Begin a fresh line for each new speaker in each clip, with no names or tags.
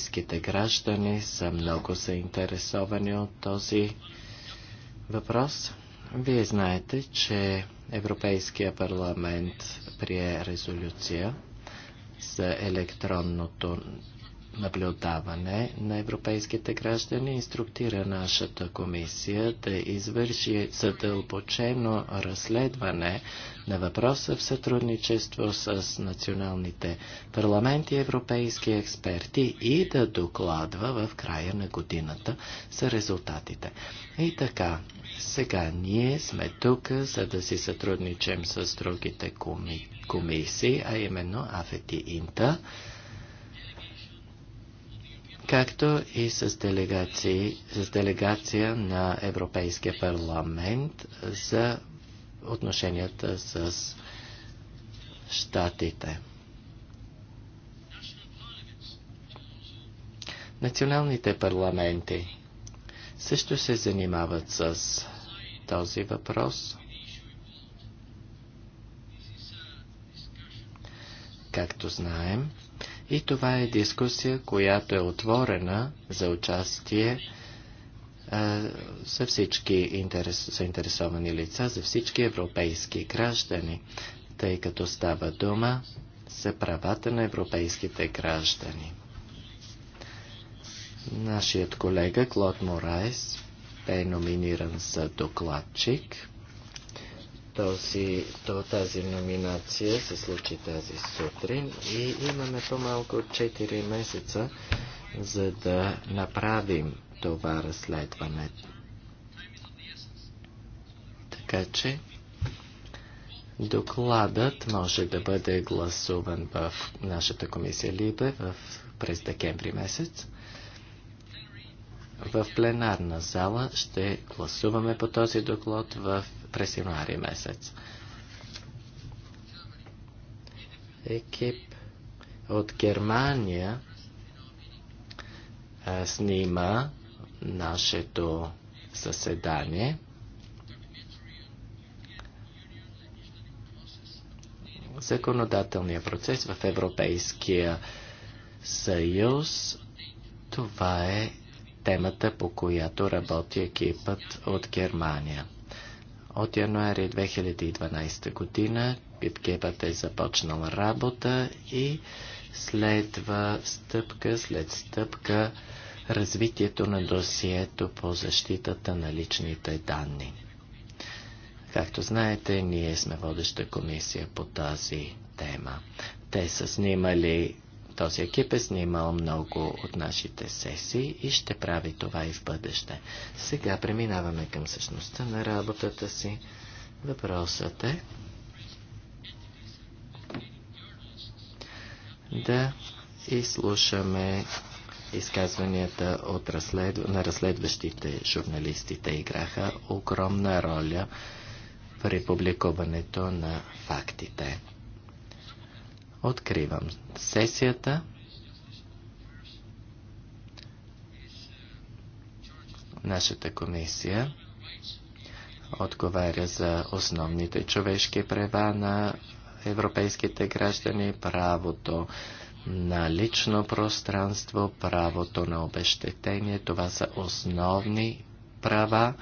европейските граждани са много заинтересовани от този въпрос. Вие знаете, че Европейския парламент прие резолюция за електронното наблюдаване на европейските граждани инструктира нашата комисия да извърши задълбочено разследване на въпроса в сътрудничество с националните парламенти, европейски експерти и да докладва в края на годината за резултатите. И така, сега ние сме тук, за да си сътрудничим с другите комисии, а именно АФЕТИ Инта, както и с, делегации, с делегация на Европейския парламент за отношенията с щатите. Националните парламенти също се занимават с този въпрос. Както знаем, и това е дискусия, която е отворена за участие е, за всички заинтересовани лица, за всички европейски граждани, тъй като става дума за правата на европейските граждани. Нашият колега Клод Морайс бе номиниран за докладчик този, то, тази номинация се случи тази сутрин и имаме по-малко от 4 месеца, за да направим това разследване. Така че докладът може да бъде гласуван в нашата комисия Либе в, през декември месец. В пленарна зала ще гласуваме по този доклад в през януари месец. Екип от Германия снима нашето съседание. Законодателния процес в Европейския съюз. Това е темата, по която работи екипът от Германия. От януари 2012 година питкепът е започнал работа и следва стъпка след стъпка развитието на досието по защитата на личните данни. Както знаете, ние сме водеща комисия по тази тема. Те са снимали този екип е снимал много от нашите сесии и ще прави това и в бъдеще. Сега преминаваме към същността на работата си. Въпросът е да изслушаме изказванията от разслед... на разследващите журналистите играха огромна роля при публикуването на фактите. Откривам сесията. Нашата комисия отговаря за основните човешки права на европейските граждани, правото на лично пространство, правото на обещетение. Това са основни права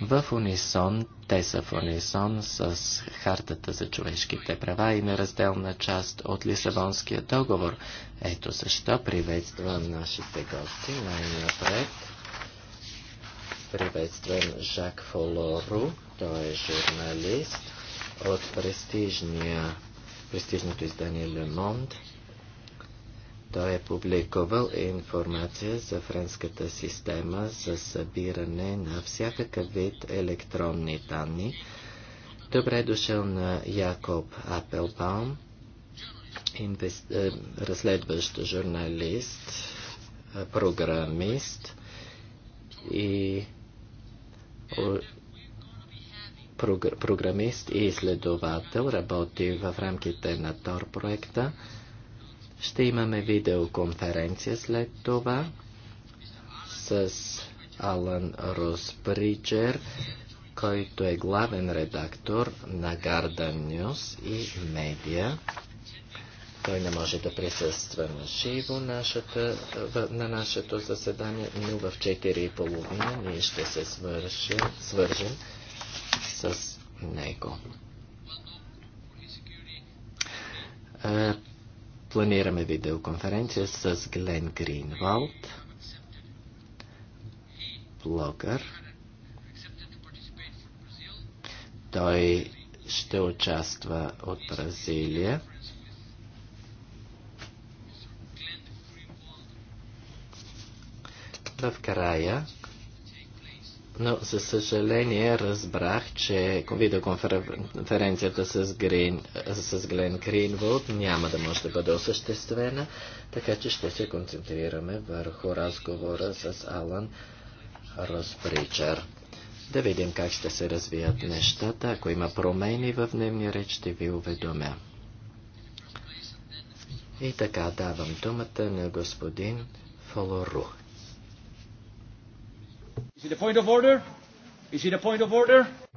в унисон, те са в унисон с Хартата за човешките права и неразделна част от Лисабонския договор. Ето защо приветствам нашите гости най-напред. Приветствам Жак Фолору, той е журналист от престижния, престижното издание Le Monde. Той е публикувал информация за френската система за събиране на всякакъв вид електронни данни. Добре е дошъл на Якоб Апелбаум, инвест... Е, разследващ журналист, програмист и програмист и изследовател, работи в рамките на ТОР проекта. Ще имаме видеоконференция след това с Алан Росбриджер, който е главен редактор на Garden News и Медиа. Той не може да присъства на живо нашата, на нашето заседание, но в 4.30 ние ще се свършим, свържим с него. Е, Планираме видеоконференция с Глен Гринвалд, блогър. Той ще участва от Бразилия. В края но, за съжаление, разбрах, че видеоконференцията с, с Глен Гринвуд няма да може да бъде осъществена, така че ще се концентрираме върху разговора с Алан Росбричър. Да видим как ще се развият нещата. Ако има промени в дневния реч, ще ви уведомя. И така давам думата на господин Фолорух.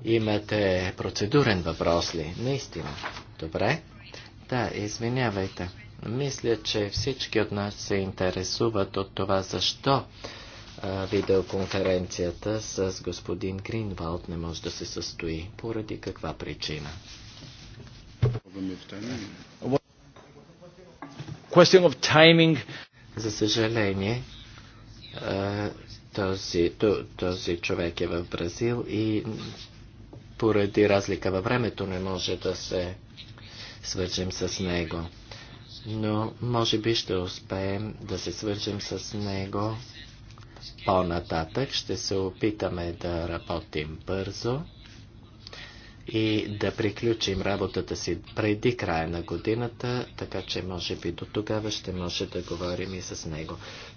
Имате процедурен въпрос ли? Наистина. Добре. Да, извинявайте. Мисля, че всички от нас се интересуват от това защо а, видеоконференцията с господин Гринвалд не може да се състои. Поради каква причина? За съжаление, а, този, този човек е в Бразил и поради разлика във времето не може да се свържем с него. Но може би ще успеем да се свържем с него по-нататък. Ще се опитаме да работим бързо и да приключим работата си преди края на годината, така че може би до тогава ще може да говорим и с него.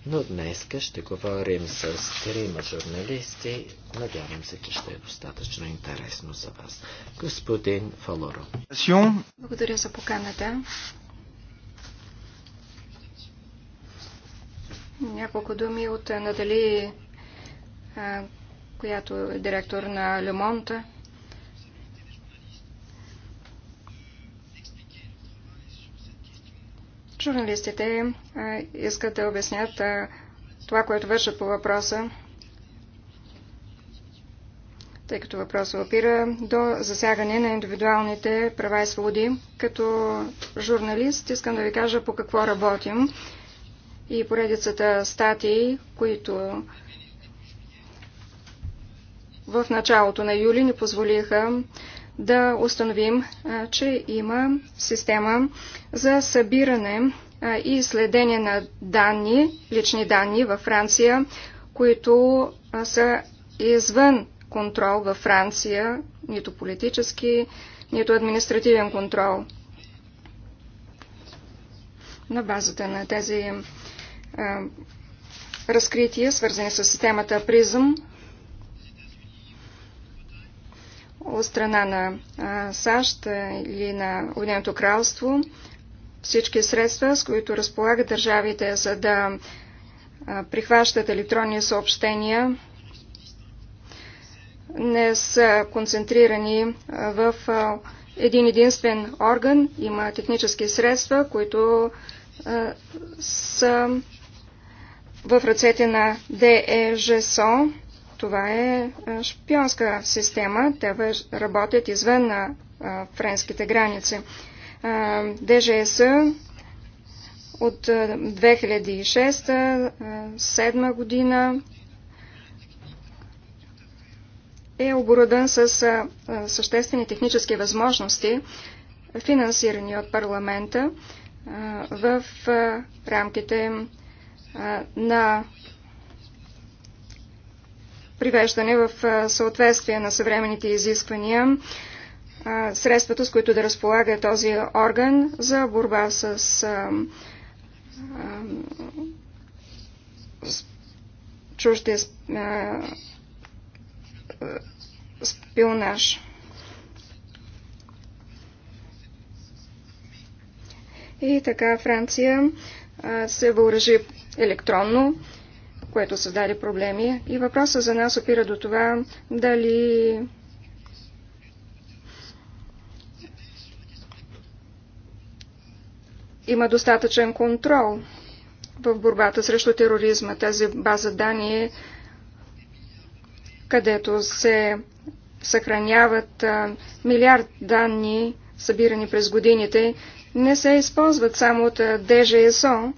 Но днес ще говорим с трима журналисти. Надявам се, че ще е достатъчно интересно за вас. Господин Фалоро.
Благодаря за поканата. Няколко думи от Надали, която е директор на Лемонта. Журналистите искат да обяснят това, което вършат по въпроса, тъй като въпросът опира до засягане на индивидуалните права и свободи. Като журналист искам да ви кажа по какво работим и поредицата статии, които в началото на юли ни позволиха да установим, че има система за събиране и следение на данни, лични данни във Франция, които са извън контрол във Франция, нито политически, нито административен контрол. На базата на тези разкрития, свързани с системата Призъм, от страна на САЩ или на Обединеното кралство всички средства, с които разполагат държавите, за да прихващат електронни съобщения, не са концентрирани в един единствен орган. Има технически средства, които са в ръцете на ДЕЖСО това е, е шпионска система. Те работят извън на френските граници. ДЖС от 2006-2007 година е оборудан с съществени технически възможности, финансирани от парламента в рамките на привеждане в съответствие на съвременните изисквания, средствата, с които да разполага този орган за борба с чуждия спилнаж. И така Франция се въоръжи електронно което създаде проблеми. И въпроса за нас опира до това дали има достатъчен контрол в борбата срещу тероризма. Тази база данни, където се съхраняват милиард данни, събирани през годините, не се използват само от ДЖСО.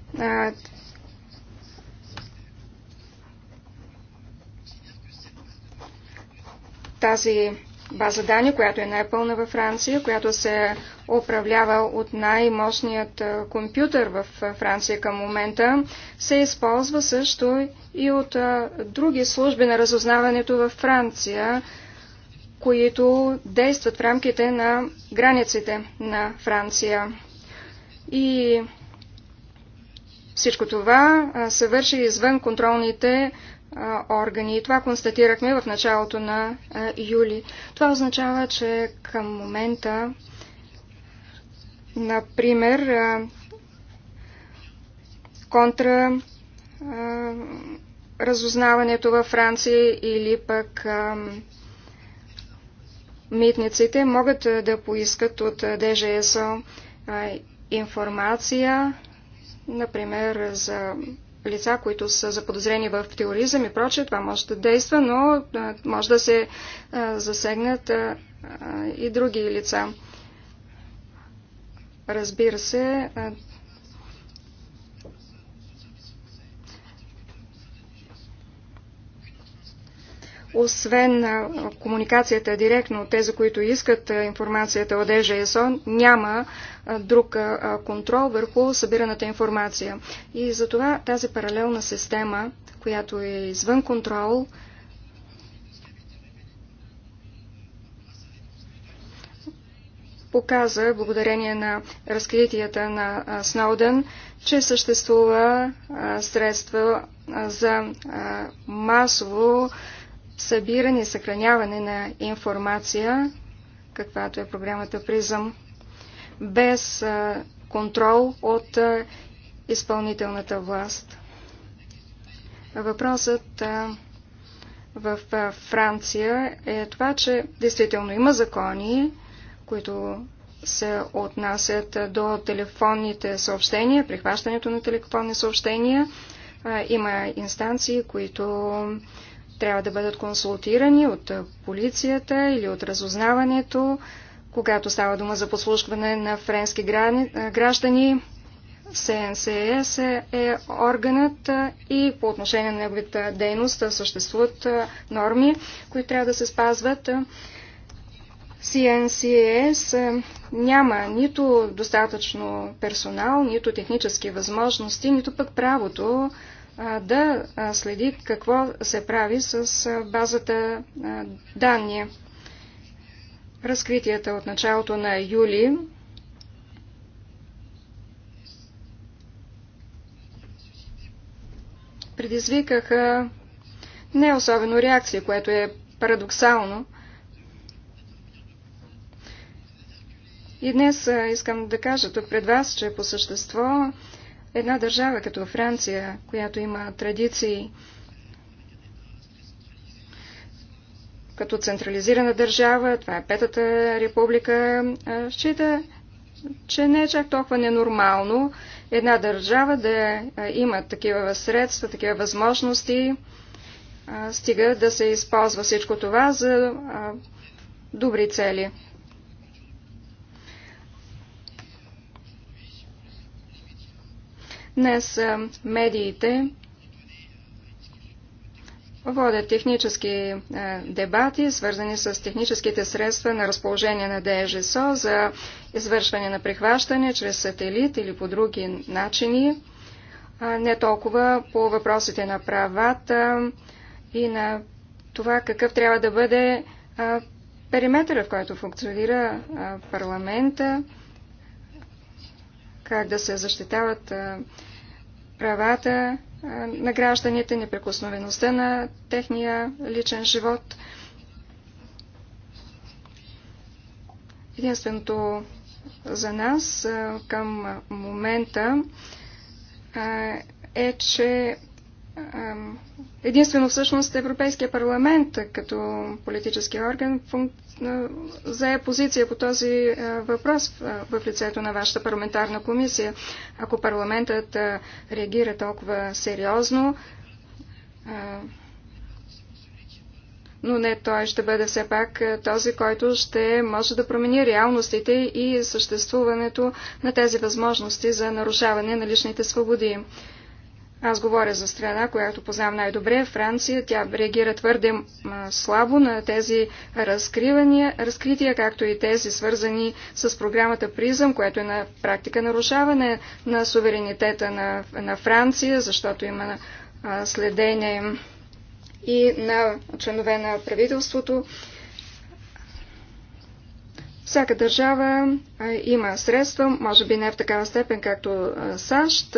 Тази база данни, която е най-пълна във Франция, която се управлява от най-мощният компютър в Франция към момента, се използва също и от други служби на разузнаването във Франция, които действат в рамките на границите на Франция. И всичко това се върши извън контролните органи. И това констатирахме в началото на юли. Това означава, че към момента, например, контра разузнаването във Франция или пък митниците могат да поискат от ДЖСО информация, например, за лица, които са заподозрени в тероризъм и прочее, това може да действа, но може да се засегнат и други лица. Разбира се, освен комуникацията директно от тези, които искат информацията от ЕЖСО, няма друг контрол върху събираната информация. И затова тази паралелна система, която е извън контрол, показа, благодарение на разкритията на Сноуден, че съществува средства за масово събиране и съхраняване на информация, каквато е програмата Призъм, без контрол от изпълнителната власт. Въпросът в Франция е това, че действително има закони, които се отнасят до телефонните съобщения, прихващането на телефонни съобщения. Има инстанции, които трябва да бъдат консултирани от полицията или от разузнаването, когато става дума за послушване на френски граждани. СНСС е органът и по отношение на неговата дейност съществуват норми, които трябва да се спазват. CNCS няма нито достатъчно персонал, нито технически възможности, нито пък правото да следи какво се прави с базата данни. Разкритията от началото на юли предизвикаха не особено реакция, което е парадоксално. И днес искам да кажа тук пред вас, че по същество една държава като Франция, която има традиции като централизирана държава, това е Петата република, счита, че не е чак толкова ненормално една държава да има такива средства, такива възможности, стига да се използва всичко това за добри цели. Днес медиите водят технически дебати, свързани с техническите средства на разположение на ДЕЖСО за извършване на прихващане чрез сателит или по други начини, не толкова по въпросите на правата и на това какъв трябва да бъде периметъра, в който функционира парламента как да се защитават правата на гражданите, неприкосновеността на техния личен живот. Единственото за нас към момента е, че единствено всъщност Европейския парламент като политически орган зае позиция по този въпрос в лицето на вашата парламентарна комисия. Ако парламентът реагира толкова сериозно, но не той ще бъде все пак този, който ще може да промени реалностите и съществуването на тези възможности за нарушаване на личните свободи. Аз говоря за страна, която познавам най-добре, Франция. Тя реагира твърде слабо на тези разкривания, разкрития, както и тези свързани с програмата Призъм, което е на практика нарушаване на суверенитета на, на Франция, защото има следение и на членове на правителството. Всяка държава има средства, може би не в такава степен, както САЩ.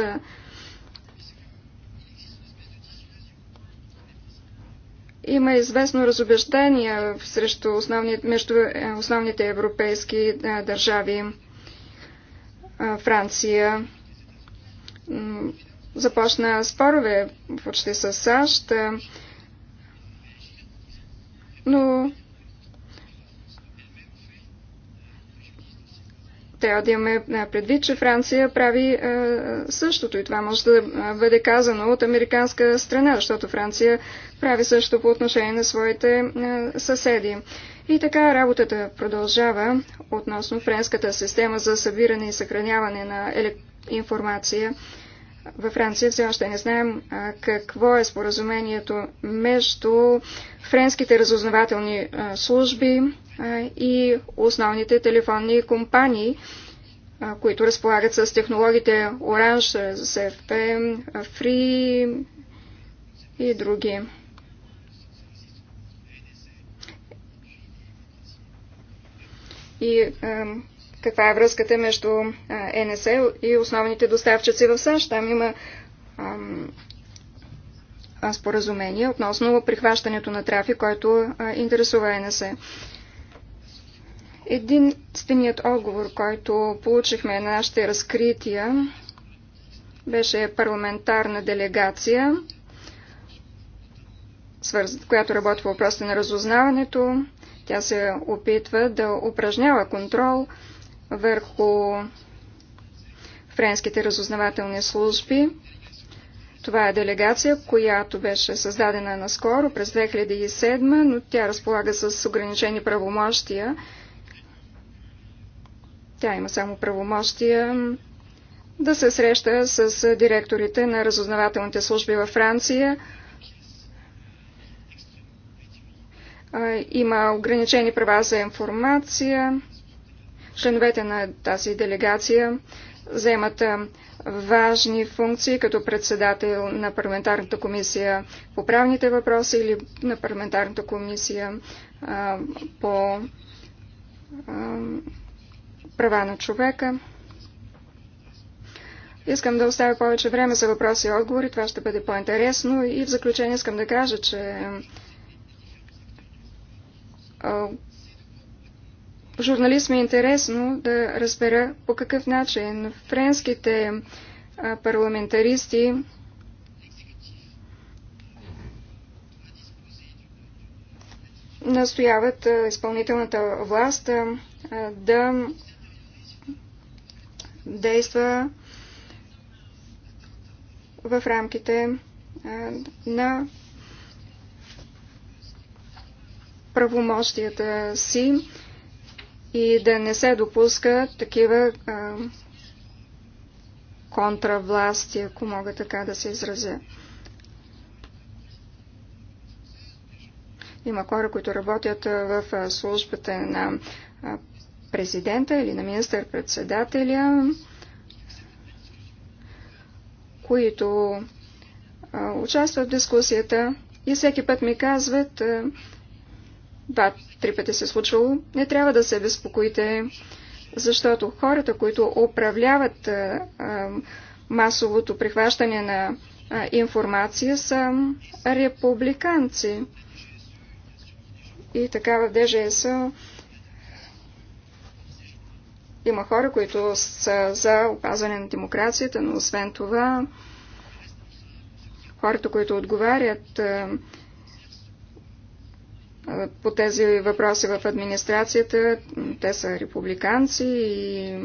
Има известно разобеждение срещу основни, между е, основните европейски е, държави. Е, Франция започна спорове почти с САЩ, но трябва да имаме предвид, че Франция прави същото и това може да бъде казано от американска страна, защото Франция прави също по отношение на своите е, съседи. И така работата продължава относно френската система за събиране и съхраняване на информация. Във Франция все още не знаем какво е споразумението между френските разузнавателни служби и основните телефонни компании, които разполагат с технологиите Orange, ZFP, Free и други. и каква е връзката между НСЕ и основните доставчици в САЩ. Там има споразумение относно прихващането на трафик, който интересува НСЕ. Единственият отговор, който получихме на нашите разкрития, беше парламентарна делегация, която работи по въпросите на разузнаването. Тя се опитва да упражнява контрол върху френските разузнавателни служби. Това е делегация, която беше създадена наскоро през 2007, но тя разполага с ограничени правомощия. Тя има само правомощия да се среща с директорите на разузнавателните служби във Франция, Има ограничени права за информация. Членовете на тази делегация вземат важни функции като председател на парламентарната комисия по правните въпроси или на парламентарната комисия по права на човека. Искам да оставя повече време за въпроси и отговори. Това ще бъде по-интересно. И в заключение искам да кажа, че журналист ми е интересно да разбера по какъв начин френските парламентаристи настояват изпълнителната власт да действа в рамките на правомощията си и да не се допуска такива а, контравласти, ако мога така да се изразя. Има хора, които работят в службата на президента или на министър-председателя, които участват в дискусията и всеки път ми казват, два-три пъти се е случвало, не трябва да се безпокоите, защото хората, които управляват масовото прихващане на информация, са републиканци. И така в ДЖС има хора, които са за опазване на демокрацията, но освен това хората, които отговарят по тези въпроси в администрацията. Те са републиканци и,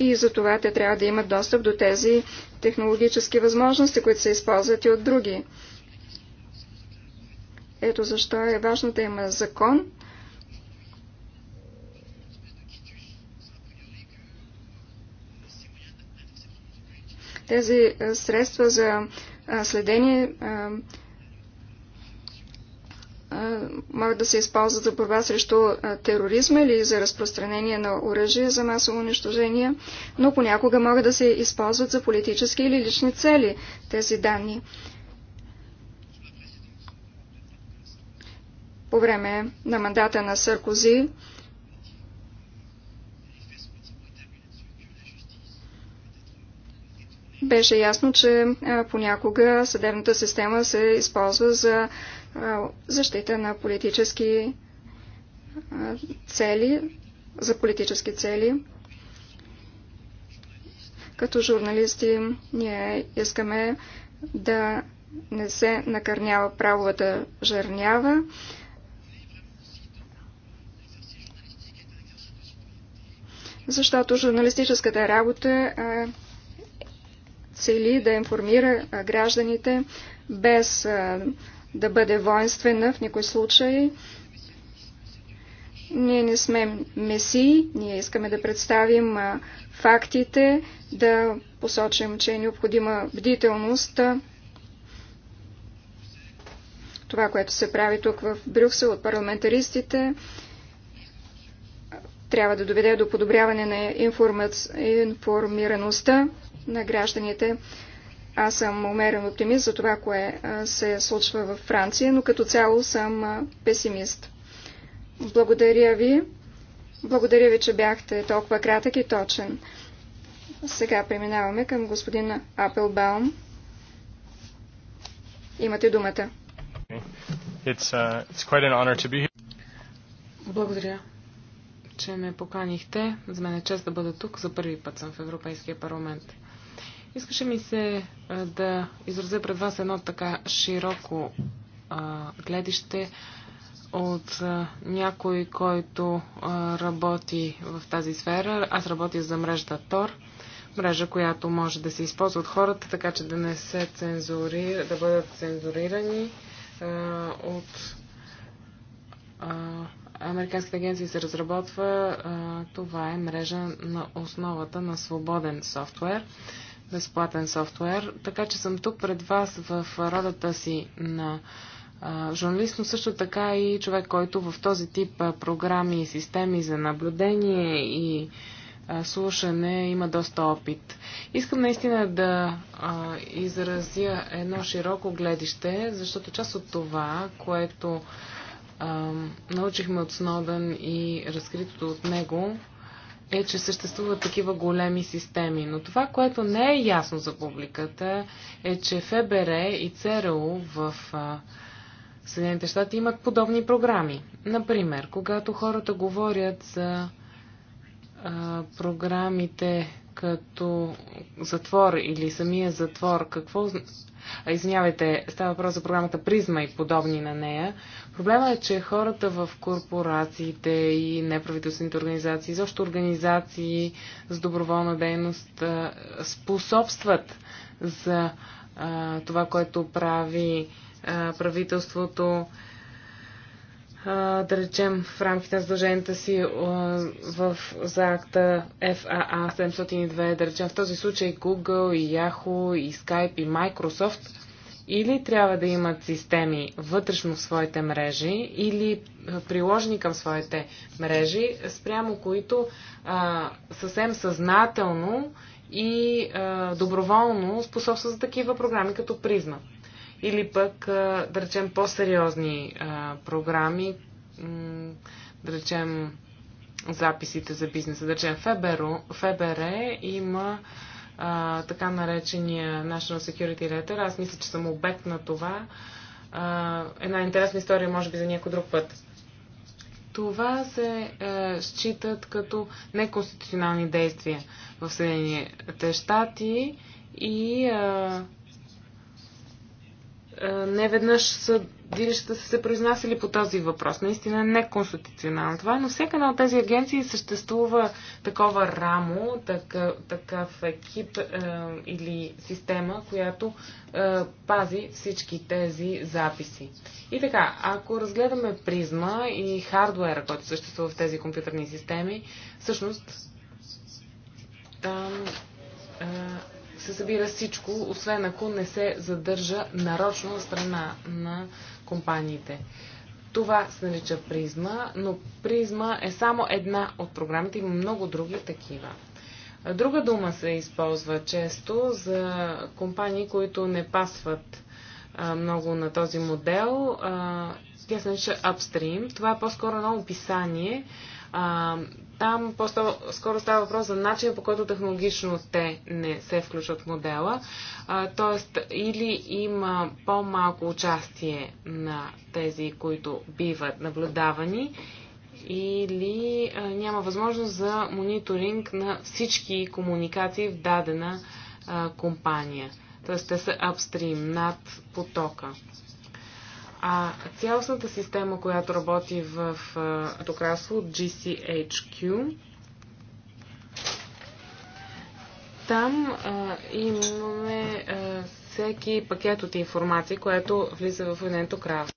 и за това те трябва да имат достъп до тези технологически възможности, които се използват и от други. Ето защо е важно да има закон, тези средства за следение могат да се използват за борба срещу тероризма или за разпространение на оръжие за масово унищожение, но понякога могат да се използват за политически или лични цели тези данни. По време на мандата на Саркози беше ясно, че понякога съдебната система се използва за защита на политически цели, за политически цели. Като журналисти ние искаме да не се накърнява правовата жърнява. Защото журналистическата работа цели да информира гражданите без да бъде воинствена в никой случай. Ние не сме месии, ние искаме да представим фактите, да посочим, че е необходима бдителност. Това, което се прави тук в Брюксел от парламентаристите, трябва да доведе до подобряване на информираността на гражданите. Аз съм умерен оптимист за това, кое се случва във Франция, но като цяло съм песимист. Благодаря ви. Благодаря ви, че бяхте толкова кратък и точен. Сега преминаваме към господин Апелбаум. Имате думата.
It's, uh, it's quite an honor to be here.
Благодаря,
че ме поканихте. За мен е чест да бъда тук. За първи път съм в Европейския парламент. Искаше ми се да изразя пред вас едно така широко гледище от някой, който работи в тази сфера. Аз работя за мрежата ТОР, мрежа, която може да се използва от хората, така че да не се цензурира, да бъдат цензурирани от Американската агенция се разработва. Това е мрежа на основата на свободен софтуер безплатен софтуер. Така че съм тук пред вас в родата си на журналист, но също така и човек, който в този тип програми и системи за наблюдение и слушане има доста опит. Искам наистина да а, изразя едно широко гледище, защото част от това, което а, научихме от Сноден и разкритото от него, е, че съществуват такива големи системи. Но това, което не е ясно за публиката, е, че ФБР и ЦРУ в а, Съединените щати имат подобни програми. Например, когато хората говорят за а, програмите като затвор или самия затвор, какво. Извинявайте, става въпрос за програмата Призма и подобни на нея. Проблема е, че хората в корпорациите и неправителствените организации, изобщо организации с доброволна дейност, способстват за а, това, което прави а, правителството, а, да речем, в рамките на задълженията си в, за акта FAA 702, да речем, в този случай Google и Yahoo и Skype и Microsoft – или трябва да имат системи вътрешно в своите мрежи, или приложени към своите мрежи, спрямо които а, съвсем съзнателно и а, доброволно способстват за такива програми като призма. Или пък, а, да речем, по-сериозни програми, да речем, записите за бизнеса. Да речем, ФБР има а, така наречения National Security Letter. Аз мисля, че съм обект на това. А, една интересна история, може би, за някой друг път. Това се е, считат като неконституционални действия в Съединените щати и е, веднъж съдилищата са се произнасяли по този въпрос. Наистина е неконституционално това, но всяка една от тези агенции съществува такова рамо, такъв, такъв екип е, или система, която е, пази всички тези записи. И така, ако разгледаме призма и хардуера, който съществува в тези компютърни системи, всъщност там е, се събира всичко, освен ако не се задържа нарочно на страна на компаниите. Това се нарича призма, но призма е само една от програмите, има много други такива. Друга дума се използва често за компании, които не пасват а, много на този модел. А, тя се нарича Upstream. Това е по-скоро едно описание а, там по-скоро става въпрос за начина по който технологично те не се включват в модела. Тоест, или има по-малко участие на тези, които биват наблюдавани, или няма възможност за мониторинг на всички комуникации в дадена компания. Тоест те са апстрим, над потока. А цялостната система, която работи в докрасло от GCHQ, там а, имаме а, всеки пакет от информации, което влиза в едното кралство.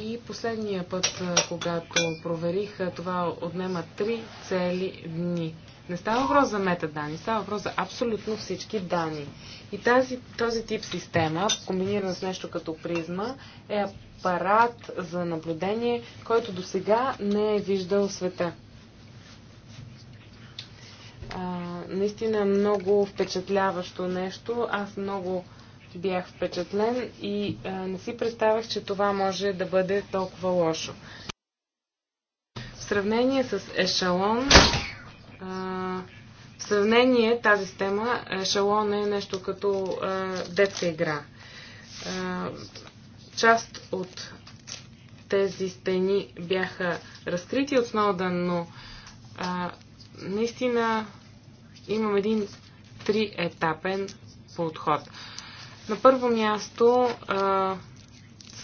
И последния път, а, когато проверих, това отнема 3 цели дни. Не става въпрос за метаданни, става въпрос за абсолютно всички данни. И тази, този тип система, комбинирана с нещо като призма, е апарат за наблюдение, който до сега не е виждал света. А, наистина много впечатляващо нещо. Аз много бях впечатлен и а, не си представях, че това може да бъде толкова лошо. В сравнение с ешалон, в сравнение тази система ешелон е нещо като детска игра. част от тези стени бяха разкрити от Сноудън, но наистина имам един триетапен подход. На първо място а,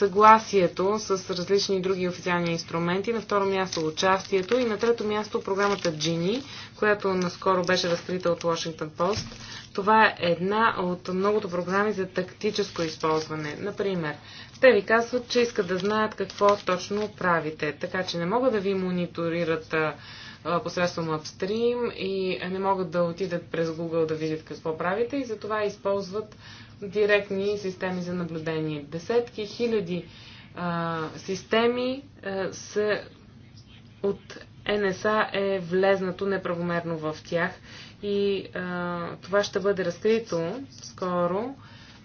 съгласието с различни други официални инструменти, на второ място участието и на трето място програмата Gini, която наскоро беше разкрита от Washington Post. Това е една от многото програми за тактическо използване. Например, те ви казват, че искат да знаят какво точно правите, така че не могат да ви мониторират посредством апстрим и не могат да отидат през Google да видят какво правите и затова използват директни системи за наблюдение. Десетки хиляди а, системи а, са от НСА е влезнато неправомерно в тях и а, това ще бъде разкрито скоро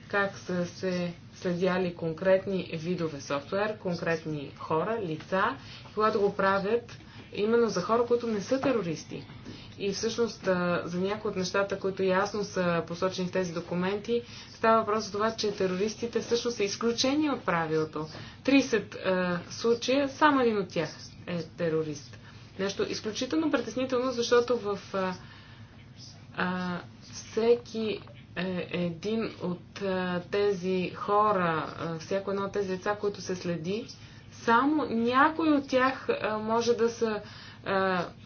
как са се следяли конкретни видове софтуер, конкретни хора, лица, когато го правят именно за хора, които не са терористи. И всъщност за някои от нещата, които ясно са посочени в тези документи, става въпрос за това, че терористите всъщност са изключени от правилото. 30 е, случая, само един от тях е терорист. Нещо изключително притеснително, защото в е, е, всеки един от тези хора, всяко едно от тези деца, които се следи, само някой от тях може да са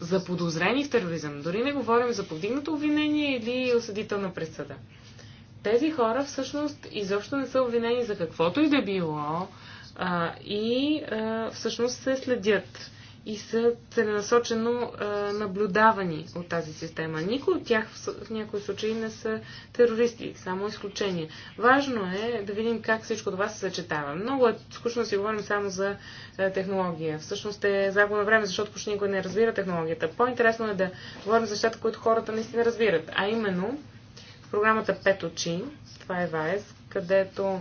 заподозрени в тероризъм. Дори не говорим за повдигнато обвинение или осъдителна присъда. Тези хора всъщност изобщо не са обвинени за каквото и да било а, и а, всъщност се следят и са целенасочено а, наблюдавани от тази система. Никой от тях в, в някои случаи не са терористи, само изключение. Важно е да видим как всичко това се съчетава. Много е скучно да си говорим само за а, технология. Всъщност е загуба време, защото почти никой не разбира технологията. По-интересно е да говорим за нещата, които хората наистина разбират. А именно в програмата Пет очи, това е ВАЕС, където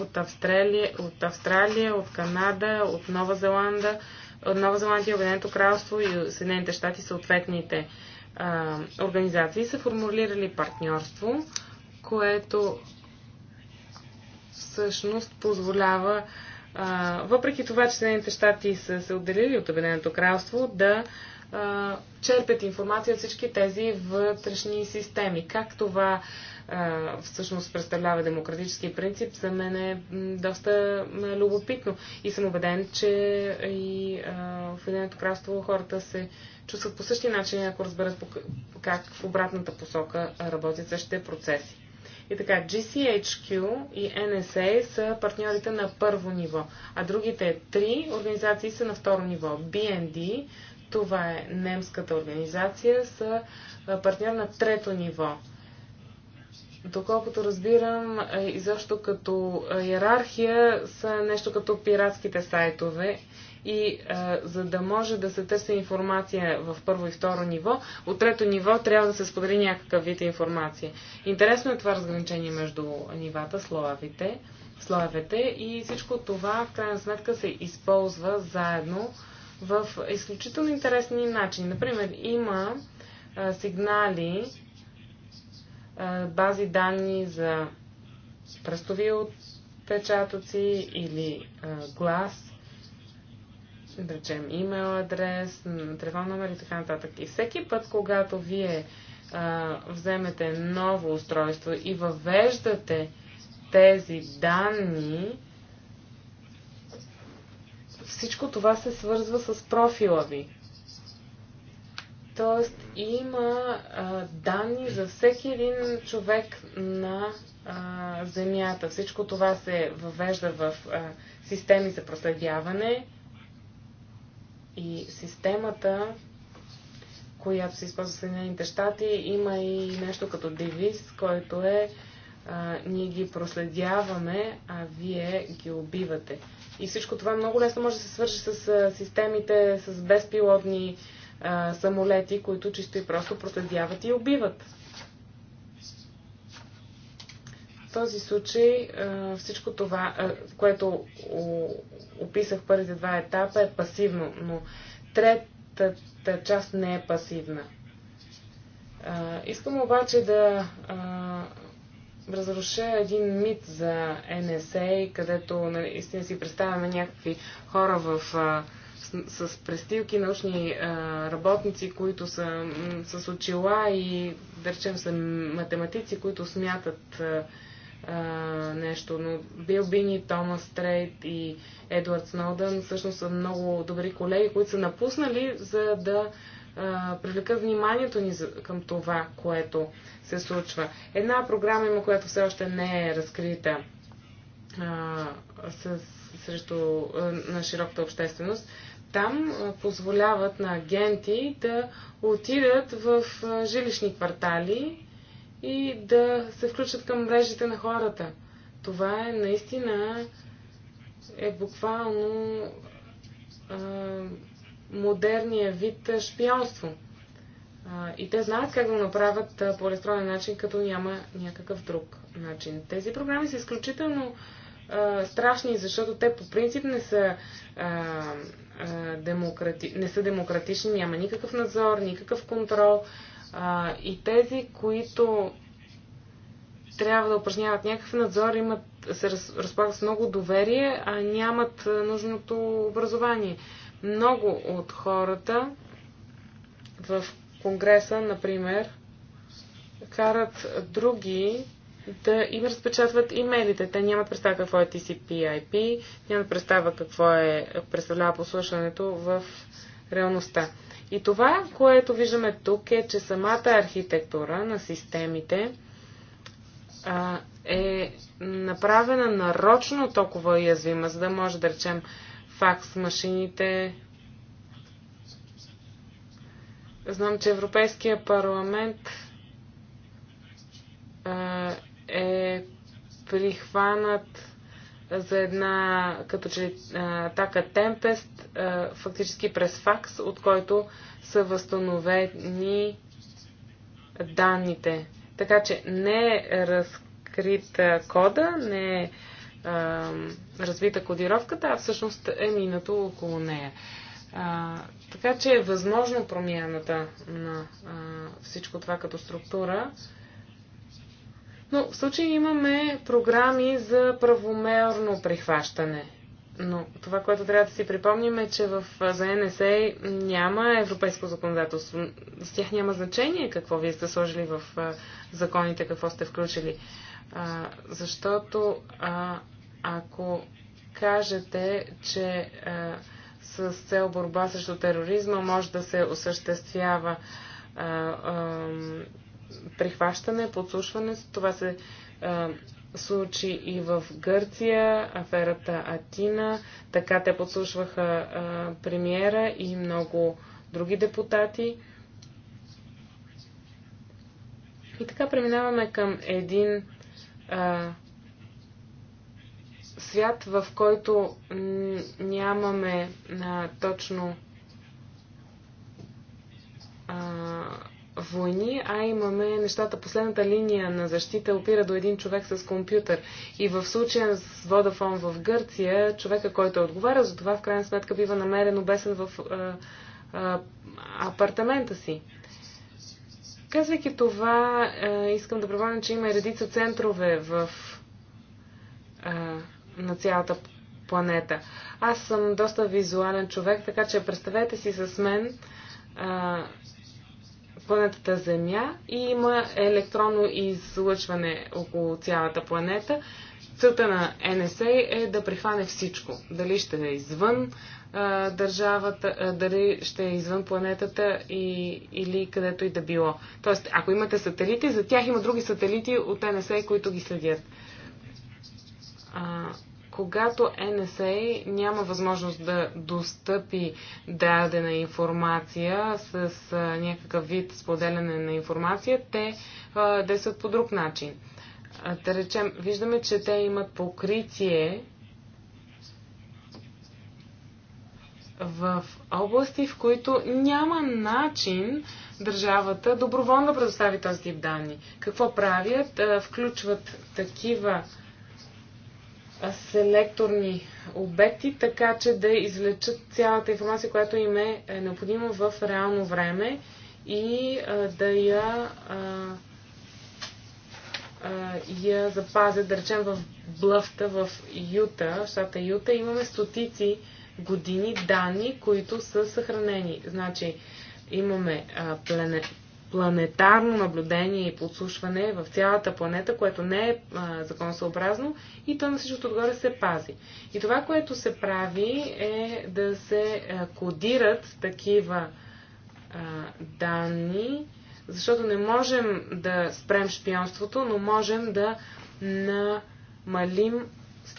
от Австралия, от Австралия, от Канада, от Нова Зеланда, от Нова Зеландия, Обединеното кралство и Съединените щати, съответните а, организации, са формулирали партньорство, което всъщност позволява, а, въпреки това, че Съединените щати са се отделили от Обединеното кралство, да а, черпят информация от всички тези вътрешни системи. Как това а, всъщност представлява демократически принцип, за мен е доста любопитно. И съм убеден, че и а, в Единото кралство хората се чувстват по същия начин, ако разберат как в обратната посока работят същите процеси. И така, GCHQ и NSA е са партньорите на първо ниво, а другите три организации са на второ ниво. BND това е немската организация, са партньор на трето ниво. Доколкото разбирам, изобщо като иерархия са нещо като пиратските сайтове и а, за да може да се търси информация в първо и второ ниво, от трето ниво трябва да се сподели някакъв вид информация. Интересно е това разграничение между нивата, слоевите, слоевете и всичко това в крайна сметка се използва заедно в изключително интересни начини. Например, има сигнали, бази данни за пръстови отпечатъци или глас, да речем имейл адрес, телефон номер и така нататък. И всеки път, когато вие а, вземете ново устройство и въвеждате тези данни, всичко това се свързва с профила ви. Тоест има а, данни за всеки един човек на а, Земята. Всичко това се въвежда в а, системи за проследяване и системата, която се използва в Съединените щати, има и нещо като девиз, който е а, ние ги проследяваме, а вие ги убивате. И всичко това много лесно може да се свържи с системите с безпилотни а, самолети, които чисто и просто проследяват и убиват. В този случай всичко това, което описах първите два етапа, е пасивно, но третата част не е пасивна. Искам обаче да разруша един мит за НСА, където наистина нали, си представяме някакви хора в, с, с престилки, научни а, работници, които са с очила и, да речем, са математици, които смятат а, а, нещо. Но Бил Бини, Томас Стрейт и Едуард Сноудън всъщност са много добри колеги, които са напуснали, за да привлека вниманието ни към това, което се случва. Една програма има, която все още не е разкрита а, с, срещу, а, на широката общественост. Там а, позволяват на агенти да отидат в а, жилищни квартали и да се включат към мрежите на хората. Това е наистина е буквално а, модерния вид шпионство. И те знаят как да го направят по електронен начин, като няма някакъв друг начин. Тези програми са изключително а, страшни, защото те по принцип не са, а, а, демократи... не са демократични, няма никакъв надзор, никакъв контрол. А, и тези, които трябва да упражняват някакъв надзор, имат, се разполагат с много доверие, а нямат нужното образование. Много от хората в Конгреса, например, карат други да им разпечатват имейлите. Те нямат представа какво е TCP/IP, нямат представа какво е, представлява послушването в реалността. И това, което виждаме тук е, че самата архитектура на системите а, е направена нарочно толкова уязвима, за да може да речем факс машините. Знам, че Европейския парламент е прихванат за една като че така Темпест, фактически през факс, от който са възстановени данните. Така че не е разкрит кода, не е развита кодировката, а всъщност е минато около нея. А, така че е възможно промяната на а, всичко това като структура. Но в случай имаме програми за правомерно прихващане. Но това, което трябва да си припомним е, че в, за НСА няма европейско законодателство. С тях няма значение какво вие сте сложили в законите, какво сте включили. А, защото а, ако кажете, че а, с цел борба срещу тероризма може да се осъществява а, а, прихващане, подслушване, това се а, случи и в Гърция, аферата Атина. Така те подслушваха а, премиера и много други депутати. И така преминаваме към един свят, в който нямаме а, точно а, войни, а имаме нещата. Последната линия на защита опира до един човек с компютър. И в случая с Водафон в Гърция, човека, който е отговаря за това, в крайна сметка бива намерен обесен в а, а, апартамента си. Казвайки това, е, искам да припомня, че има и редица центрове в, е, на цялата планета. Аз съм доста визуален човек, така че представете си с мен е, планетата Земя и има електронно излъчване около цялата планета. Целта на NSA е да прихване всичко. Дали ще е извън а, държавата, а, дали ще е извън планетата и, или където и да било. Тоест, ако имате сателити, за тях има други сателити от НСА, които ги следят. А, когато НСА няма възможност да достъпи дадена информация с а, някакъв вид споделяне на информация, те действат по друг начин. А, да речем, виждаме, че те имат покритие в области, в които няма начин държавата доброволно да предостави този тип данни. Какво правят? Включват такива селекторни обекти, така че да излечат цялата информация, която им е, е необходима в реално време и да я, я запазят, да речем, в Блъфта, в Юта, в щата Юта. Имаме стотици години данни, които са съхранени. Значи имаме а, плене, планетарно наблюдение и подслушване в цялата планета, което не е а, законосъобразно и то на всичкото отгоре се пази. И това, което се прави е да се а, кодират такива а, данни, защото не можем да спрем шпионството, но можем да намалим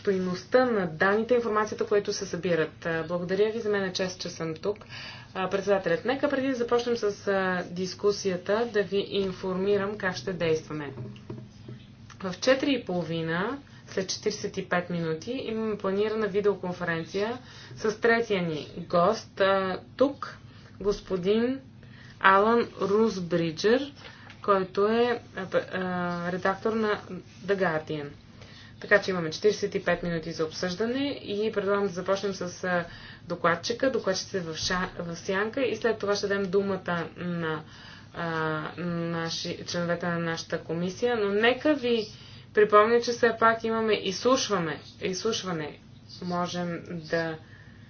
стойността на данните, информацията, които се събират. Благодаря ви, за мен е чест, че съм тук. Председателят, нека преди да започнем с дискусията, да ви информирам как ще действаме. В 4.30, след 45 минути, имаме планирана видеоконференция с третия ни гост. Тук господин Алан Русбриджер, който е редактор на The Guardian. Така че имаме 45 минути за обсъждане и предлагам да започнем с докладчика, докладчица е в, в сянка и след това ще дадем думата на а, наши, членовете на нашата комисия. Но нека ви припомня, че все пак имаме изслушване. изслушване. Можем да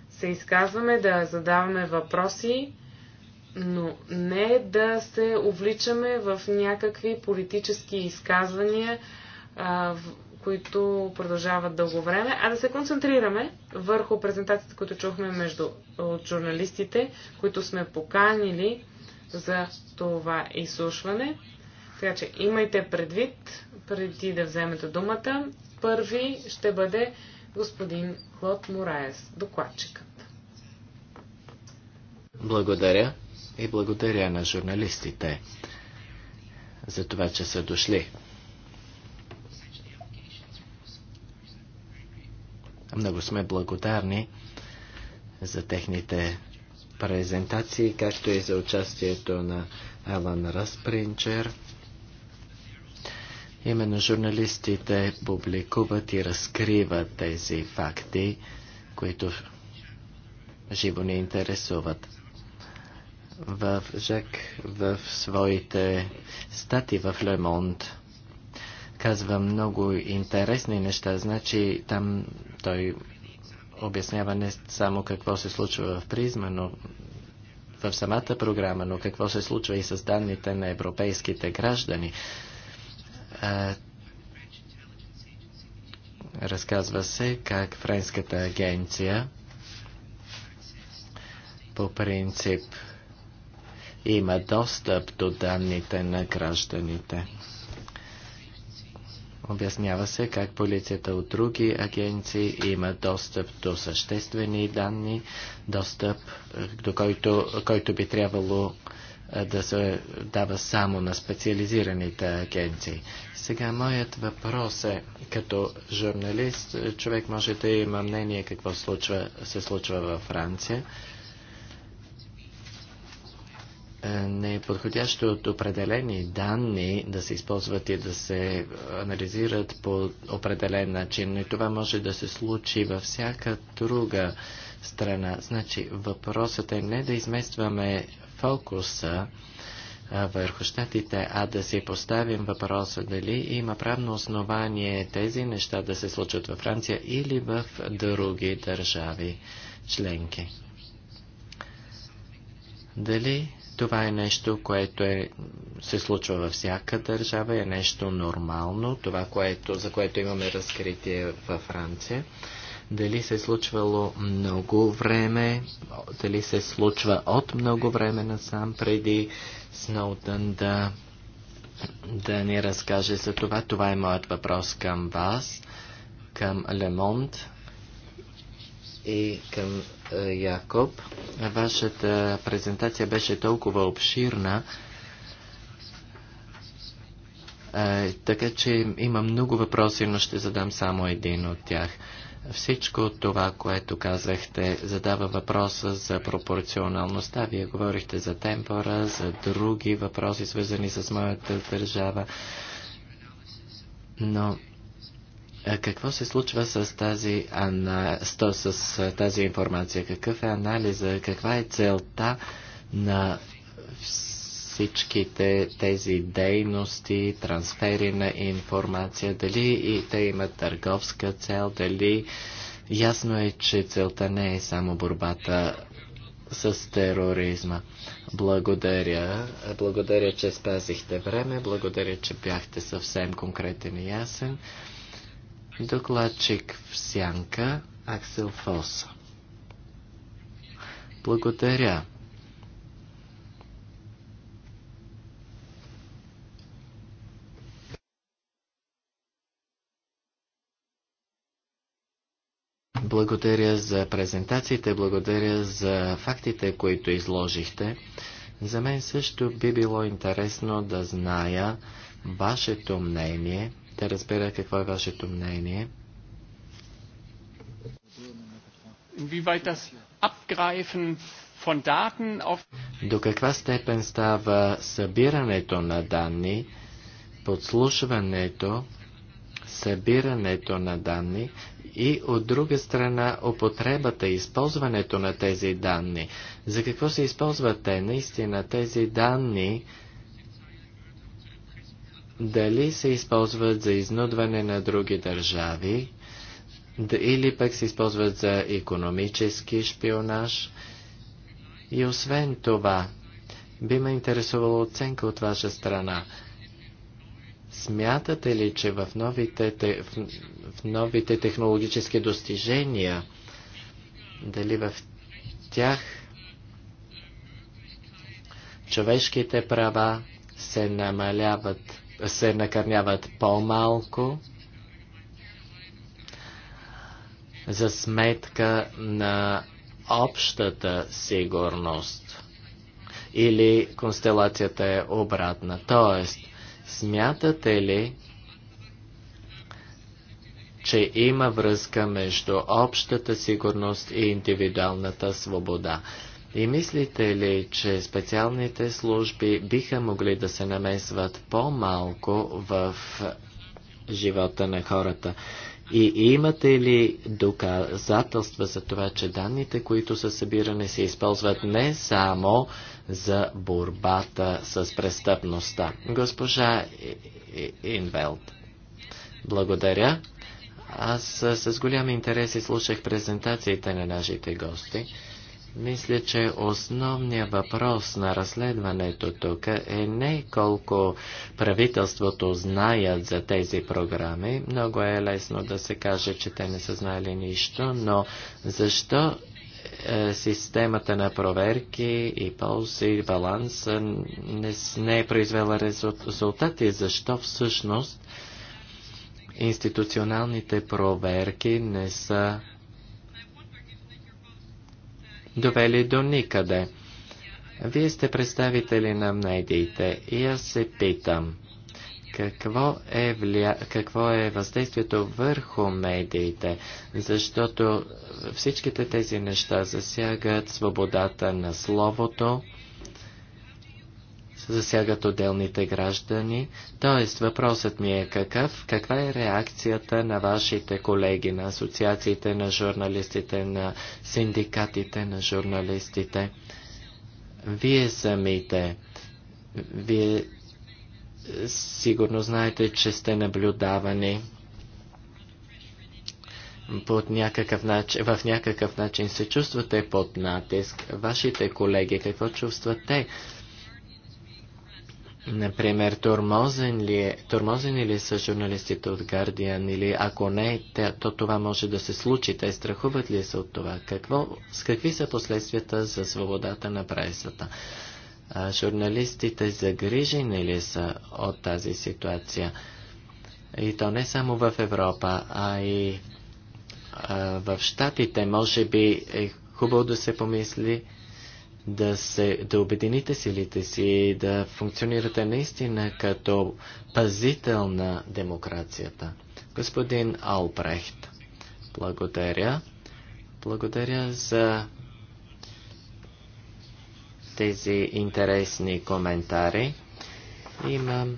се изказваме, да задаваме въпроси, но не да се увличаме в някакви политически изказвания, а, които продължават дълго време, а да се концентрираме върху презентацията, които чухме между от журналистите, които сме поканили за това изслушване. Така че имайте предвид, преди да вземете думата, първи ще бъде господин Клод Мораес, докладчикът.
Благодаря и благодаря на журналистите за това, че са дошли. Много сме благодарни за техните презентации, както и за участието на Алан Распринчер. Именно журналистите публикуват и разкриват тези факти, които живо ни интересуват. В Жак в своите стати в Лемонт казва много интересни неща. Значи там той обяснява не само какво се случва в призма, но в самата програма, но какво се случва и с данните на европейските граждани. А, разказва се как Френската агенция по принцип има достъп до данните на гражданите. Обяснява се как полицията от други агенции има достъп до съществени данни, достъп до който, който би трябвало да се дава само на специализираните агенции. Сега моят въпрос е, като журналист, човек може да има мнение какво случва, се случва във Франция не е подходящо от определени данни да се използват и да се е, анализират по определен начин. И това може да се случи във всяка друга страна. Значи въпросът е не да изместваме фокуса върху щатите, а да си поставим въпроса дали има правно основание тези неща да се случат във Франция или в други държави членки. Дали това е нещо, което е, се случва във всяка държава, е нещо нормално, това, което, за което имаме разкритие във Франция. Дали се е случвало много време, дали се е случва от много време насам, преди Сноутън да, да ни разкаже за това. Това е моят въпрос към вас, към Лемонт и към Якоб. Вашата презентация беше толкова обширна, е, така че има много въпроси, но ще задам само един от тях. Всичко това, което казахте, задава въпроса за пропорционалността. Вие говорихте за темпора, за други въпроси, свързани с моята държава. Но е, какво се случва с тази, ана... с е, тази информация? Какъв е анализа? Каква е целта на всичките тези дейности, трансфери на информация? Дали и те имат търговска цел? Дали ясно е, че целта не е само борбата с тероризма. Благодаря. Благодаря, че спазихте време. Благодаря, че бяхте съвсем конкретен и ясен. Докладчик в сянка Аксел Фоса. Благодаря. Благодаря за презентациите, благодаря за фактите, които изложихте. За мен също би било интересно да зная вашето мнение да разбера какво е вашето мнение. До каква степен става събирането на данни, подслушването, събирането на данни и от друга страна употребата и използването на тези данни. За какво се използват те? Наистина тези данни дали се използват за изнудване на други държави, или пък се използват за економически шпионаж. И освен това, би ме интересувала оценка от ваша страна. Смятате ли, че в новите, в, в новите технологически достижения, дали в тях човешките права се намаляват? се накърняват по-малко за сметка на общата сигурност. Или констелацията е обратна. Тоест, смятате ли, че има връзка между общата сигурност и индивидуалната свобода? И мислите ли, че специалните служби биха могли да се намесват по-малко в живота на хората? И имате ли доказателства за това, че данните, които са събирани, се използват не само за борбата с престъпността? Госпожа Инвелт, благодаря. Аз с голям интерес и слушах презентациите на нашите гости. Мисля, че основният въпрос на разследването тук е не колко правителството знаят за тези програми. Много е лесно да се каже, че те не са знали нищо, но защо е, системата на проверки и ползи, и баланс не, не е произвела резултати? Защо всъщност институционалните проверки не са довели до никъде. Вие сте представители на медиите и аз се питам, какво е, вля... какво е въздействието върху медиите, защото всичките тези неща засягат свободата на словото, засягат отделните граждани. Тоест, въпросът ми е какъв, каква е реакцията на вашите колеги, на асоциациите на журналистите, на синдикатите на журналистите? Вие самите, вие сигурно знаете, че сте наблюдавани под някакъв начин, в някакъв начин се чувствате под натиск. Вашите колеги, какво чувстват те? Например, тормозен ли, е, тормозени ли са журналистите от Guardian или ако не, то това може да се случи. Те страхуват ли се от това? Какво, с какви са последствията за свободата на пресата? А, журналистите загрижени ли са от тази ситуация? И то не само в Европа, а и а, в Штатите. Може би е хубаво да се помисли да, се, да обедините силите си и да функционирате наистина като пазител на демокрацията. Господин Албрехт, благодаря. Благодаря за тези интересни коментари. Имам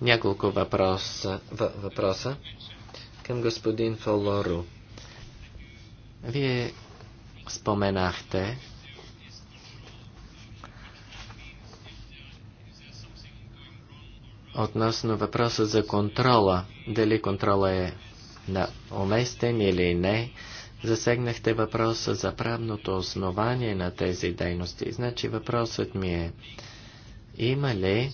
няколко въпроса, въпроса към господин Фолору. Вие споменахте относно въпроса за контрола. Дали контрола е на уместен или не. Засегнахте въпроса за правното основание на тези дейности. Значи въпросът ми е, има ли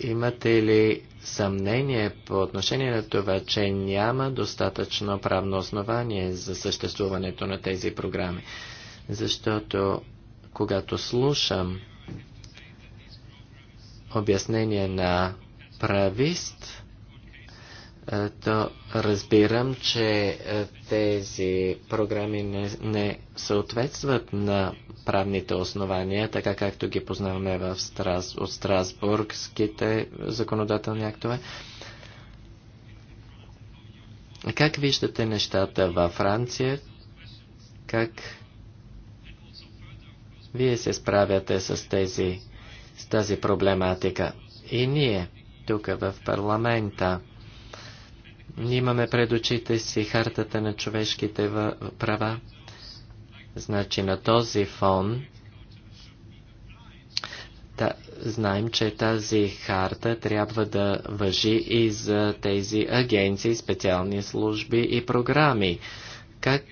имате ли съмнение по отношение на това, че няма достатъчно правно основание за съществуването на тези програми? Защото когато слушам обяснение на правист, е, то разбирам, че е, тези програми не, не съответстват на правните основания, така както ги познаваме в Страс, от Страсбургските законодателни актове. Как виждате нещата във Франция? Как вие се справяте с тези с тази проблематика. И ние, тук в парламента, имаме пред очите си хартата на човешките права. Значи на този фон да, знаем, че тази харта трябва да въжи и за тези агенции, специални служби и програми. Как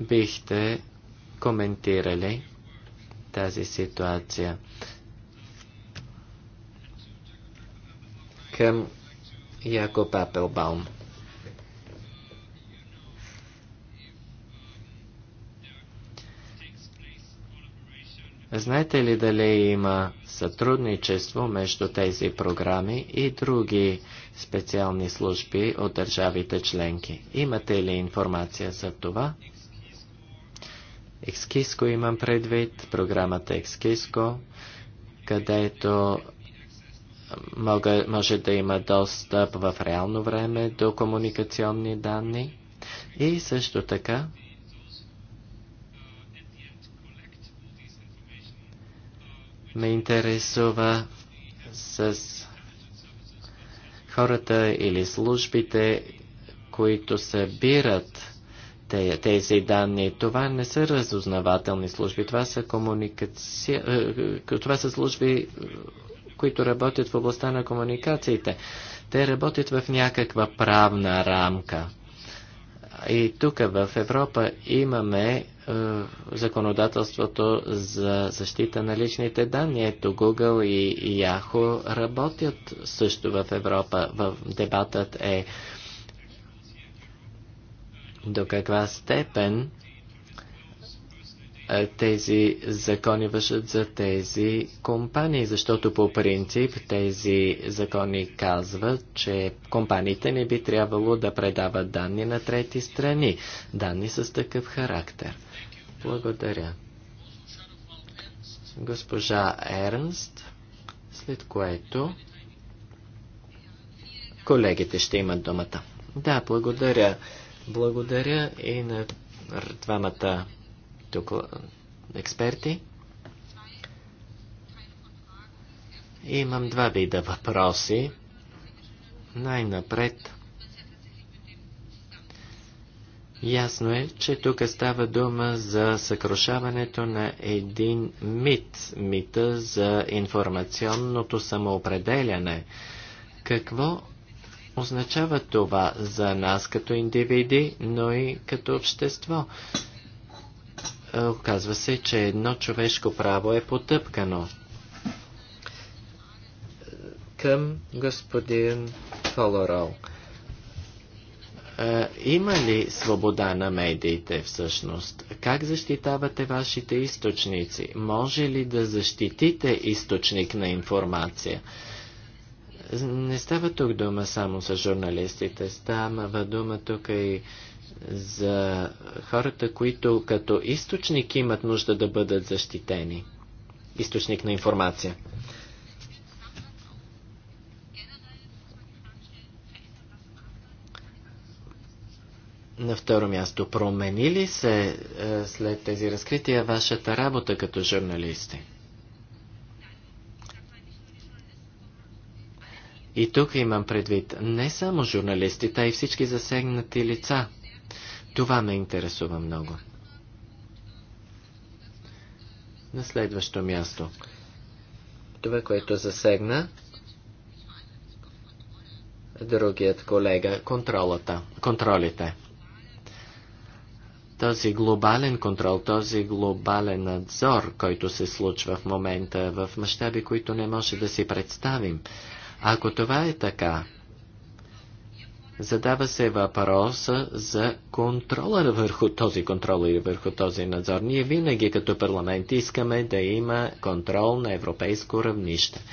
бихте коментирали тази ситуация. Към Якоб Апелбаум. Знаете ли дали има сътрудничество между тези програми и други специални служби от държавите членки? Имате ли информация за това? Екскиско имам предвид, програмата Екскиско, където мога, може да има достъп в реално време до комуникационни данни и също така ме интересува с хората или службите, които събират тези данни. Това не са разузнавателни служби, това са комуникация, е, е, е, това са служби, които работят в областта на комуникациите. Те работят в някаква правна рамка. И тук в Европа имаме е, законодателството за защита на личните данни. Ето Google и Yahoo работят също в Европа. В дебатът е до каква степен тези закони вършат за тези компании, защото по принцип тези закони казват, че компаниите не би трябвало да предават данни на трети страни, данни с такъв характер. Благодаря. Госпожа Ернст, след което колегите ще имат думата. Да, благодаря. Благодаря и на двамата експерти. Имам два вида въпроси. Най-напред. Ясно е, че тук става дума за съкрушаването на един мит, мита за информационното самоопределяне. Какво означава това за нас като индивиди, но и като общество? Е, оказва се, че едно човешко право е потъпкано. Към господин Фолорол. Е, има ли свобода на медиите всъщност? Как защитавате вашите източници? Може ли да защитите източник на информация? не става тук дума само за журналистите, става дума тук и за хората, които като източник имат нужда да бъдат защитени. Източник на информация. На второ място, промени ли се е, след тези разкрития вашата работа като журналисти? И тук имам предвид не само журналистите, а и всички засегнати лица. Това ме интересува много. На следващо място. Това, което засегна другият колега, контролата, контролите. Този глобален контрол, този глобален надзор, който се случва в момента в мащаби, които не може да си представим. Ако това е така, задава се въпроса за контрола върху този контрол или върху този надзор. Ние винаги като парламент искаме да има контрол на европейско равнище.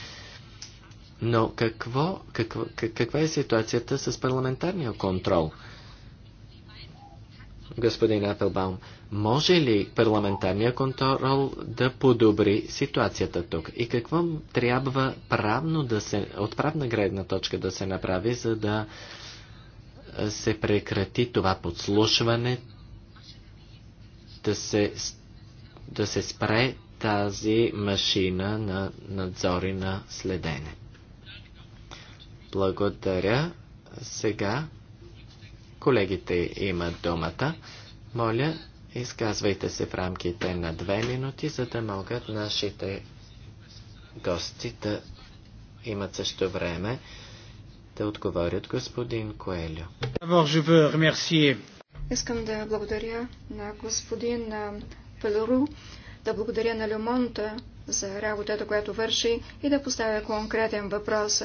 Но какво, какво, каква е ситуацията с парламентарния контрол? Господин Апелбаум, може ли парламентарния контрол да подобри ситуацията тук? И какво трябва правно да се, от правна гледна точка да се направи, за да се прекрати това подслушване, да се, да се спре тази машина на надзори на следене. Благодаря. Сега колегите имат думата. Моля, Изказвайте се в рамките на две минути, за да могат нашите гости да имат също време да отговорят господин Коелю.
Искам да благодаря на господин Пелору, да благодаря на Люмонта за работата, която върши и да поставя конкретен въпрос.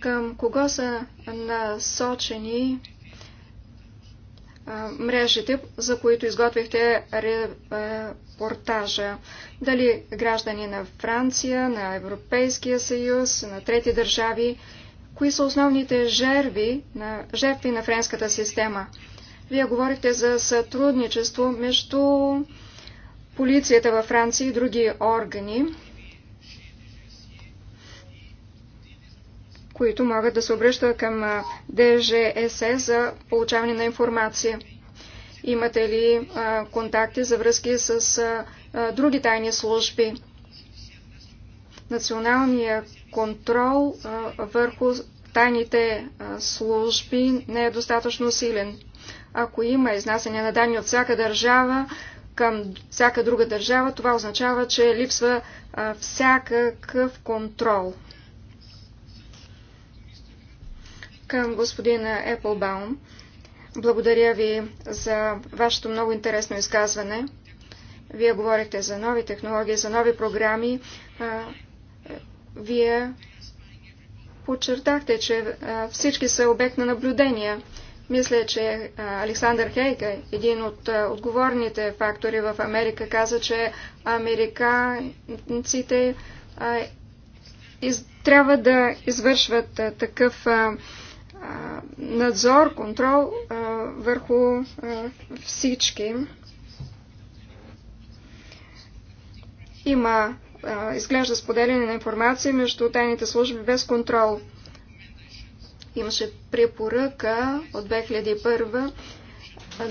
Към кого са насочени мрежите, за които изготвихте репортажа. Дали граждани на Франция, на Европейския съюз, на трети държави, кои са основните жертви на, жертви на френската система? Вие говорихте за сътрудничество между полицията във Франция и други органи. които могат да се обръщат към ДЖС за получаване на информация. Имате ли а, контакти за връзки с а, а, други тайни служби? Националния контрол а, върху тайните а, служби не е достатъчно силен. Ако има изнасяне на данни от всяка държава към всяка друга държава, това означава, че липсва а, всякакъв контрол. към господин Еплбаум. Благодаря ви за вашето много интересно изказване. Вие говорихте за нови технологии, за нови програми. Вие подчертахте, че всички са обект на наблюдения. Мисля, че Александър Хейка, един от отговорните фактори в Америка, каза, че американците трябва да извършват такъв надзор, контрол върху всички. Има изглежда споделяне на информация между тайните служби без контрол. Имаше препоръка от 2001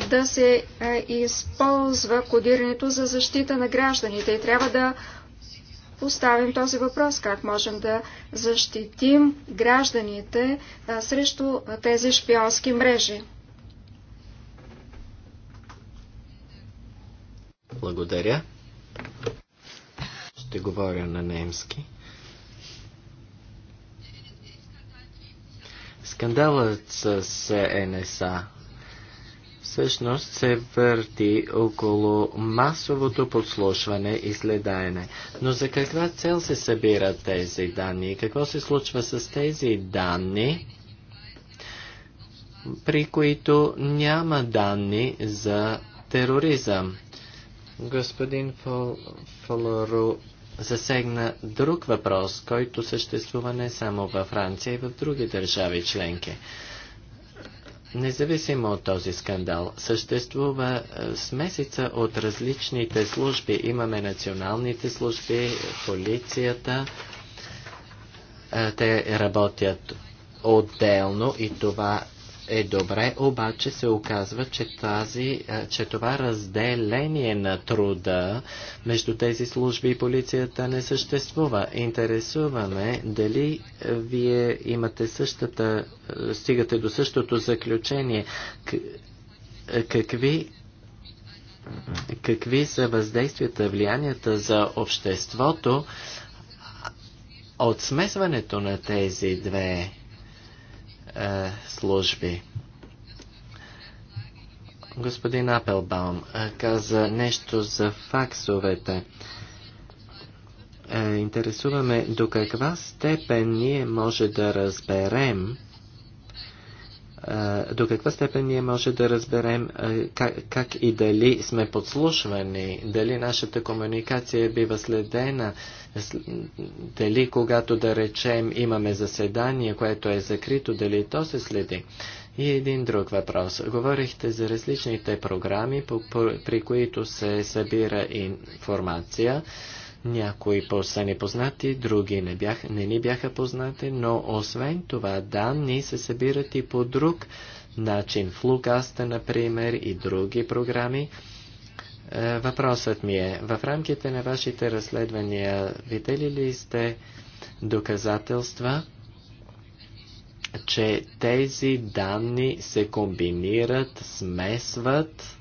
да се използва кодирането за защита на гражданите и трябва да поставим този въпрос, как можем да защитим гражданите а, срещу тези шпионски мрежи.
Благодаря. Ще говоря на немски. Скандалът с е НСА всъщност се върти около масовото подслушване и следаене. Но за каква цел се събират тези данни и какво се случва с тези данни, при които няма данни за тероризъм? Господин Фол, Фолору засегна друг въпрос, който съществува не само във Франция и в други държави членки. Независимо от този скандал, съществува е, смесица от различните служби. Имаме националните служби, полицията. Е, те работят отделно и това е добре, обаче се оказва, че, тази, е, че това разделение на труда между тези служби и полицията не съществува. Интересуваме дали е, вие имате същата, е, стигате до същото заключение. Какви какви са въздействията, влиянията за обществото от смесването на тези две е, служби. Господин Апелбаум е, каза нещо за факсовете. Е, интересуваме до каква степен ние може да разберем до каква степен ние може да разберем как, как и дали сме подслушвани, дали нашата комуникация бива следена, дали когато да речем имаме заседание, което е закрито, дали то се следи. И един друг въпрос. Говорихте за различните програми, при които се събира информация. Някои са непознати, други не, бях, не ни бяха познати, но освен това данни се събират и по друг начин. В Лукаста, например, и други програми. Е, въпросът ми е, в рамките на вашите разследвания, видели ли сте доказателства, че тези данни се комбинират, смесват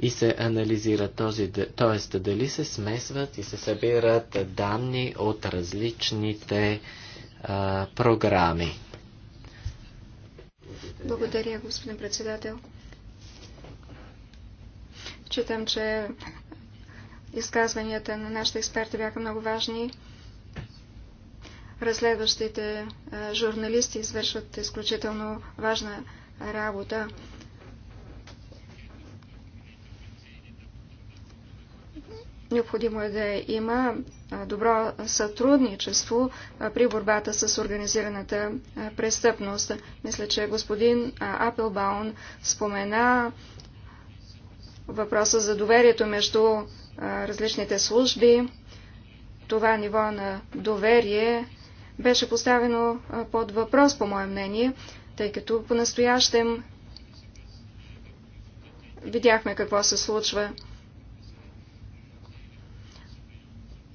и се анализира този, т.е. дали се смесват и се събират данни от различните а, програми.
Благодаря, господин председател. Читам, че изказванията на нашите експерти бяха много важни. Разследващите журналисти извършват изключително важна работа. Необходимо е да има добро сътрудничество при борбата с организираната престъпност. Мисля, че господин Апелбаун спомена въпроса за доверието между различните служби. Това ниво на доверие беше поставено под въпрос, по мое мнение, тъй като по-настоящем видяхме какво се случва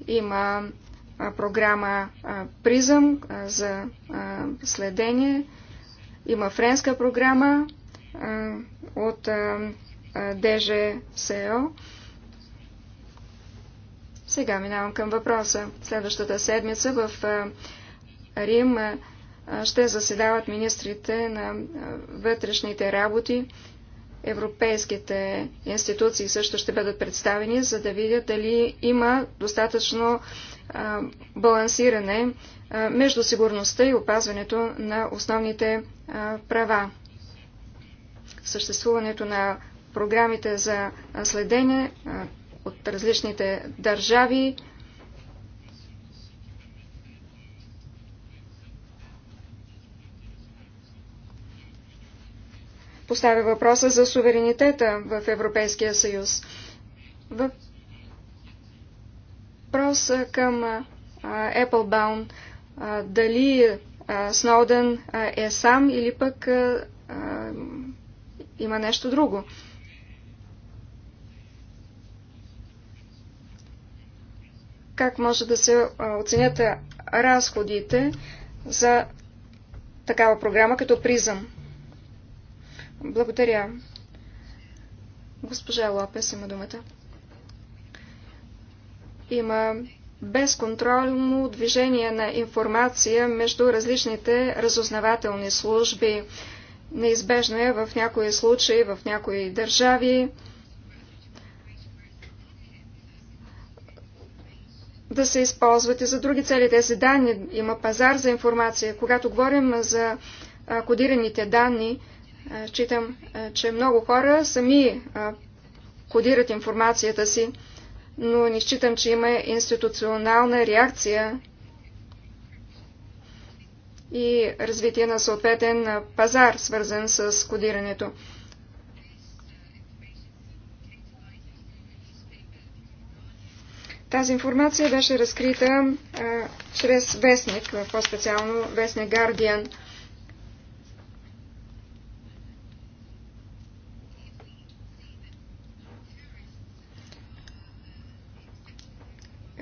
Има програма Призъм за следение. Има френска програма от ДЖСЕО. Сега минавам към въпроса. Следващата седмица в Рим ще заседават министрите на вътрешните работи Европейските институции също ще бъдат представени, за да видят дали има достатъчно балансиране между сигурността и опазването на основните права. Съществуването на програмите за следене от различните държави поставя въпроса за суверенитета в Европейския съюз. Въпрос към Applebaum. Дали Сноуден е сам или пък има нещо друго? Как може да се оценят разходите за такава програма като призъм? Благодаря. Госпожа Лопес има думата. Има безконтролно движение на информация между различните разузнавателни служби. Неизбежно е в някои случаи, в някои държави да се използват и за други цели тези данни. Има пазар за информация. Когато говорим за кодираните данни, Читам, че много хора сами кодират информацията си, но не считам, че има институционална реакция и развитие на съответен пазар, свързан с кодирането. Тази информация беше разкрита а, чрез вестник, по-специално вестник Guardian –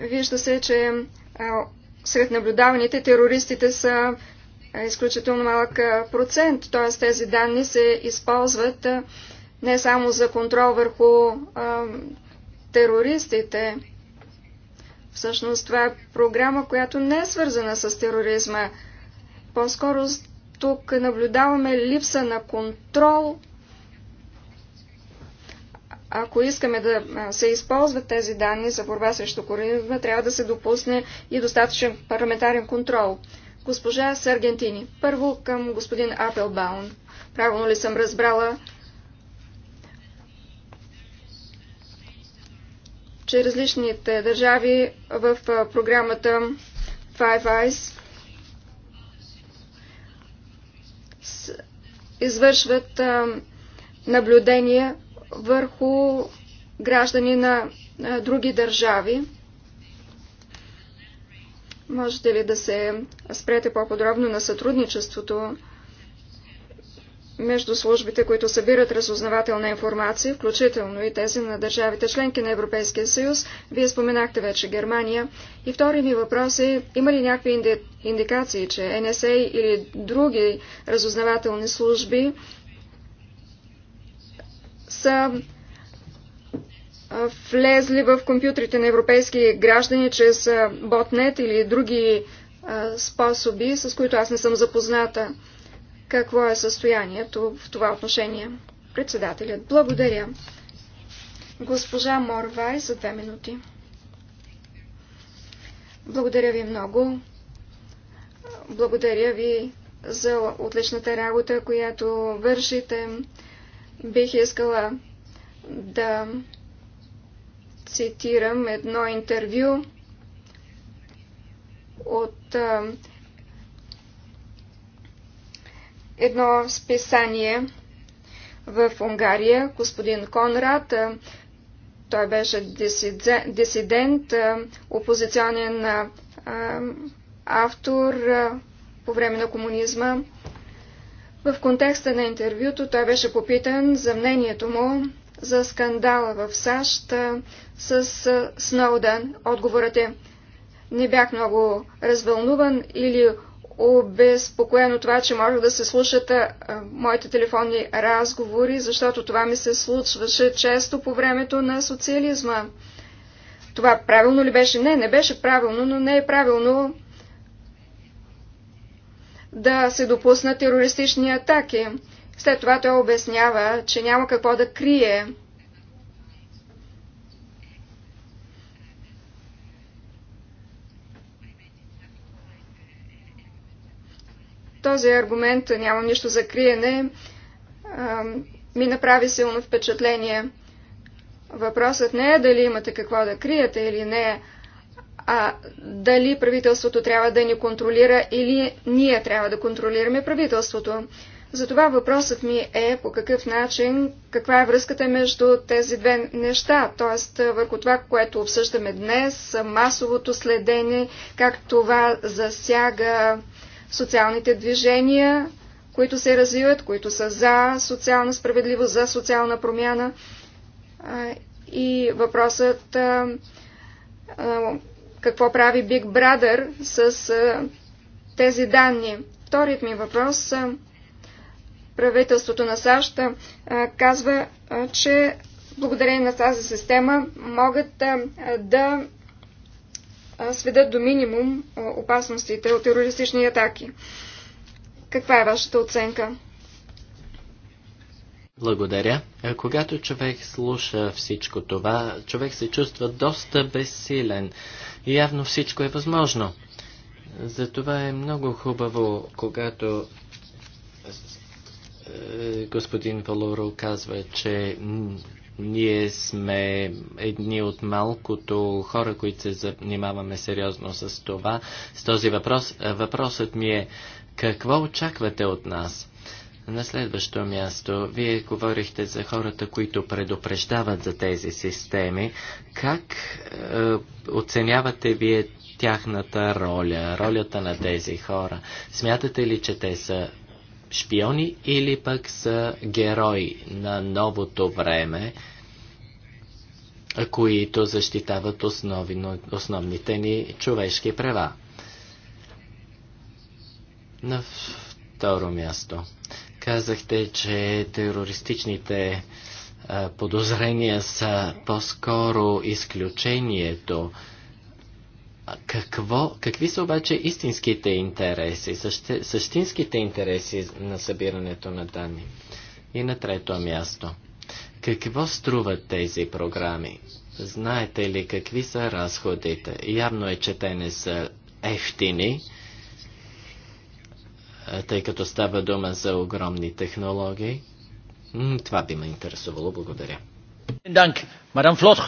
Вижда се, че сред наблюдаваните терористите са изключително малък процент, т.е. тези данни се използват не само за контрол върху терористите. Всъщност това е програма, която не е свързана с тероризма. По-скоро тук наблюдаваме липса на контрол ако искаме да се използват тези данни за борба срещу коронавируса, трябва да се допусне и достатъчен парламентарен контрол. Госпожа Саргентини, Първо към господин Апелбаун. Правилно ли съм разбрала, че различните държави в програмата Five Eyes извършват наблюдения върху граждани на други държави. Можете ли да се спрете по-подробно на сътрудничеството между службите, които събират разузнавателна информация, включително и тези на държавите членки на Европейския съюз? Вие споменахте вече Германия. И втори ми въпрос е, има ли някакви индикации, че НСА или други разузнавателни служби са влезли в компютрите на европейски граждани чрез ботнет или други способи, с които аз не съм запозната. Какво е състоянието в това отношение? Председателят, благодаря. Госпожа Морвай за две минути. Благодаря ви много. Благодаря ви за отличната работа, която вършите. Бих искала да цитирам едно интервю от а, едно списание в Унгария, господин Конрад. А, той беше дисидент, а, опозиционен а, автор а, по време на комунизма. В контекста на интервюто той беше попитан за мнението му за скандала в САЩ с Сноудън. Отговорът е не бях много развълнуван или обезпокоен от това, че може да се слушат а, моите телефонни разговори, защото това ми се случваше често по времето на социализма. Това правилно ли беше? Не, не беше правилно, но не е правилно да се допуснат терористични атаки. След това той обяснява, че няма какво да крие. Този аргумент, няма нищо за криене, ми направи силно впечатление. Въпросът не е дали имате какво да криете или не, а дали правителството трябва да ни контролира или ние трябва да контролираме правителството. Затова въпросът ми е по какъв начин, каква е връзката между тези две неща, т.е. върху това, което обсъждаме днес, масовото следение, как това засяга социалните движения, които се развиват, които са за социална справедливост, за социална промяна. И въпросът какво прави Биг Брадър с а, тези данни. Вторият ми въпрос. А, правителството на САЩ а, казва, а, че благодарение на тази система могат а, да сведат до минимум опасностите от терористични атаки. Каква е вашата оценка?
Благодаря. Е, когато човек слуша всичко това, човек се чувства доста безсилен. И явно всичко е възможно. Затова е много хубаво, когато е, господин Валоро казва, че ние сме едни от малкото хора, които се занимаваме сериозно с това, с този въпрос. Е, въпросът ми е, какво очаквате от нас? На следващо място, вие говорихте за хората, които предупреждават за тези системи. Как е, оценявате вие тяхната роля, ролята на тези хора? Смятате ли, че те са шпиони или пък са герои на новото време, които защитават основи, основните ни човешки права? На второ място. Казахте, че терористичните подозрения са по-скоро изключението. Какво, какви са обаче истинските интереси, същи, същинските интереси на събирането на данни? И на трето място. Какво струват тези програми? Знаете ли какви са разходите? Явно е, че те не са ефтини тъй като става дума за огромни технологии. Това би ме интересувало. Благодаря. Данк, мадам Флотр.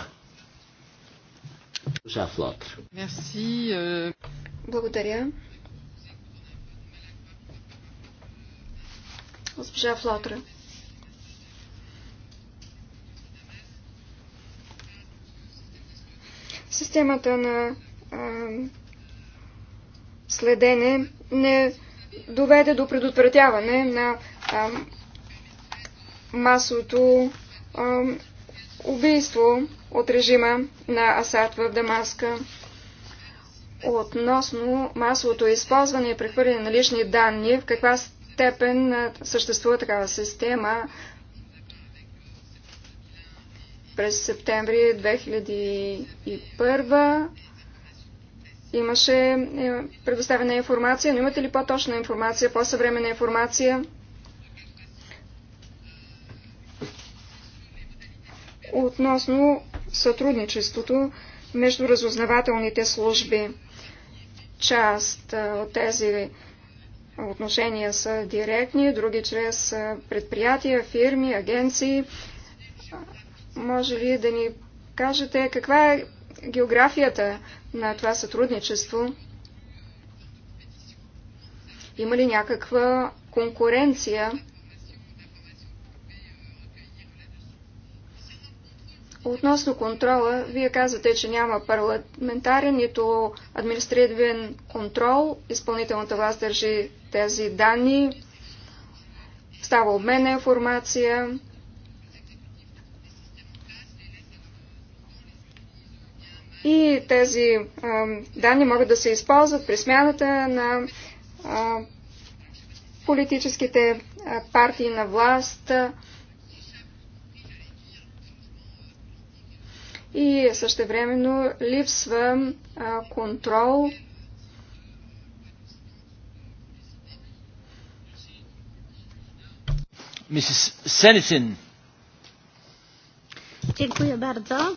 Жа Флотр. Мерси. Е. Благодаря. Госпожа Флотра. Системата на а, следене не е доведе до предотвратяване на а, масовото а, убийство от режима на Асад в Дамаска. Относно масовото използване и прехвърляне на лични данни, в каква степен съществува такава система през септември 2001 Имаше е, предоставена информация, но имате ли по-точна информация, по-съвременна информация? Относно сътрудничеството между разузнавателните служби. Част е, от тези отношения са директни, други чрез е, предприятия, фирми, агенции. Може ли да ни кажете каква е географията на това сътрудничество? Има ли някаква конкуренция Относно контрола, вие казвате, че няма парламентарен, нито административен контрол. Изпълнителната власт държи тези данни. Става обмен на информация. И тези а, данни могат да се използват при смяната на а, политическите а, партии на власт. И същевременно липсва а, контрол
Mrs. Senicin. Dziękuję bardzo.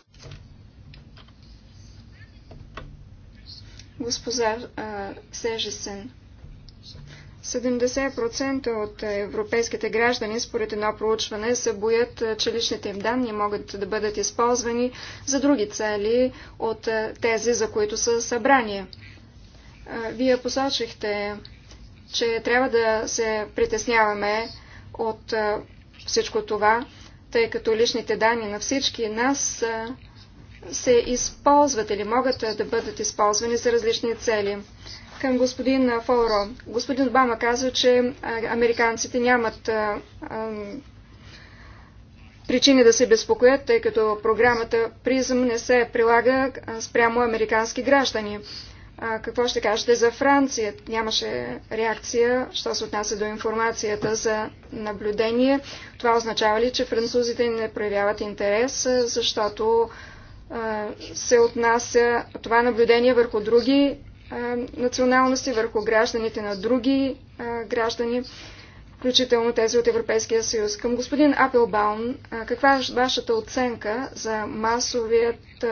госпожа Сежесен. 70% от европейските граждани, според едно проучване, се боят, че личните им данни могат да бъдат използвани за други цели от тези, за които са събрани. Вие посочихте, че трябва да се притесняваме от всичко това, тъй като личните данни на всички нас се използват или могат е, да бъдат използвани за различни цели. Към господин Форо. Господин Обама каза, че американците нямат а, а, причини да се безпокоят, тъй като програмата призъм не се прилага спрямо американски граждани. А, какво ще кажете за Франция? Нямаше реакция, що се отнася до информацията за наблюдение. Това означава ли, че французите не проявяват интерес, защото се отнася това наблюдение върху други националности, върху гражданите на други граждани, включително тези от Европейския съюз. Към господин Апелбаун, каква е вашата оценка за масовият,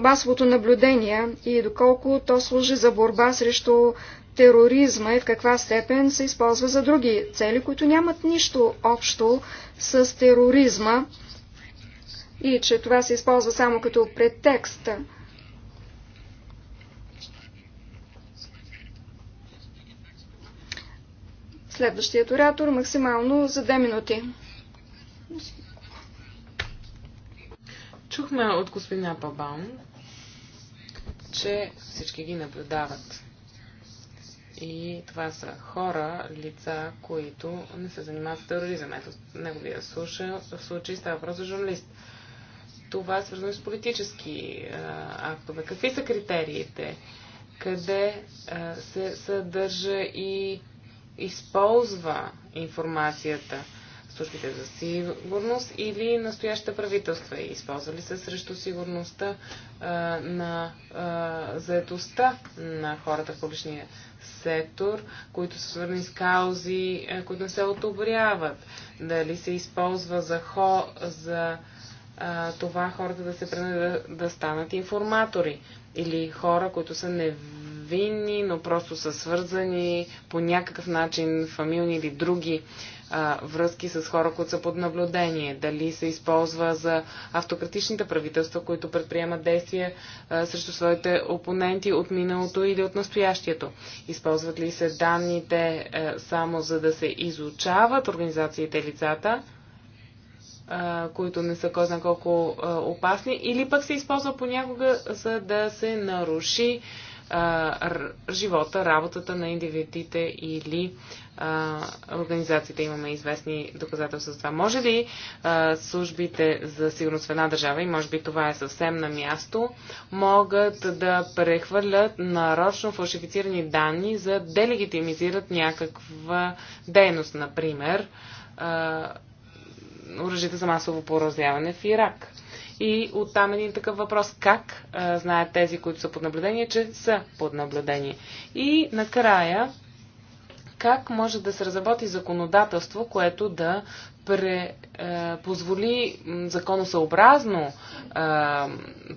масовото наблюдение и доколко то служи за борба срещу тероризма и в каква степен се използва за други цели, които нямат нищо общо с тероризма, и че това се използва само като претекст. Следващият оратор максимално за 2 минути.
Чухме от господина Пабаун, че всички ги наблюдават. И това са хора, лица, които не се занимават с тероризъм. Ето, неговия случай става въпрос за журналист това е свързано с политически а, актове. Какви са критериите? Къде а, се съдържа и използва информацията? службите за сигурност или правителство правителства? Използвали се срещу сигурността а, на а, заедостта на хората в публичния сектор, които са свързани с каузи, а, които не се одобряват? Дали се използва за, хо, за а, това хората да се принудят да, да станат информатори или хора, които са невинни, но просто са свързани по някакъв начин, фамилни или други а, връзки с хора, които са под наблюдение. Дали се използва за автократичните правителства, които предприемат действия а, срещу своите опоненти от миналото или от настоящието. Използват ли се данните а, само за да се изучават организациите и лицата? които не са кой знае колко опасни, или пък се използва понякога, за да се наруши живота, работата на индивидите или а, организациите. Имаме известни доказателства за това. Може ли а, службите за сигурност в една държава, и може би това е съвсем на място, могат да прехвърлят нарочно фалшифицирани данни, за да делегитимизират някаква дейност, например? А, оръжията за масово поразяване в Ирак. И оттам един такъв въпрос. Как а, знаят тези, които са под наблюдение, че са под наблюдение? И накрая, как може да се разработи законодателство, което да пре, а, позволи законосъобразно а,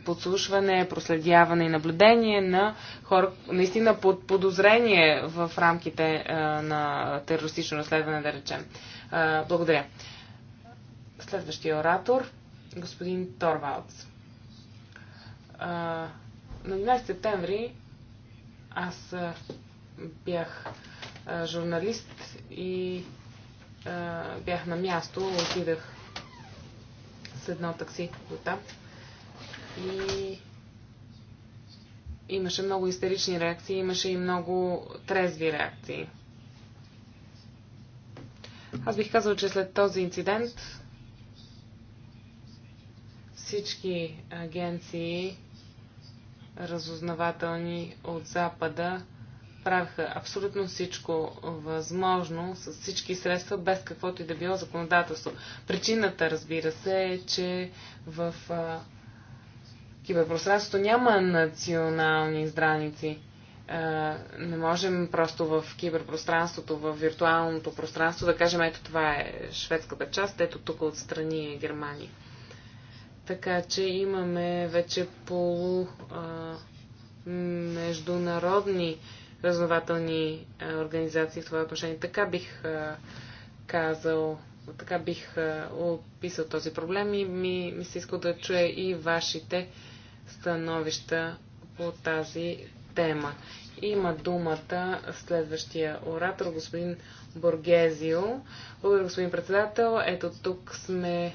подслушване, проследяване и наблюдение на хора, наистина под подозрение в рамките а, на терористично разследване, да речем. А, благодаря. Следващия оратор, господин Торвалдс. На 12 септември аз бях журналист и бях на място, отидах с едно такси до там. И имаше много истерични реакции, имаше и много трезви реакции. Аз бих казал, че след този инцидент всички агенции разузнавателни от Запада правиха абсолютно всичко възможно, с всички средства, без каквото и да било законодателство. Причината, разбира се, е, че в а, киберпространството няма национални здраници. А, не можем просто в киберпространството, в виртуалното пространство да кажем, ето това е шведската част, ето тук отстрани е Германия. Така че имаме вече полу а, международни разнователни а, организации в това отношение. Така бих а, казал, така бих а, описал този проблем и ми, ми се иска да чуя и вашите становища по тази тема. Има думата следващия оратор, господин Боргезио. Благодаря, господин председател. Ето тук сме е,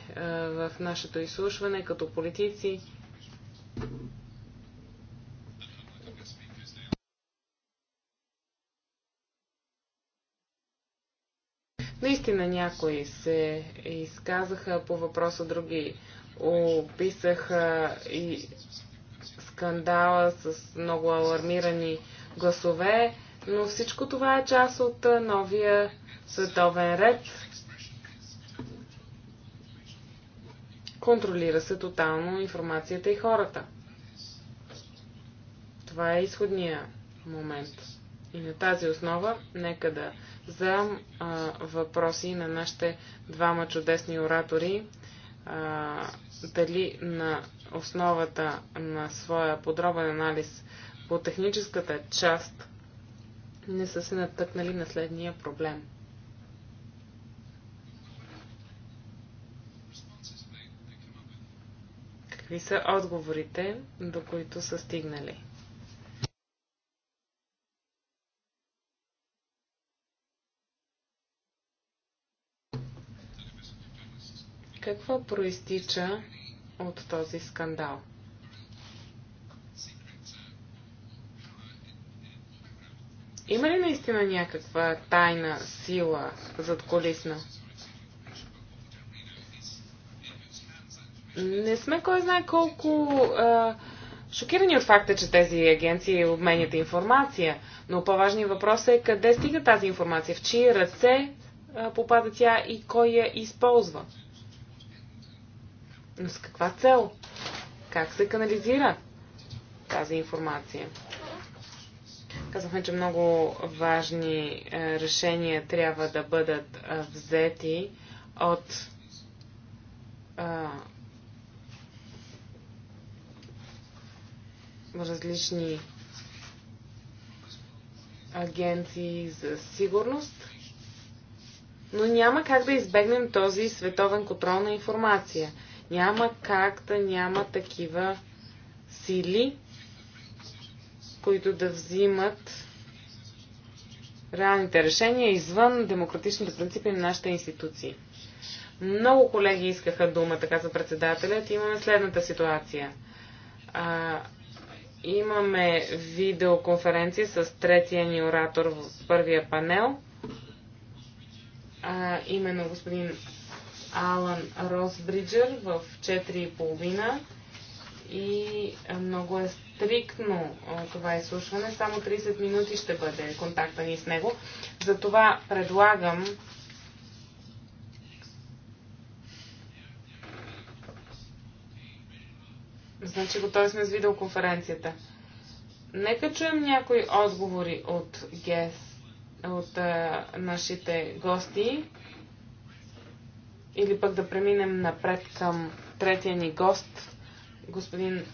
в нашето изслушване като политици. Наистина някои се изказаха по въпроса, други описаха и скандала с много алармирани гласове, но всичко това е част от новия световен ред. Контролира се тотално информацията и хората. Това е изходния момент. И на тази основа, нека да задам въпроси на нашите двама чудесни оратори, а, дали на основата на своя подробен анализ по техническата част не са се натъкнали на следния проблем. Какви са отговорите, до които са стигнали? Какво проистича от този скандал? Има ли наистина някаква тайна сила зад колисна? Не сме кой знае колко а, шокирани от факта, че тези агенции обменят информация, но по-важният въпрос е къде стига тази информация, в чии ръце а, попада тя и кой я използва. Но с каква цел? Как се канализира тази информация? Казахме, че много важни е, решения трябва да бъдат е, взети от е, различни агенции за сигурност, но няма как да избегнем този световен контрол на информация. Няма как да няма такива сили, които да взимат реалните решения извън демократичните принципи на нашите институции. Много колеги искаха дума така за председателят. Имаме следната ситуация. А, имаме видеоконференция с третия ни оратор в първия панел, а, именно господин Алан Росбриджер в 4.30 и много е стриктно това изслушване. Само 30 минути ще бъде контакта ни с него. Затова предлагам Значи готови сме с видеоконференцията. Нека чуем някои отговори от ГЕС, от а, нашите гости. Или пък да преминем напред към третия ни гост, господин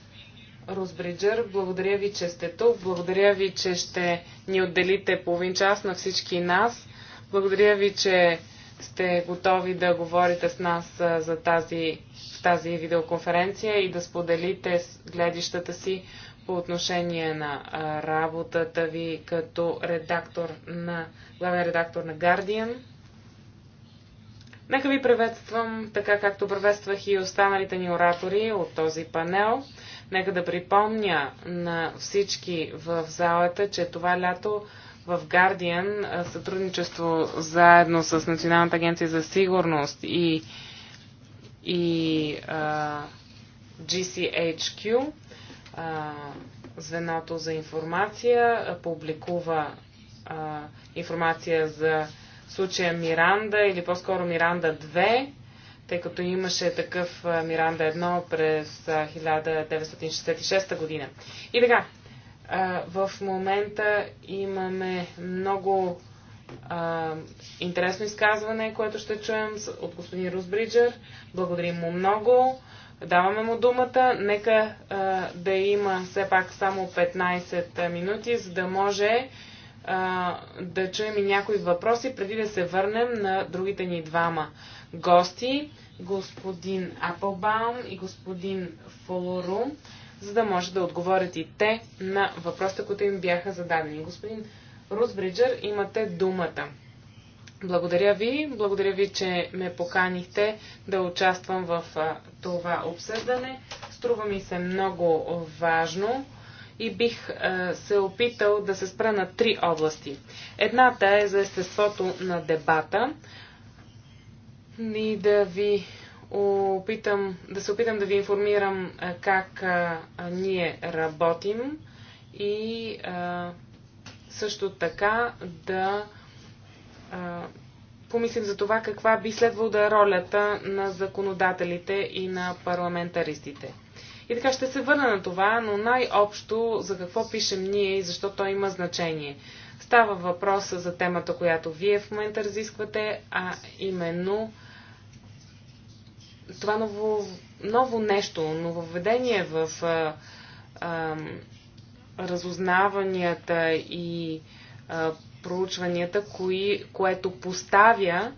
Розбриджер, благодаря ви, че сте тук. Благодаря ви, че ще ни отделите половин час на всички нас. Благодаря ви, че сте готови да говорите с нас за тази, в тази видеоконференция и да споделите гледищата си по отношение на работата ви като редактор на, главен редактор на Guardian. Нека ви приветствам, така както приветствах и останалите ни оратори от този панел. Нека да припомня на всички в залата, че това лято в Guardian сътрудничество заедно с Националната агенция за сигурност и, и а, GCHQ, а, звеното за информация, публикува а, информация за в случая Миранда или по-скоро Миранда 2, тъй като имаше такъв Миранда 1 през 1966 година. И така, в момента имаме много интересно изказване, което ще чуем от господин Русбриджер. Благодарим му много. Даваме му думата. Нека а, да има все пак само 15 минути, за да може а, да чуем и някои въпроси, преди да се върнем на другите ни двама гости, господин Аплбаум и господин Фолору, за да може да отговорят и те на въпросите, които им бяха зададени. Господин Русбриджър, имате думата. Благодаря ви. Благодаря ви, че ме поканихте да участвам в това обсъждане. Струва ми се много важно и бих е, се опитал да се спра на три области. Едната е за естеството на дебата и да ви опитам, да се опитам да ви информирам е, как е, ние работим и е, също така да е, помислим за това каква би следвало да е ролята на законодателите и на парламентаристите. И така ще се върна на това, но най-общо за какво пишем ние и защо то има значение. Става въпрос за темата, която вие в момента разисквате, а именно това ново, ново нещо, нововведение в а, а, разузнаванията и а, проучванията, кои, което поставя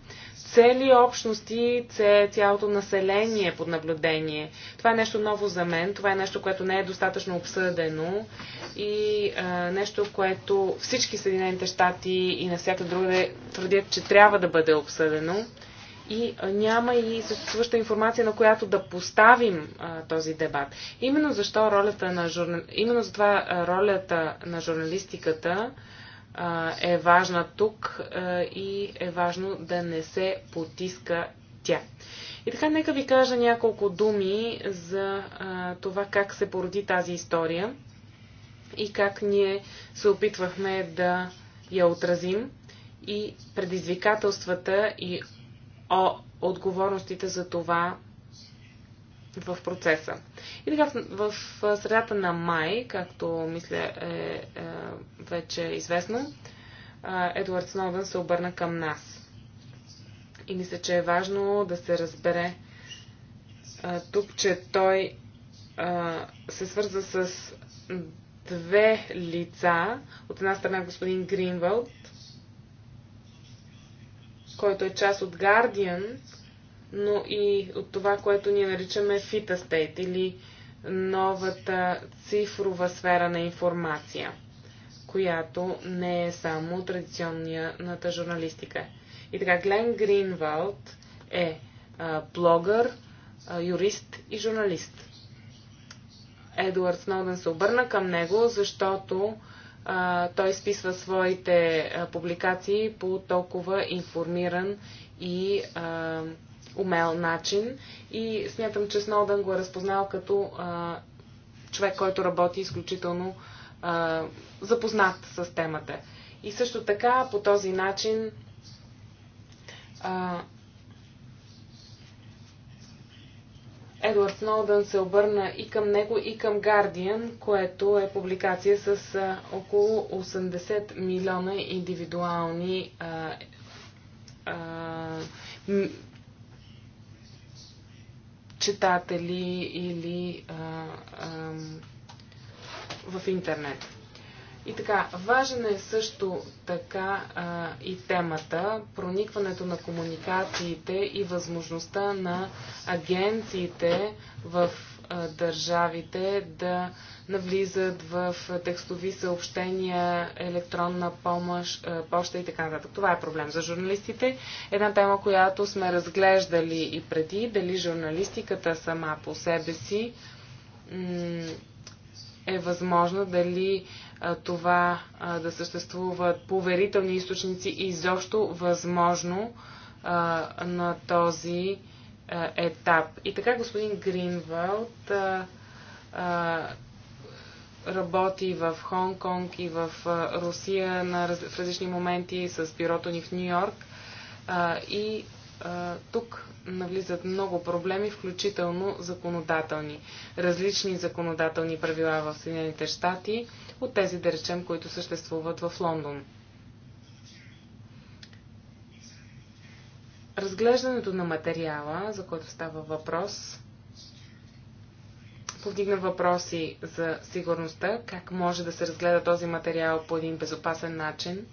цели общности, цялото население под наблюдение. Това е нещо ново за мен, това е нещо, което не е достатъчно обсъдено и а, нещо, което всички Съединените щати и навсякъде друга твърдят, че трябва да бъде обсъдено. И а, няма и съществуваща информация, на която да поставим а, този дебат. Именно защо ролята на журнал... именно за това а, ролята на журналистиката е важна тук и е важно да не се потиска тя. И така, нека ви кажа няколко думи за това как се породи тази история и как ние се опитвахме да я отразим и предизвикателствата и отговорностите за това в процеса. И така, в, средата на май, както мисля е, е вече известно, Едуард Сноудън се обърна към нас. И мисля, че е важно да се разбере е, тук, че той е, се свърза с две лица. От една страна е господин Гринвелд, който е част от Guardian, но и от това, което ние наричаме фита стейт или новата цифрова сфера на информация, която не е само традиционната журналистика. И така, Глен Гринвалд е а, блогър, а, юрист и журналист. Едуард Сноуден се обърна към него, защото а, той списва своите а, публикации по толкова информиран и а, умел начин и смятам, че Сноудън го е разпознал като а, човек, който работи изключително а, запознат с темата. И също така по този начин а, Едуард Сноудън се обърна и към него, и към Guardian, което е публикация с а, около 80 милиона индивидуални а, а, читатели или а, а, в интернет. И така, важен е също така а, и темата, проникването на комуникациите и възможността на агенциите в държавите да навлизат в текстови съобщения, електронна помощ, почта и така нататък. Това е проблем за журналистите. Една тема, която сме разглеждали и преди, дали журналистиката сама по себе си е възможно, дали това да съществуват поверителни източници и изобщо възможно на този е, етап. И така господин Гринвелд работи в Хонг-Конг и в Русия на, в различни моменти с бюрото ни в Нью-Йорк. И а, тук навлизат много проблеми, включително законодателни. Различни законодателни правила в Съединените щати от тези, да речем, които съществуват в Лондон. Разглеждането на материала, за който става въпрос, повдигна въпроси за сигурността, как може да се разгледа този материал по един безопасен начин.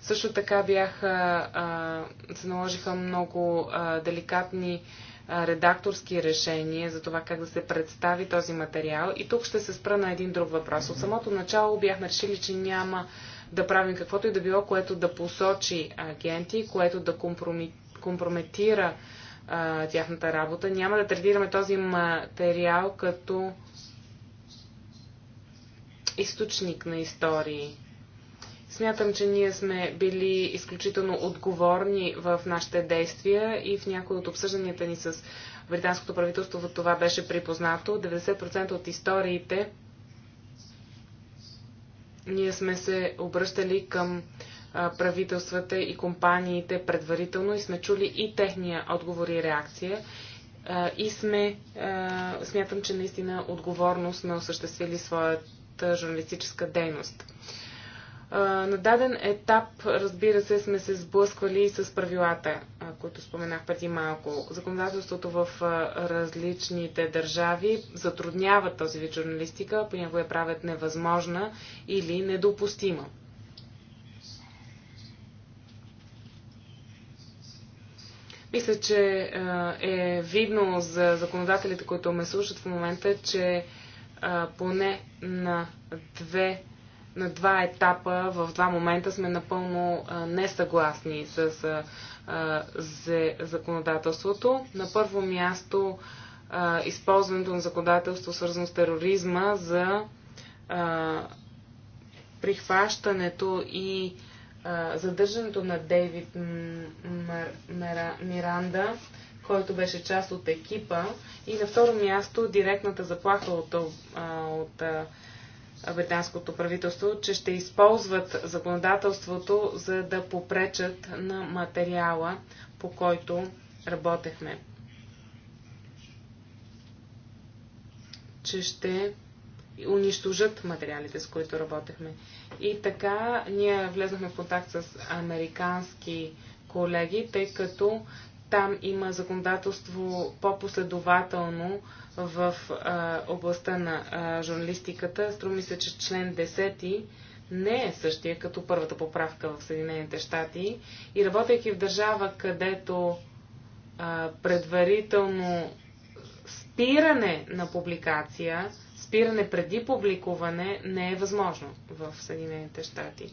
Също така бяха, а, се наложиха много а, деликатни а, редакторски решения за това как да се представи този материал. И тук ще се спра на един друг въпрос. От самото начало бяхме решили, че няма да правим каквото и да било, което да посочи агенти, което да компрометира компрометира а, тяхната работа. Няма да третираме този материал като източник на истории. Смятам, че ние сме били изключително отговорни в нашите действия и в някои от обсъжданията ни с британското правителство това беше припознато. 90% от историите ние сме се обръщали към правителствата и компаниите предварително и сме чули и техния отговор и реакция. И сме, смятам, че наистина отговорно сме осъществили своята журналистическа дейност. На даден етап, разбира се, сме се сблъсквали и с правилата, които споменах преди малко. Законодателството в различните държави затруднява този вид журналистика, понякога я правят невъзможна или недопустима. Мисля, че е видно за законодателите, които ме слушат в момента, че поне на две на два етапа, в два момента сме напълно несъгласни с законодателството. На първо място използването на законодателство, свързано с тероризма, за прихващането и задържането на Дейвид Миранда, който беше част от екипа. И на второ място директната заплаха от, а, от а, британското правителство, че ще използват законодателството, за да попречат на материала, по който работехме. Че ще унищожат материалите, с които работехме. И така ние влезнахме в контакт с американски колеги, тъй като там има законодателство по-последователно в а, областта на а, журналистиката. Струми се, че член 10 не е същия като първата поправка в Съединените щати. И работейки в държава, където а, предварително спиране на публикация спиране преди публикуване не е възможно в Съединените щати.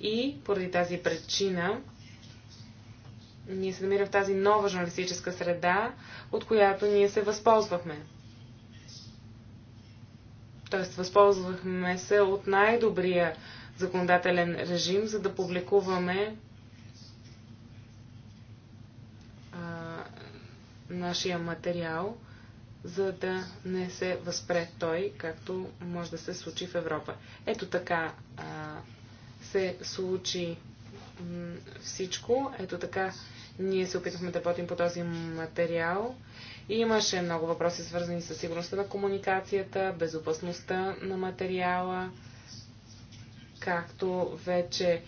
И поради тази причина ние се намираме в тази нова журналистическа среда, от която ние се възползвахме. Тоест, възползвахме се от най-добрия законодателен режим, за да публикуваме а, нашия материал – за да не се възпре той, както може да се случи в Европа. Ето така а, се случи всичко. Ето така ние се опитахме да работим по този материал. И имаше много въпроси, свързани с сигурността на комуникацията, безопасността на материала, както вече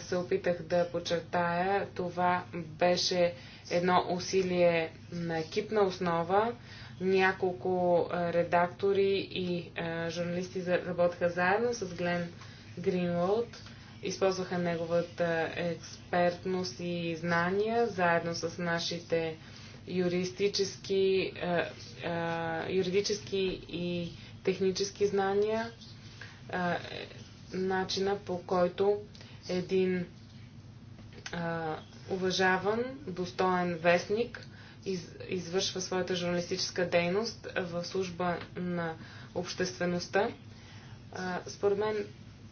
се опитах да подчертая, това беше едно усилие на екипна основа. Няколко редактори и журналисти работеха заедно с Глен Гринволд. Използваха неговата експертност и знания, заедно с нашите юристически, юридически и технически знания, е, начина по който един уважаван, достоен вестник из, извършва своята журналистическа дейност в служба на обществеността. А, според мен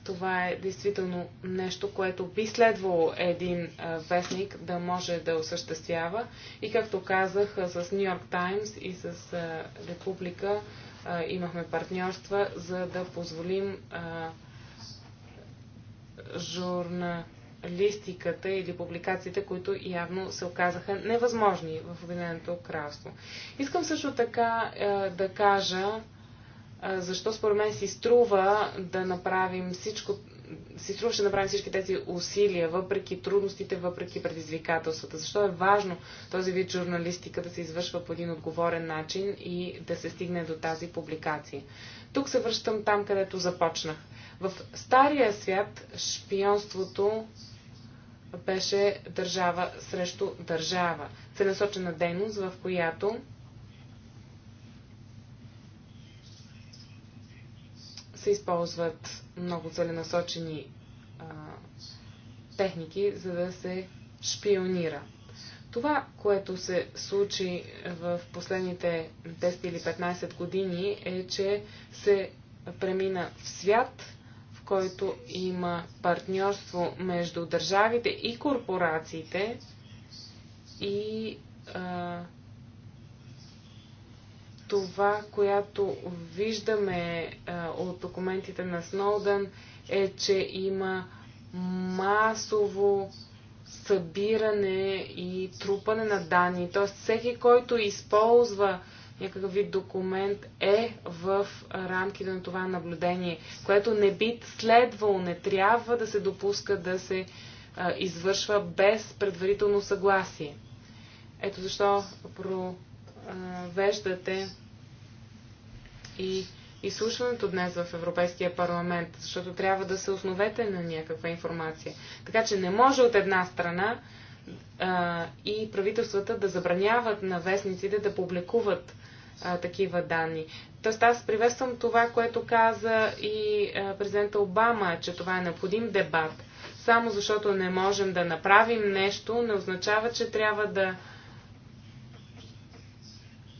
това е действително нещо, което би следвало един а, вестник да може да осъществява. И както казах, а, с Нью Йорк Таймс и с а, Република а, имахме партньорства, за да позволим а, журна листиката или публикациите, които явно се оказаха невъзможни в Обединеното кралство. Искам също така е, да кажа е, защо според мен си струва да направим всичко, си струваше да направим всички тези усилия, въпреки трудностите, въпреки предизвикателствата. Защо е важно този вид журналистика да се извършва по един отговорен начин и да се стигне до тази публикация. Тук се връщам там, където започнах. В стария свят шпионството беше държава срещу държава. Целесочена дейност, в която се използват много целенасочени а, техники, за да се шпионира. Това, което се случи в последните 10 или 15 години е, че се премина в свят, който има партньорство между държавите и корпорациите и а, това, което виждаме а, от документите на Сноудън, е, че има масово събиране и трупане на данни. Тоест, всеки, който използва някакъв вид документ е в рамките на това наблюдение, което не би следвало, не трябва да се допуска да се а, извършва без предварително съгласие. Ето защо провеждате и изслушването днес в Европейския парламент, защото трябва да се основете на някаква информация. Така че не може от една страна а, и правителствата да забраняват на вестниците да публикуват а, такива данни. Тоест аз приветствам това, което каза и президента Обама, че това е необходим дебат. Само защото не можем да направим нещо, не означава, че трябва да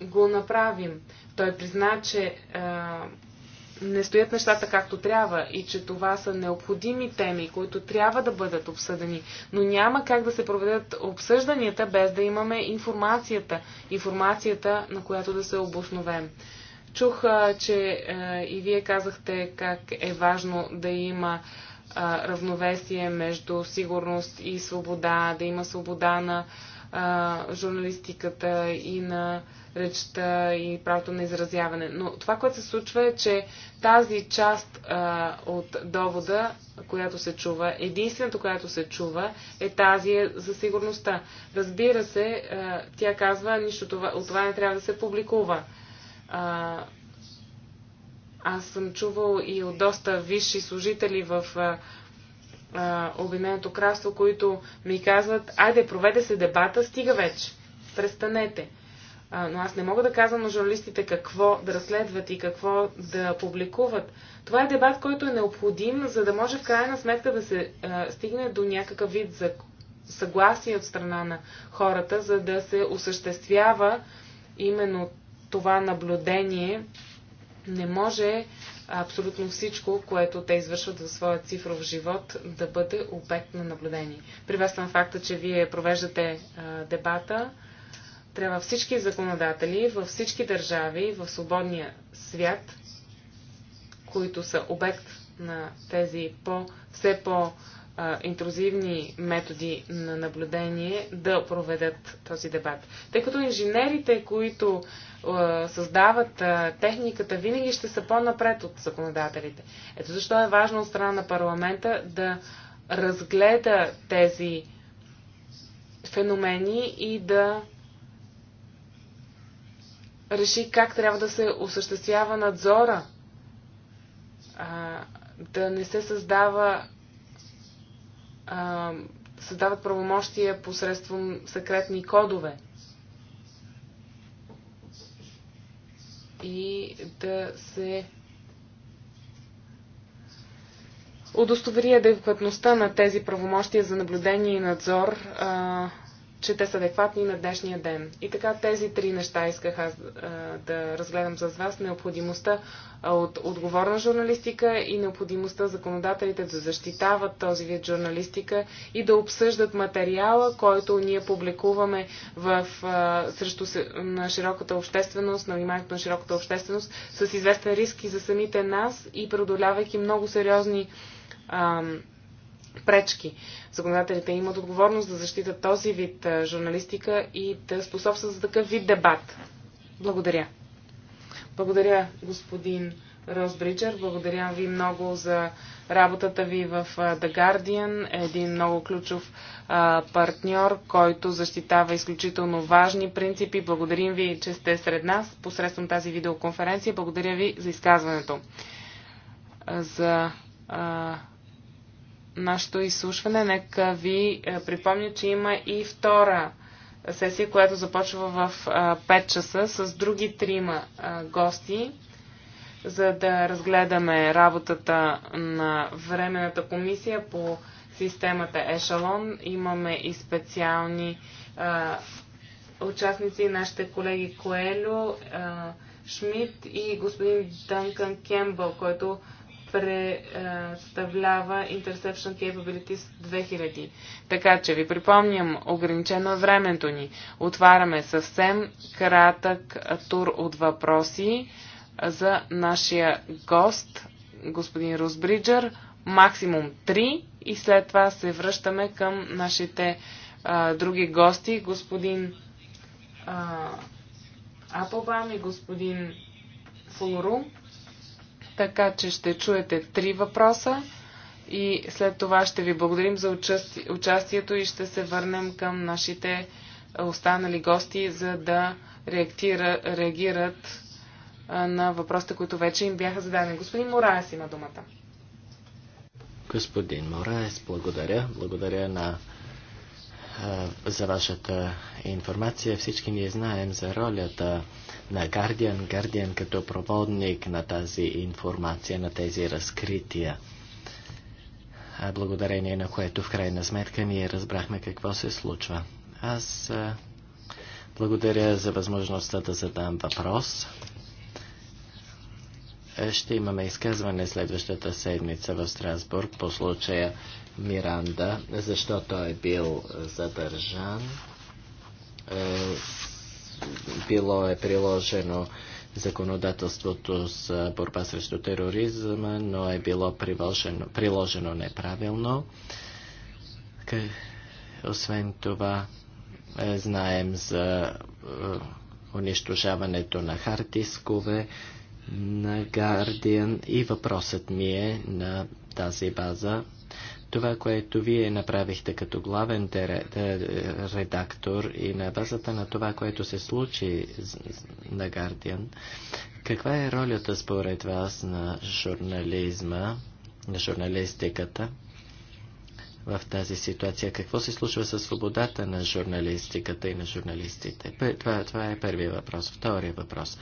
го направим. Той призна, че а, не стоят нещата както трябва и че това са необходими теми, които трябва да бъдат обсъдени, но няма как да се проведат обсъжданията без да имаме информацията, информацията на която да се обосновем. Чух, че и вие казахте как е важно да има равновесие между сигурност и свобода, да има свобода на журналистиката и на речта и правото на изразяване. Но това, което се случва е, че тази част а, от довода, която се чува, единственото, която се чува, е тази за сигурността. Разбира се, а, тя казва, нищо това, от това не трябва да се публикува. А, аз съм чувал и от доста висши служители в а, а, Обединеното кралство, които ми казват, айде, проведе се дебата, стига вече, престанете а, но аз не мога да казвам на журналистите какво да разследват и какво да публикуват. Това е дебат, който е необходим, за да може в крайна сметка да се а, стигне до някакъв вид за съгласие от страна на хората, за да се осъществява именно това наблюдение. Не може абсолютно всичко, което те извършват за своя цифров живот, да бъде обект на наблюдение. Приветствам факта, че вие провеждате а, дебата. Трябва всички законодатели във всички държави в свободния свят, които са обект на тези по, все по-интрузивни методи на наблюдение, да проведат този дебат. Тъй като инженерите, които създават техниката, винаги ще са по-напред от законодателите. Ето защо е важно от страна на парламента да разгледа тези феномени и да реши как трябва да се осъществява надзора, а, да не се създава а, създават правомощия посредством секретни кодове и да се удостовери адекватността на тези правомощия за наблюдение и надзор а, че те са адекватни на днешния ден. И така тези три неща исках аз да разгледам с вас. Необходимостта от отговорна журналистика и необходимостта законодателите да защитават този вид журналистика и да обсъждат материала, който ние публикуваме в, срещу на широката общественост, на вниманието на широката общественост, с известен риски за самите нас и преодолявайки много сериозни ам, пречки. Законодателите имат отговорност да защитат този вид журналистика и да способстват за такъв вид дебат. Благодаря. Благодаря, господин Рос Бриджер. Благодаря ви много за работата ви в The Guardian, един много ключов партньор, който защитава изключително важни принципи. Благодарим ви, че сте сред нас посредством тази видеоконференция. Благодаря ви за изказването. За а, нашето изслушване. Нека ви е, припомня, че има и втора сесия, която започва в 5 е, часа с други трима е, гости, за да разгледаме работата на Временната комисия по системата Ешалон. Имаме и специални участници, нашите колеги Коелю, Шмидт и господин Дънкан Кембъл, който представлява Interception Capabilities 2000. Така че ви припомням, ограничено е времето ни. Отваряме съвсем кратък тур от въпроси за нашия гост, господин Русбриджър, максимум 3 и след това се връщаме към нашите а, други гости, господин а, и господин Фулуру така че ще чуете три въпроса и след това ще ви благодарим за участието и ще се върнем към нашите останали гости, за да реактира, реагират на въпросите, които вече им бяха зададени. Господин Мораес има думата.
Господин Мораес, благодаря. Благодаря на, за вашата информация. Всички ние знаем за ролята на гардиан, Гардиан като проводник на тази информация, на тези разкрития. А благодарение на което в крайна сметка ние разбрахме какво се случва. Аз благодаря за възможността да задам въпрос. Ще имаме изказване следващата седмица в Страсбург по случая Миранда, защо той е бил задържан. Е, било е приложено законодателството за борба срещу тероризма, но е било приложено, приложено неправилно. Освен това, е, знаем за е, унищожаването на хардискове, на Guardian и въпросът ми е на тази база това, което вие направихте като главен редактор и на базата на това, което се случи на Гардиан. каква е ролята според вас на журнализма, на журналистиката в тази ситуация? Какво се случва със свободата на журналистиката и на журналистите? Това, това е първият въпрос. Вторият въпрос.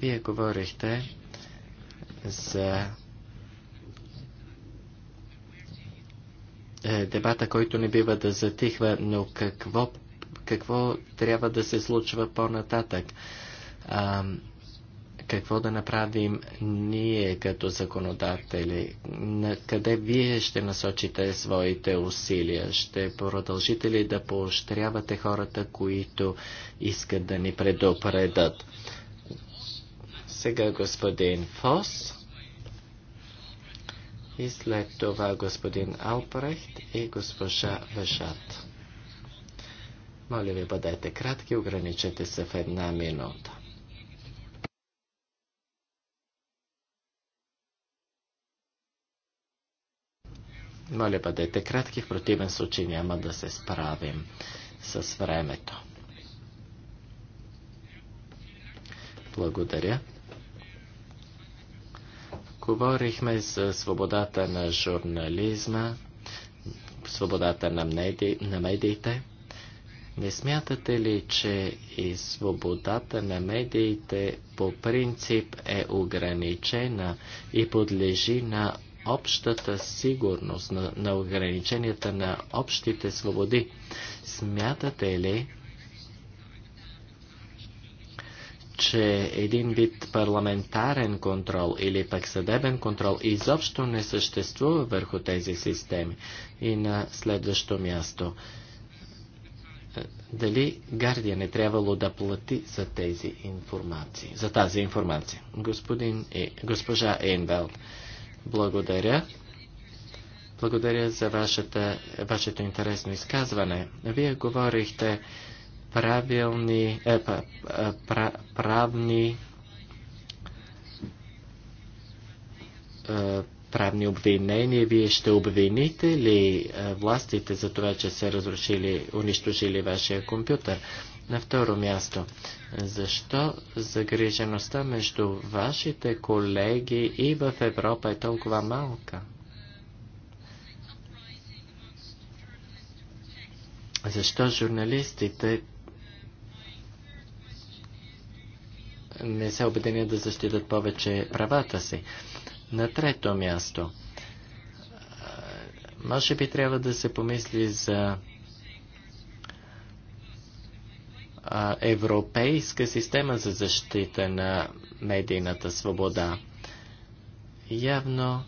Вие говорихте за Е, дебата, който не бива да затихва, но какво, какво трябва да се случва по-нататък? какво да направим ние като законодатели? На къде вие ще насочите своите усилия? Ще продължите ли да поощрявате хората, които искат да ни предупредат? Сега господин Фос и след това господин Алпрехт и госпожа Вешат. Моля ви, бъдете кратки, ограничете се в една минута. Моля, бъдете кратки, в противен случай няма да се справим с времето. Благодаря. Говорихме за свободата на журнализма, свободата на, меди... на медиите. Не смятате ли, че и свободата на медиите по принцип е ограничена и подлежи на общата сигурност, на, на ограниченията на общите свободи? Смятате ли, че един вид парламентарен контрол или пък съдебен контрол изобщо не съществува върху тези системи. И на следващо място, дали Гардия не трябвало да плати за тези информации, за тази информация? Господин, и госпожа Ейнвелд, благодаря. Благодаря за вашето интересно изказване. Вие говорихте правилни, е, е, пра, правни е, правни обвинения. Вие ще обвините ли е, властите за това, че са разрушили, унищожили вашия компютър? На второ място, защо загрижеността между вашите колеги и в Европа е толкова малка? Защо журналистите не се обединят да защитат повече правата си. На трето място, може би трябва да се помисли за европейска система за защита на медийната свобода. Явно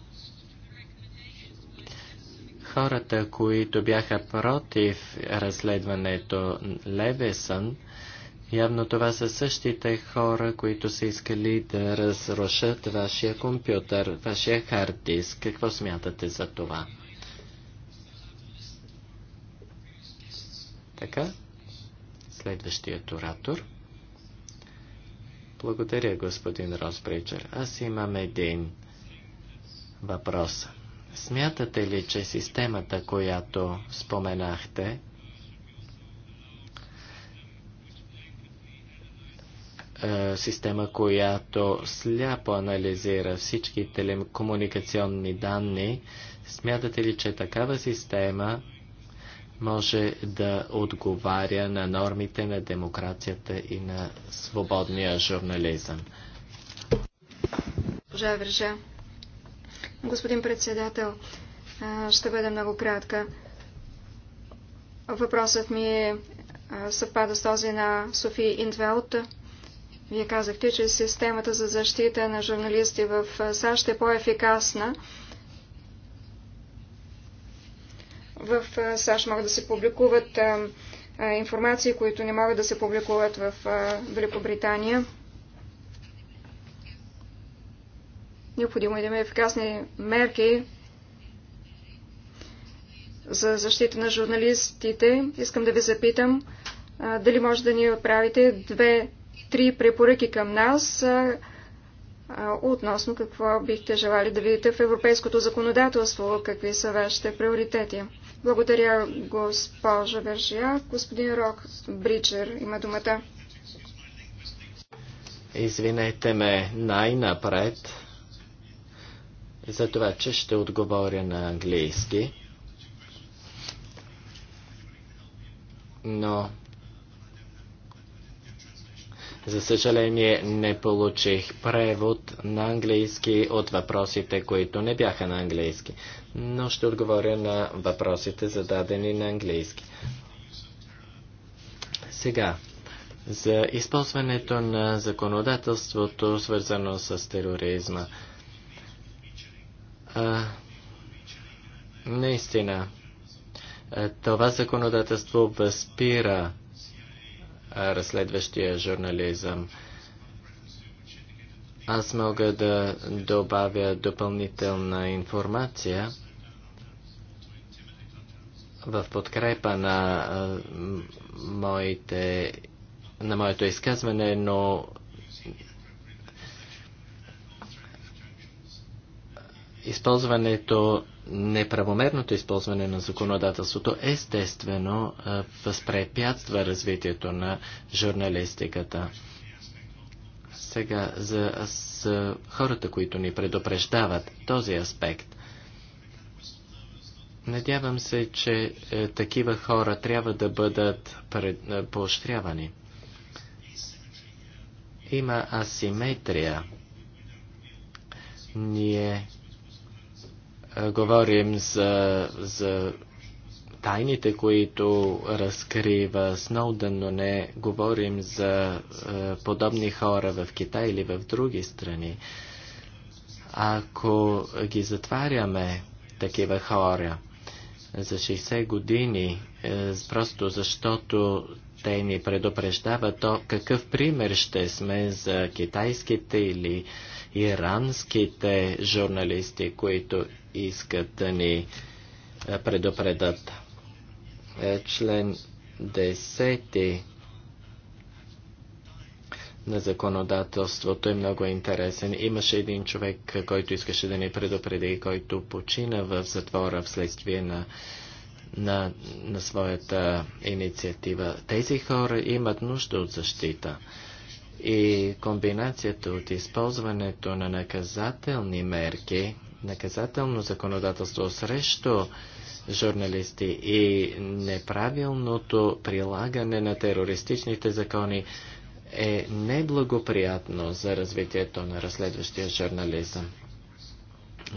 хората, които бяха против разследването Левесън, Явно това са същите хора, които са искали да разрушат вашия компютър, вашия хард диск. Какво смятате за това? Така, следващият оратор. Благодаря, господин Росбриджер. Аз имам един въпрос. Смятате ли, че системата, която споменахте, Е, система, която сляпо анализира всички телекомуникационни данни. Смятате ли, че такава система може да отговаря на нормите на демокрацията и на свободния журнализъм?
Госпожа господин председател, ще бъда много кратка. Въпросът ми е съвпада с този на Софи Индвелт. Вие казахте, че системата за защита на журналисти в САЩ е по-ефикасна. В САЩ могат да се публикуват информации, които не могат да се публикуват в Великобритания. Необходимо е да има ефикасни мерки за защита на журналистите. Искам да ви запитам дали може да ни отправите две три препоръки към нас а, а, относно какво бихте желали да видите в европейското законодателство, какви са вашите приоритети. Благодаря, госпожа Вержия. Господин Рок Бричер има думата.
Извинете ме най-напред за това, че ще отговоря на английски. Но за съжаление не получих превод на английски от въпросите, които не бяха на английски, но ще отговоря на въпросите зададени на английски. Сега, за използването на законодателството, свързано с тероризма. А, наистина, това законодателство възпира разследващия журнализъм. Аз мога да добавя допълнителна информация в подкрепа на, моите, на моето изказване, но използването неправомерното използване на законодателството естествено възпрепятства развитието на журналистиката. Сега за, за хората, които ни предупреждават този аспект. Надявам се, че е, такива хора трябва да бъдат пред, е, поощрявани. Има асиметрия. Ние говорим за, за тайните, които разкрива Сноуден, но не говорим за е, подобни хора в Китай или в други страни. Ако ги затваряме, такива хора, за 60 години, е, просто защото те ни предупреждават то какъв пример ще сме за китайските или иранските журналисти, които искат да ни предупредат. Е, член 10 на законодателството е много интересен. Имаше един човек, който искаше да ни предупреди, който почина в затвора вследствие на, на, на своята инициатива. Тези хора имат нужда от защита. И комбинацията от използването на наказателни мерки наказателно законодателство срещу журналисти и неправилното прилагане на терористичните закони е неблагоприятно за развитието на разследващия журнализъм.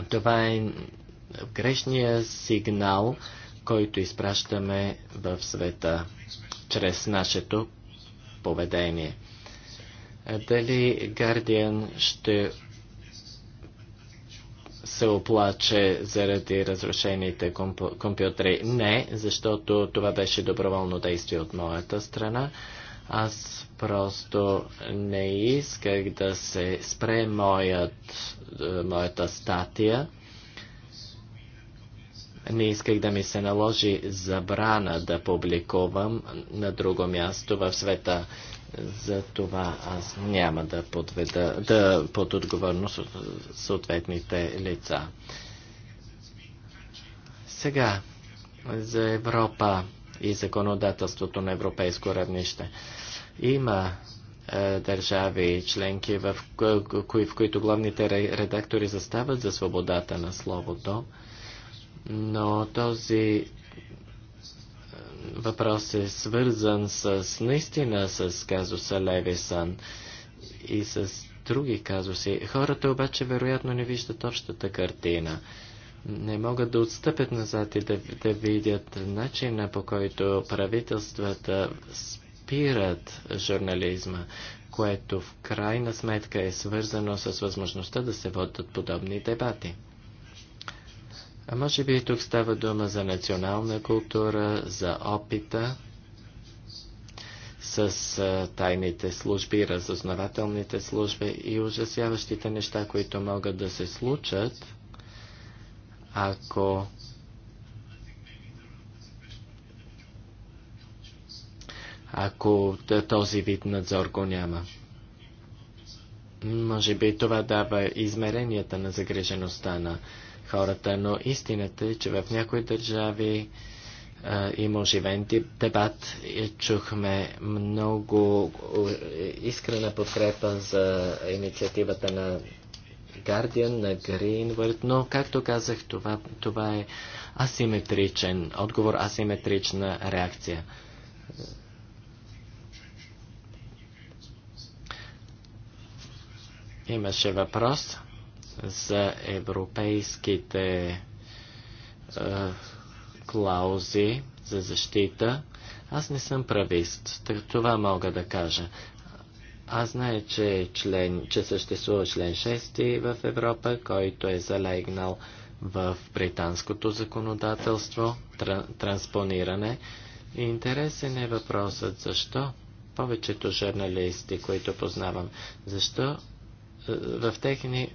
Това е грешния сигнал, който изпращаме в света чрез нашето поведение. Дали Guardian ще се оплаче заради разрушените комп... компютри. Не, защото това беше доброволно действие от моята страна. Аз просто не исках да се спре моят, е, моята статия. Не исках да ми се наложи забрана да публикувам на друго място в света. За това аз няма да подведа, да под отговорност съответните лица. Сега за Европа и законодателството на европейско равнище. Има е, държави членки, в, кои, в които главните редактори застават за свободата на словото, но този въпрос е свързан с наистина с казуса Левисън и с други казуси. Хората обаче вероятно не виждат общата картина. Не могат да отстъпят назад и да, да видят начина по който правителствата спират журнализма, което в крайна сметка е свързано с възможността да се водят подобни дебати. А може би тук става дума за национална култура, за опита с тайните служби, разузнавателните служби и ужасяващите неща, които могат да се случат, ако ако този вид надзор го няма. Може би това дава измеренията на загрежеността на хората, но истината е, че в някои държави а, има живен тип дебат. Чухме много искрена подкрепа за инициативата на Guardian, на Greenwood, но, както казах, това, това е асиметричен отговор, асиметрична реакция. Имаше въпрос за европейските е, клаузи за защита. Аз не съм правист, това мога да кажа. Аз знае, че, е член, че съществува член 6 в Европа, който е залегнал в британското законодателство, транспониране. И интересен е въпросът защо повечето журналисти, които познавам, защо в техни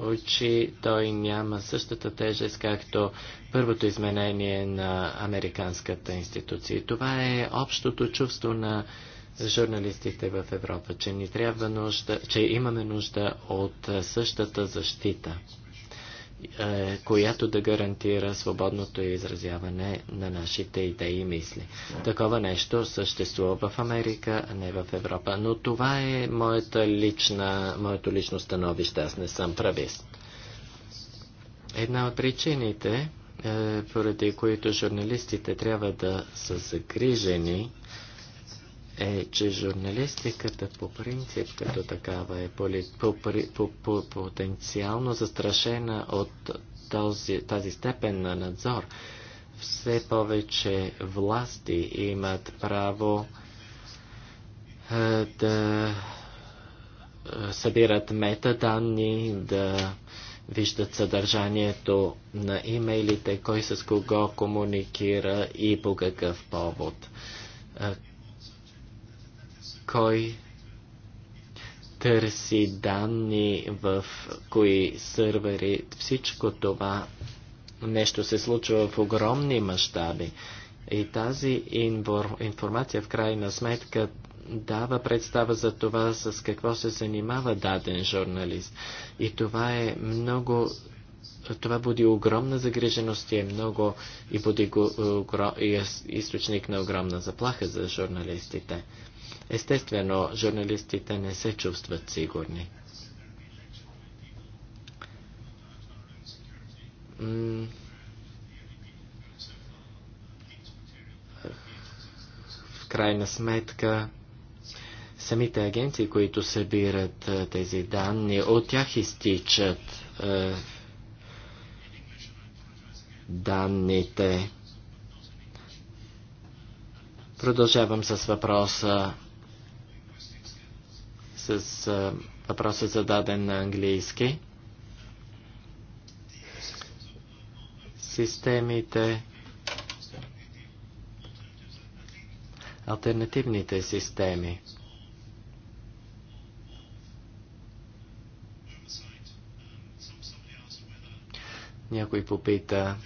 очи той няма същата тежест, както първото изменение на Американската институция. И това е общото чувство на за журналистите в Европа, че ни трябва нужда, че имаме нужда от същата защита. Е, която да гарантира свободното изразяване на нашите идеи и мисли. Такова нещо съществува в Америка, а не в Европа. Но това е моята лична, моето лично становище. Аз не съм правист. Една от причините, е, поради които журналистите трябва да са загрижени, е, че журналистиката по принцип като такава е поли, по, по, по, потенциално застрашена от този, тази степен на надзор. Все повече власти имат право е, да е, събират метаданни, да виждат съдържанието на имейлите, кой с кого комуникира и по какъв повод е, кой търси данни в кои сървъри. Всичко това нещо се случва в огромни мащаби. И тази информация в крайна сметка дава представа за това с какво се занимава даден журналист. И това е много това буди огромна загриженост и е много и буди го, и е източник на огромна заплаха за журналистите. Естествено, журналистите не се чувстват сигурни. В крайна сметка, самите агенции, които събират тези данни, от тях изтичат данните. Продължавам с въпроса с въпроса зададен на английски. Системите, альтернативните системи. Някой попита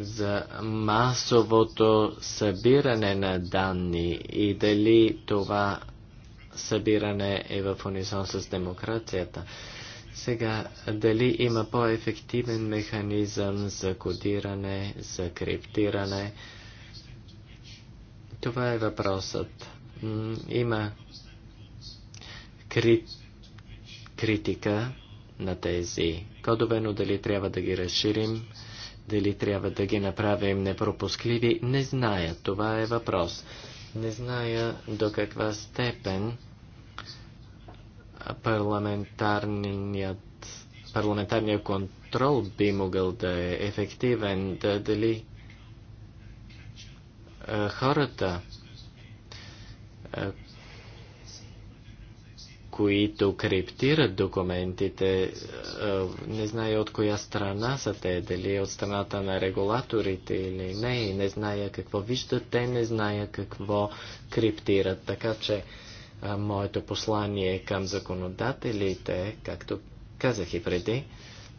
за масовото събиране на данни и дали това събиране е в унисон с демокрацията. Сега, дали има по-ефективен механизъм за кодиране, за криптиране? Това е въпросът. Има кри... критика на тези кодове, но дали трябва да ги разширим? дали трябва да ги направим непропускливи, не зная. Това е въпрос. Не зная до каква степен парламентарният, парламентарният контрол би могъл да е ефективен, да, дали хората, които криптират документите. Е, не зная от коя страна са те, дали е от страната на регулаторите или не, и не зная какво виждат те, не зная какво криптират. Така че е, моето послание към законодателите, както казах и преди,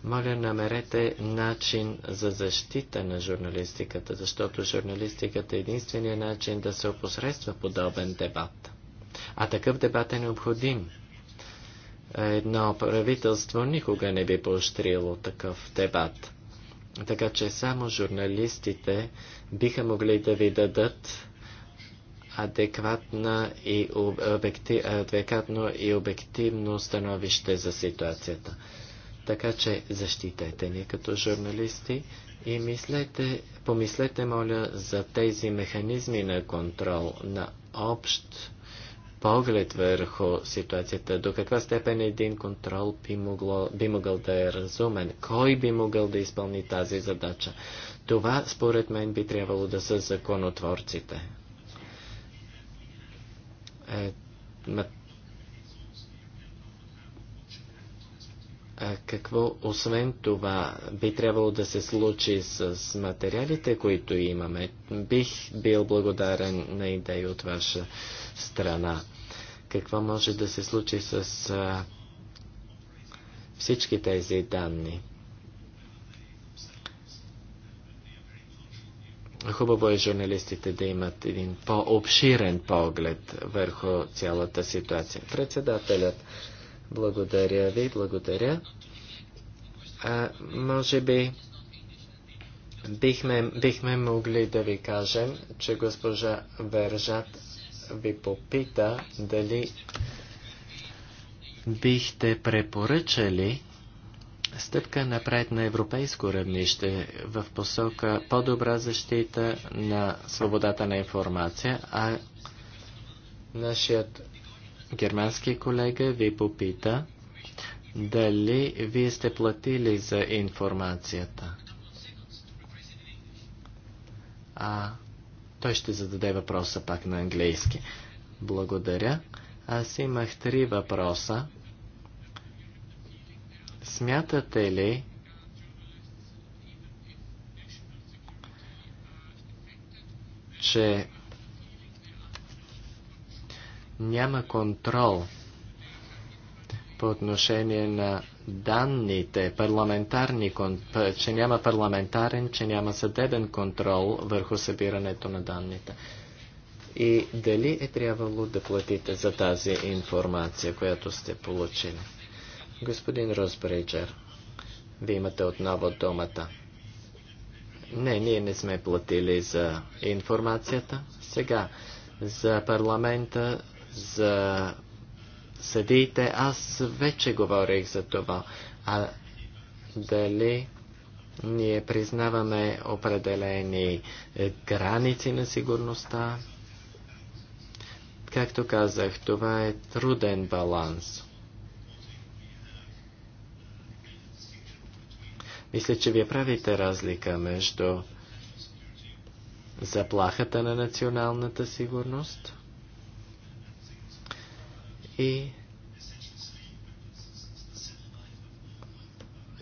моля намерете начин за защита на журналистиката, защото журналистиката е единственият начин да се опосредства подобен дебат. А такъв дебат е необходим едно правителство никога не би поощрило такъв дебат. Така че само журналистите биха могли да ви дадат адекватна и обекти... адекватно и обективно становище за ситуацията. Така че защитете ни като журналисти и мислете, помислете, моля, за тези механизми на контрол на общ поглед върху ситуацията, до каква степен един контрол би, могло, би могъл да е разумен, кой би могъл да изпълни тази задача. Това, според мен, би трябвало да са законотворците. Е, ма... А е, какво, освен това, би трябвало да се случи с, с материалите, които имаме? Бих бил благодарен на идеи от ваша страна какво може да се случи с всички тези данни. Хубаво е журналистите да имат един по-обширен поглед върху цялата ситуация. Председателят, благодаря ви, благодаря. А, може би бихме, бихме могли да ви кажем, че госпожа Вержат ви попита дали бихте препоръчали стъпка напред на европейско равнище в посока по-добра защита на свободата на информация, а нашият германски колега ви попита дали вие сте платили за информацията. А той ще зададе въпроса пак на английски. Благодаря. Аз имах три въпроса. Смятате ли, че няма контрол по отношение на данните, парламентарни, че няма парламентарен, че няма съдебен контрол върху събирането на данните. И дали е трябвало да платите за тази информация, която сте получили? Господин Росбрейджер, вие имате отново думата. Не, ние не сме платили за информацията. Сега за парламента, за съдиите, аз вече говорих за това. А дали ние признаваме определени е, граници на сигурността? Както казах, това е труден баланс. Мисля, че вие правите разлика между заплахата на националната сигурност – и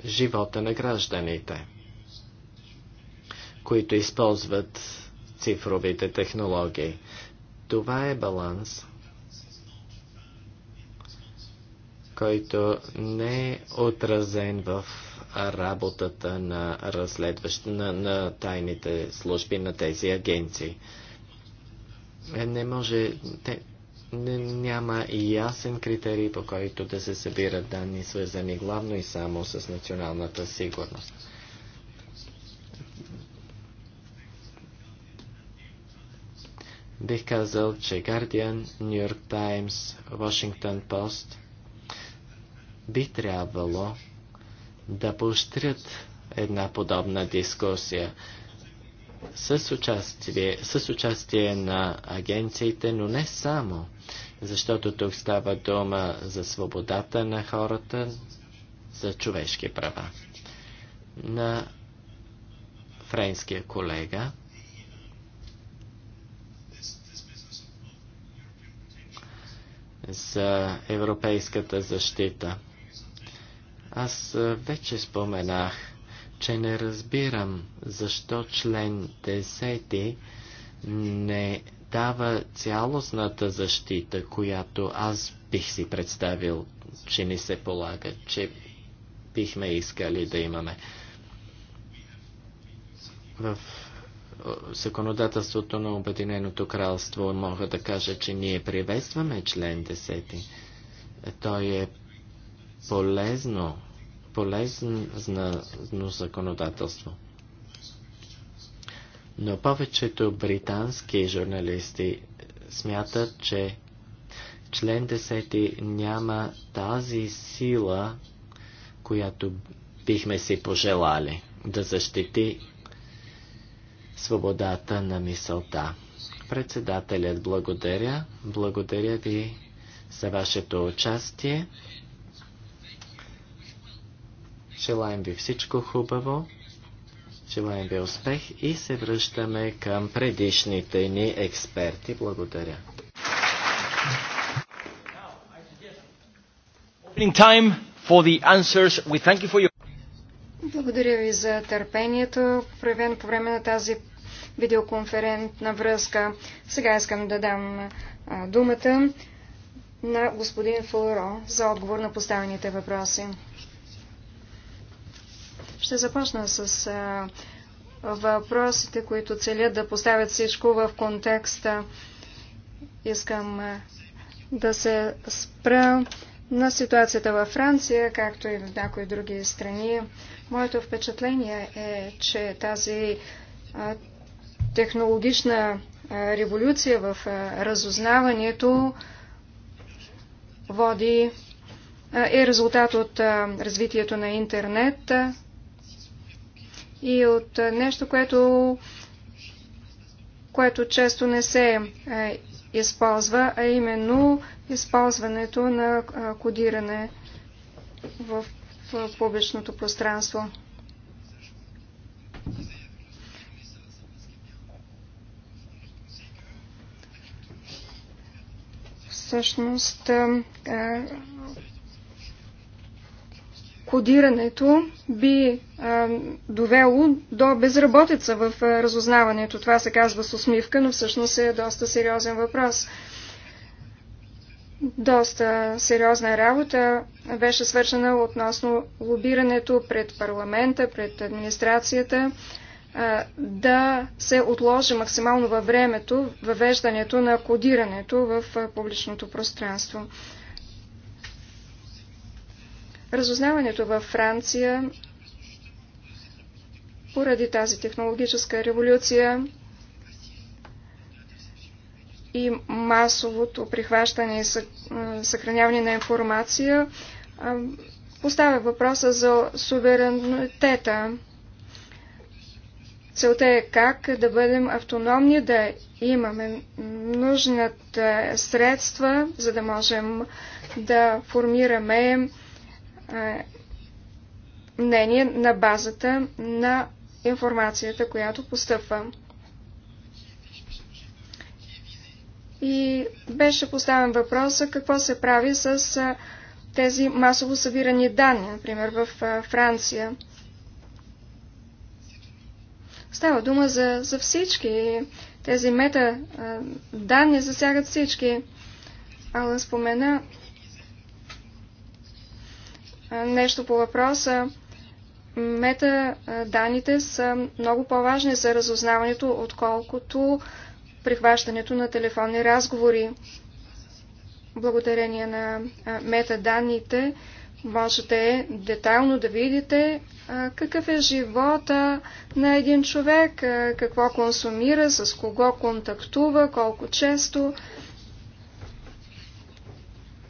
живота на гражданите, които използват цифровите технологии. Това е баланс, който не е отразен в работата на, разследващ, на, на тайните служби на тези агенции. Е, не може, те, няма и ясен критерий, по който да се събират данни, свързани главно и само с националната сигурност. Бих казал, че Guardian, New York Times, Washington Post би трябвало да поощрят една подобна дискусия с участие, с участие на агенциите, но не само, защото тук става дума за свободата на хората, за човешки права. На френския колега за европейската защита. Аз вече споменах че не разбирам защо член 10 не дава цялостната защита, която аз бих си представил, че ни се полага, че бихме искали да имаме. В законодателството на Обединеното кралство мога да кажа, че ние приветстваме член 10. Той е полезно полезно законодателство. Но повечето британски журналисти смятат, че член 10 няма тази сила, която бихме си пожелали да защити свободата на мисълта. Председателят благодаря. Благодаря ви за вашето участие. Желаем ви всичко хубаво. Желаем ви успех и се връщаме към предишните ни експерти. Благодаря.
Благодаря ви за търпението, проявено по време на тази видеоконферентна връзка. Сега искам да дам думата на господин Фулро за отговор на поставените въпроси. Ще започна с въпросите, които целят да поставят всичко в контекста. Искам да се спра на ситуацията във Франция, както и в някои други страни. Моето впечатление е, че тази технологична революция в разузнаването води е резултат от развитието на интернет и от нещо, което, което често не се е, използва, а именно използването на кодиране в, в публичното пространство. Всъщност, кодирането би а, довело до безработица в разузнаването. Това се казва с усмивка, но всъщност е доста сериозен въпрос. Доста сериозна работа беше свършена относно лобирането пред парламента, пред администрацията, а, да се отложи максимално във времето въвеждането на кодирането в публичното пространство. Разузнаването във Франция поради тази технологическа революция и масовото прихващане и съхраняване на информация поставя въпроса за суверенитета. Целта е как да бъдем автономни, да имаме нужната средства, за да можем да формираме мнение на базата на информацията, която постъпва. И беше поставен въпроса какво се прави с тези масово събирани данни, например в Франция. Става дума за, за всички. Тези мета данни засягат всички. Ала спомена нещо по въпроса. Метаданните са много по-важни за разузнаването, отколкото прихващането на телефонни разговори. Благодарение на метаданните можете детайлно да видите какъв е живота на един човек, какво консумира, с кого контактува, колко често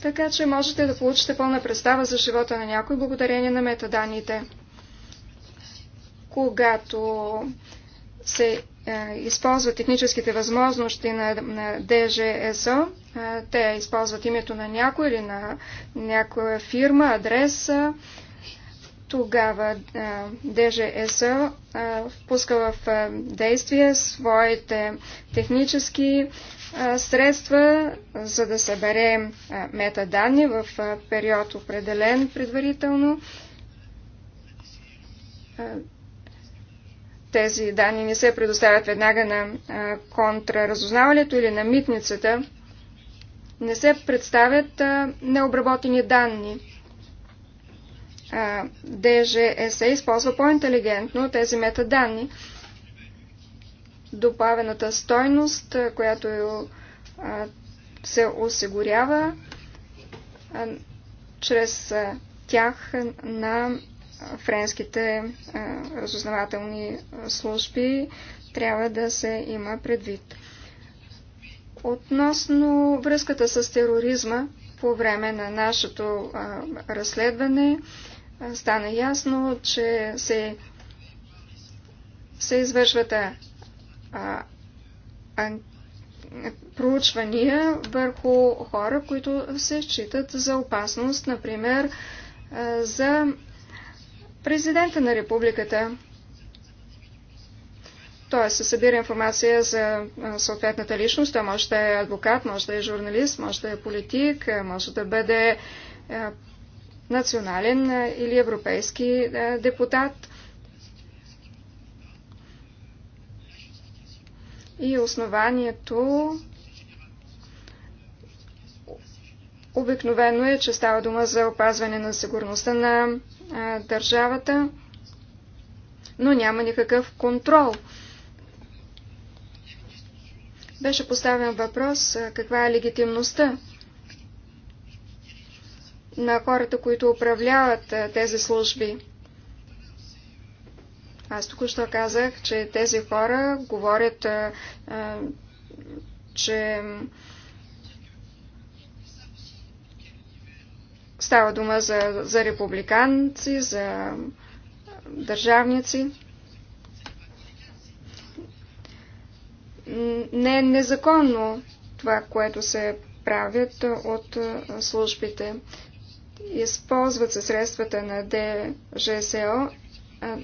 така че можете да получите пълна представа за живота на някой благодарение на метаданите. Когато се е, използват техническите възможности на, на DGSO, е, те използват името на някой или на някоя фирма, адреса, е, тогава ДЖС впуска в действие своите технически средства, за да събере метаданни в период определен предварително. Тези данни не се предоставят веднага на контраразузнаването или на митницата. Не се представят необработени данни ДЖС е използва по-интелигентно тези метаданни. Добавената стойност, която се осигурява чрез тях на френските разузнавателни служби, трябва да се има предвид. Относно връзката с тероризма по време на нашето разследване, стана ясно, че се, се извършват а, а, проучвания върху хора, които се считат за опасност, например, а, за президента на републиката. Той се събира информация за съответната личност. Той може да е адвокат, може да е журналист, може да е политик, може да бъде национален или европейски депутат. И основанието обикновено е, че става дума за опазване на сигурността на държавата, но няма никакъв контрол. Беше поставен въпрос каква е легитимността на хората, които управляват е, тези служби. Аз току-що казах, че тези хора говорят, е, е, че става дума за, за републиканци, за държавници. Не е незаконно това, което се правят от службите използват се средствата на ДЖСО,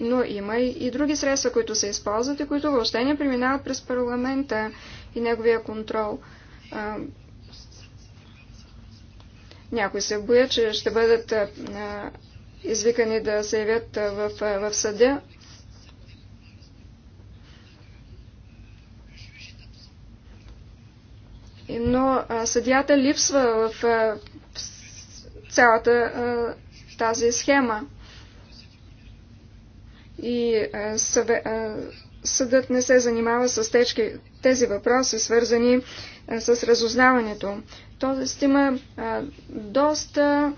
но има и други средства, които се използват и които въобще не преминават през парламента и неговия контрол. Някои се боят, че ще бъдат извикани да се явят в, в съда. Но съдията липсва в цялата а, е, тази схема. И а, е, съве, а, е, съдът не се занимава с течки, тези въпроси, свързани а, с разузнаването. Тоест има а, доста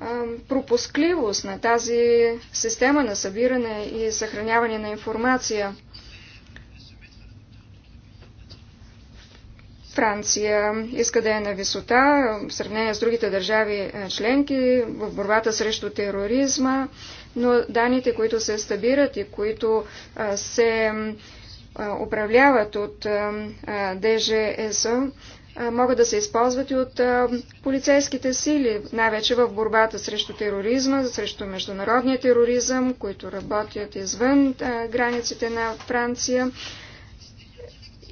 а, пропускливост на тази система на събиране и съхраняване на информация. Франция иска да е на висота в сравнение с другите държави е, членки в борбата срещу тероризма, но данните, които се стабират и които се управляват от ДЖС, могат да се използват и от полицейските сили, най-вече в борбата срещу тероризма, срещу международния тероризъм, които работят извън границите на Франция.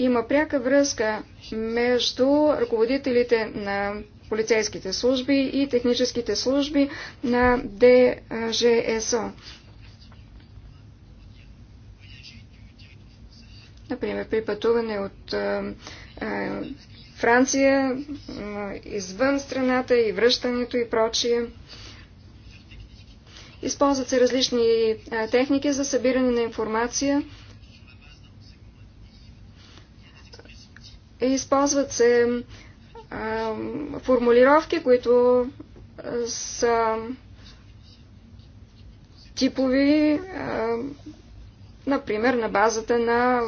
Има пряка връзка между ръководителите на полицейските служби и техническите служби на ДЖСО. Например, при пътуване от Франция, извън страната и връщането и прочие. Използват се различни техники за събиране на информация. Използват се а, формулировки, които а, са типови, а, например, на базата на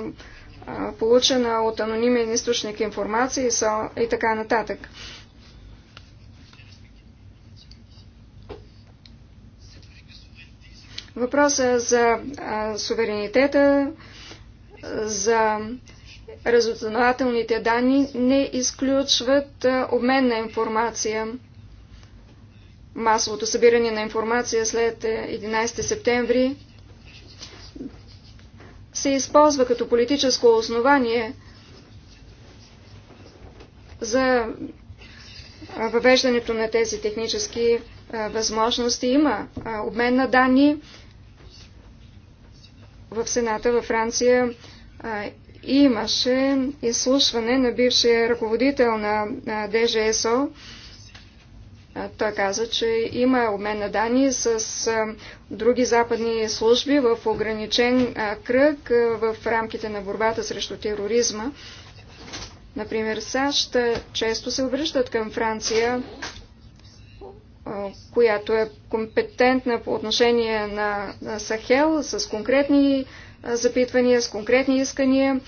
а, получена от анонимен източник информация и, со, и така нататък. Въпросът за а, суверенитета, за разузнавателните данни не изключват обмен на информация. Масовото събиране на информация след 11 септември се използва като политическо основание за въвеждането на тези технически възможности. Има обмен на данни в Сената във Франция имаше изслушване на бившия ръководител на ДЖСО. Той каза, че има обмен на данни с други западни служби в ограничен кръг в рамките на борбата срещу тероризма. Например, САЩ често се обръщат към Франция, която е компетентна по отношение на Сахел с конкретни запитвания, с конкретни искания.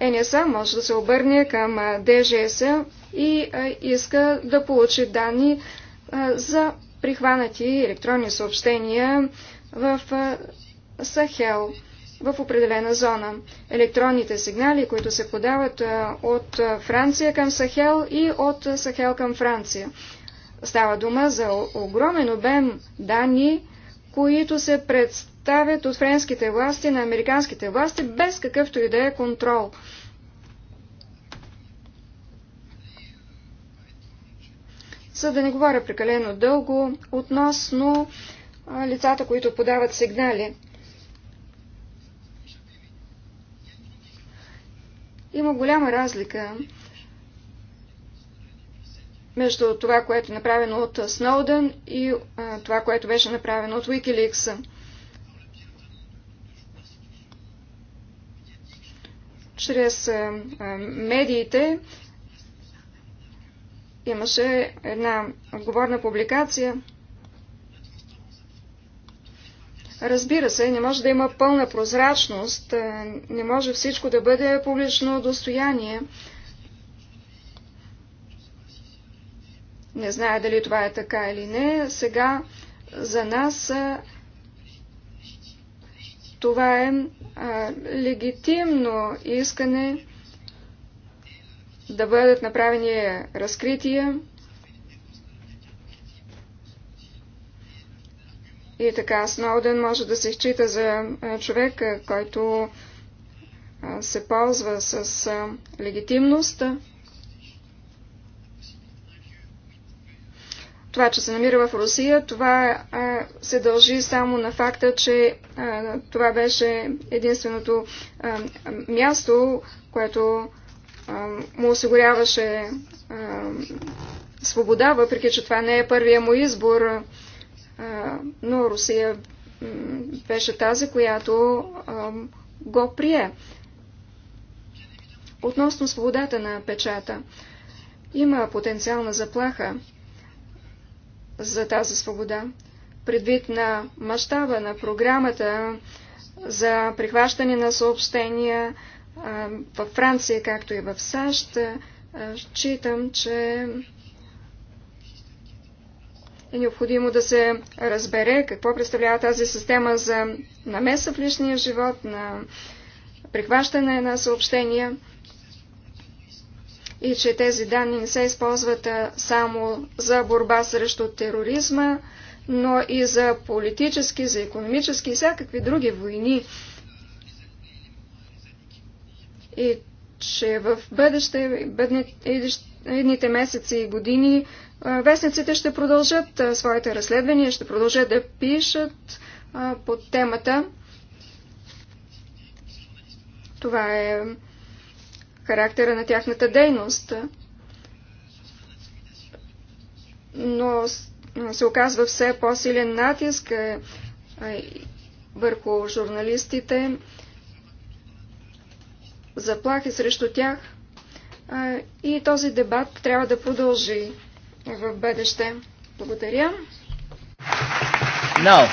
НСА може да се обърне към ДЖС и иска да получи данни за прихванати електронни съобщения в Сахел в определена зона. Електронните сигнали, които се подават от Франция към Сахел и от Сахел към Франция. Става дума за огромен обем данни, които се представят предоставят от френските власти на американските власти без какъвто и да е контрол. За да не говоря прекалено дълго относно лицата, които подават сигнали. Има голяма разлика между това, което е направено от Сноуден и а, това, което беше направено от Wikileaks. чрез е, е, медиите. Имаше една отговорна публикация. Разбира се, не може да има пълна прозрачност, е, не може всичко да бъде публично достояние. Не зная дали това е така или не. Сега за нас това е а, легитимно искане да бъдат направени разкрития и така Сноуден може да се счита за човек, който се ползва с легитимност. Това, че се намира в Русия, това а, се дължи само на факта, че а, това беше единственото а, място, което а, му осигуряваше а, свобода, въпреки че това не е първия му избор. А, но Русия беше тази, която а, го прие. Относно свободата на печата, има потенциална заплаха за тази свобода. Предвид на мащаба на програмата за прихващане на съобщения във Франция, както и в САЩ, считам, че е необходимо да се разбере какво представлява тази система за намеса в личния живот, на прихващане на съобщения и че тези данни не се използват само за борба срещу тероризма, но и за политически, за економически и всякакви други войни. И че в бъдеще, едните месеци и години, вестниците ще продължат своите разследвания, ще продължат да пишат под темата. Това е характера на тяхната дейност. Но се оказва все по-силен натиск е, върху журналистите, заплахи срещу тях и този дебат трябва да продължи в бъдеще. Благодаря. Now.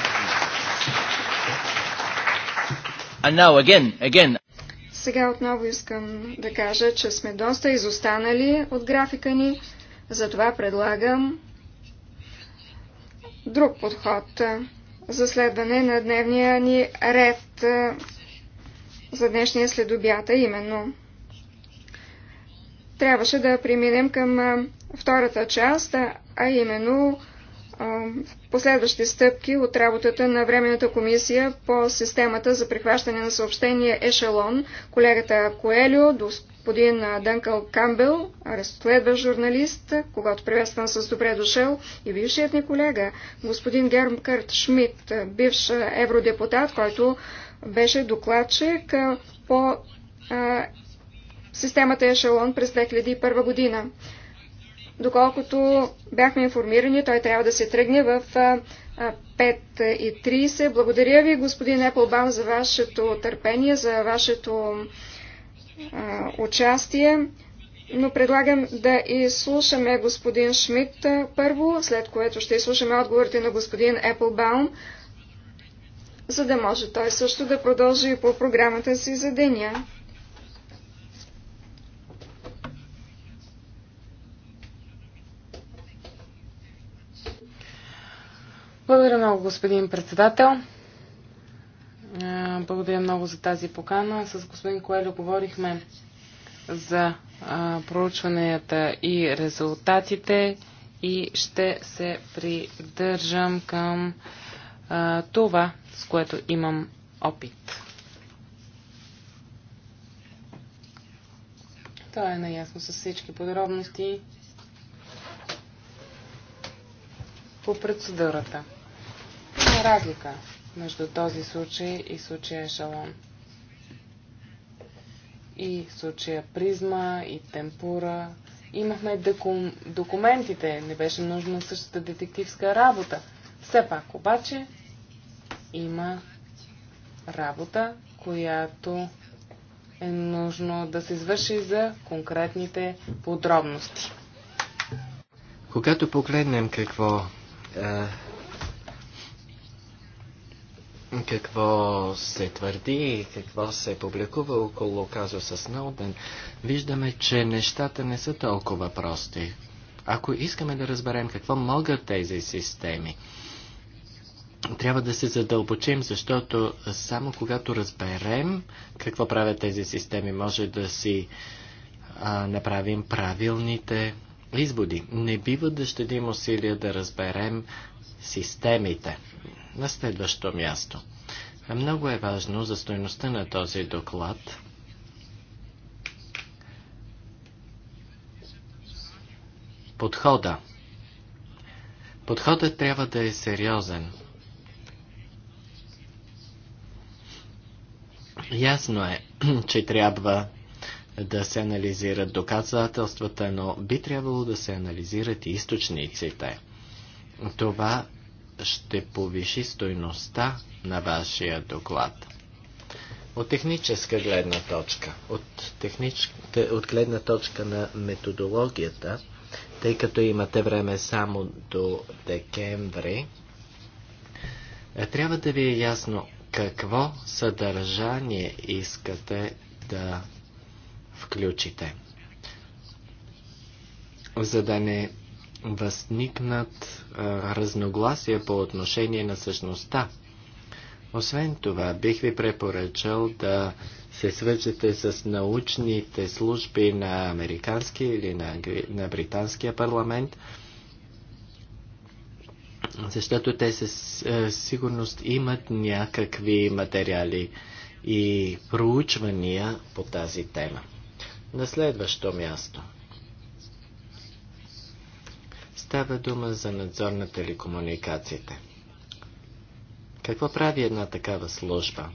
And now again, again. Сега отново искам да кажа, че сме доста изостанали от графика ни, затова предлагам друг подход за следване на дневния ни ред за днешния следобята именно. Трябваше да преминем към втората част, а именно последващи стъпки от работата на Временната комисия по системата за прихващане на съобщения Ешелон, колегата Коелио, господин Дънкъл Камбел, разследва журналист, когато приветствам с добре дошъл, и бившият ни колега, господин Герм Кърт Шмидт, бивш евродепутат, който беше докладчик по системата Ешелон през 2001 година. Доколкото бяхме информирани, той трябва да се тръгне в 5.30. Благодаря ви, господин Еплбан, за вашето търпение, за вашето участие. Но предлагам да изслушаме господин Шмидт първо, след което ще изслушаме отговорите на господин Еплбаум, за да може той също да продължи по програмата си за деня.
Благодаря много, господин председател. Благодаря много за тази покана. С господин Коелю говорихме за проучванията и резултатите и ще се придържам към това, с което имам опит. Той е наясно с всички подробности по процедурата разлика между този случай и случая Ешалон. И случая Призма, и Темпура. Имахме докум... документите, не беше нужна същата детективска работа. Все пак обаче има работа, която е нужно да се извърши за конкретните подробности.
Когато погледнем какво е, какво се твърди и какво се публикува около казуса Сноуден, виждаме, че нещата не са толкова прости. Ако искаме да разберем какво могат тези системи, трябва да се задълбочим, защото само когато разберем какво правят тези системи, може да си а, направим правилните изводи. Не бива да щедим усилия да разберем системите. На следващо място. Много е важно за стойността на този доклад подхода. Подходът трябва да е сериозен. Ясно е, че трябва да се анализират доказателствата, но би трябвало да се анализират и източниците. Това ще повиши стойността на вашия доклад. От техническа гледна точка, от, технич... от гледна точка на методологията, тъй като имате време само до декември, е, трябва да ви е ясно какво съдържание искате да включите. За да не възникнат а, разногласия по отношение на същността. Освен това, бих ви препоръчал да се свържете с научните служби на американския или на, на британския парламент, защото те със сигурност имат някакви материали и проучвания по тази тема. На следващо място – Става дума за надзор на телекомуникациите. Какво прави една такава служба?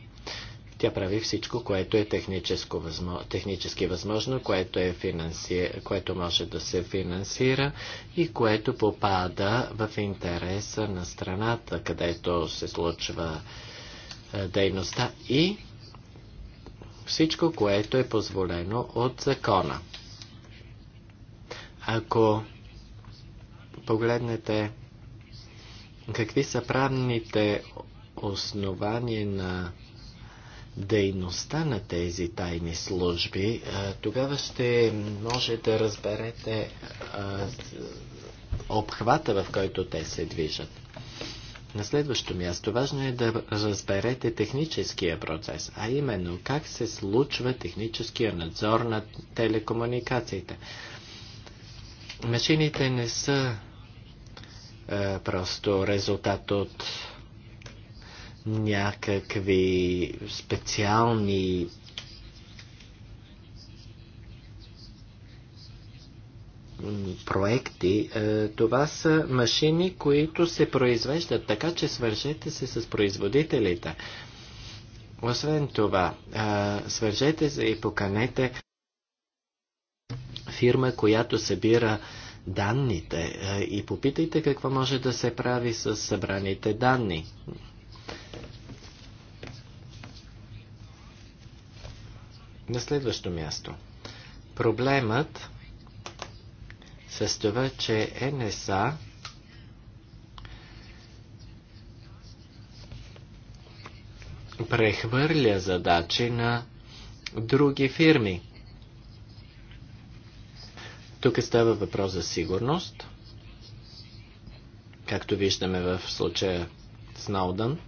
Тя прави всичко, което е техническо възможно, технически възможно, което, е финанси... което може да се финансира и което попада в интереса на страната, където се случва е, дейността и всичко, което е позволено от закона. Ако погледнете какви са правните основания на дейността на тези тайни служби, тогава ще може да разберете обхвата, в който те се движат. На следващо място важно е да разберете техническия процес, а именно как се случва техническия надзор на телекомуникациите. Машините не са е, просто резултат от някакви специални проекти, е, това са машини, които се произвеждат, така че свържете се с производителите. Освен това, е, свържете се и поканете фирма, която събира данните е, и попитайте какво може да се прави с събраните данни. На следващо място. Проблемът с това, че НСА прехвърля задачи на други фирми. Тук е става въпрос за сигурност. Както виждаме в случая Сноудън,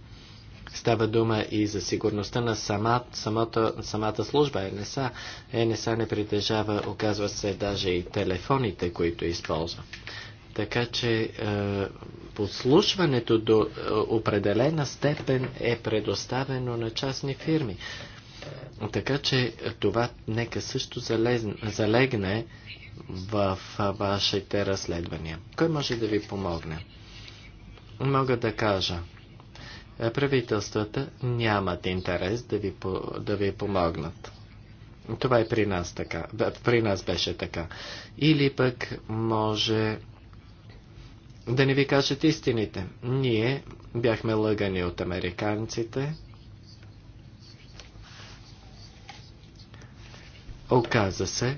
става дума и за сигурността на сама, самата, самата служба НСА. НСА не притежава, оказва се, даже и телефоните, които използва. Така че е, подслушването до е, определена степен е предоставено на частни фирми. Така че това нека също залегне в вашите разследвания? Кой може да ви помогне? Мога да кажа, е, правителствата нямат интерес да ви, да ви помогнат. Това е при нас така. При нас беше така. Или пък може да не ви кажат истините. Ние бяхме лъгани от американците. Оказа се,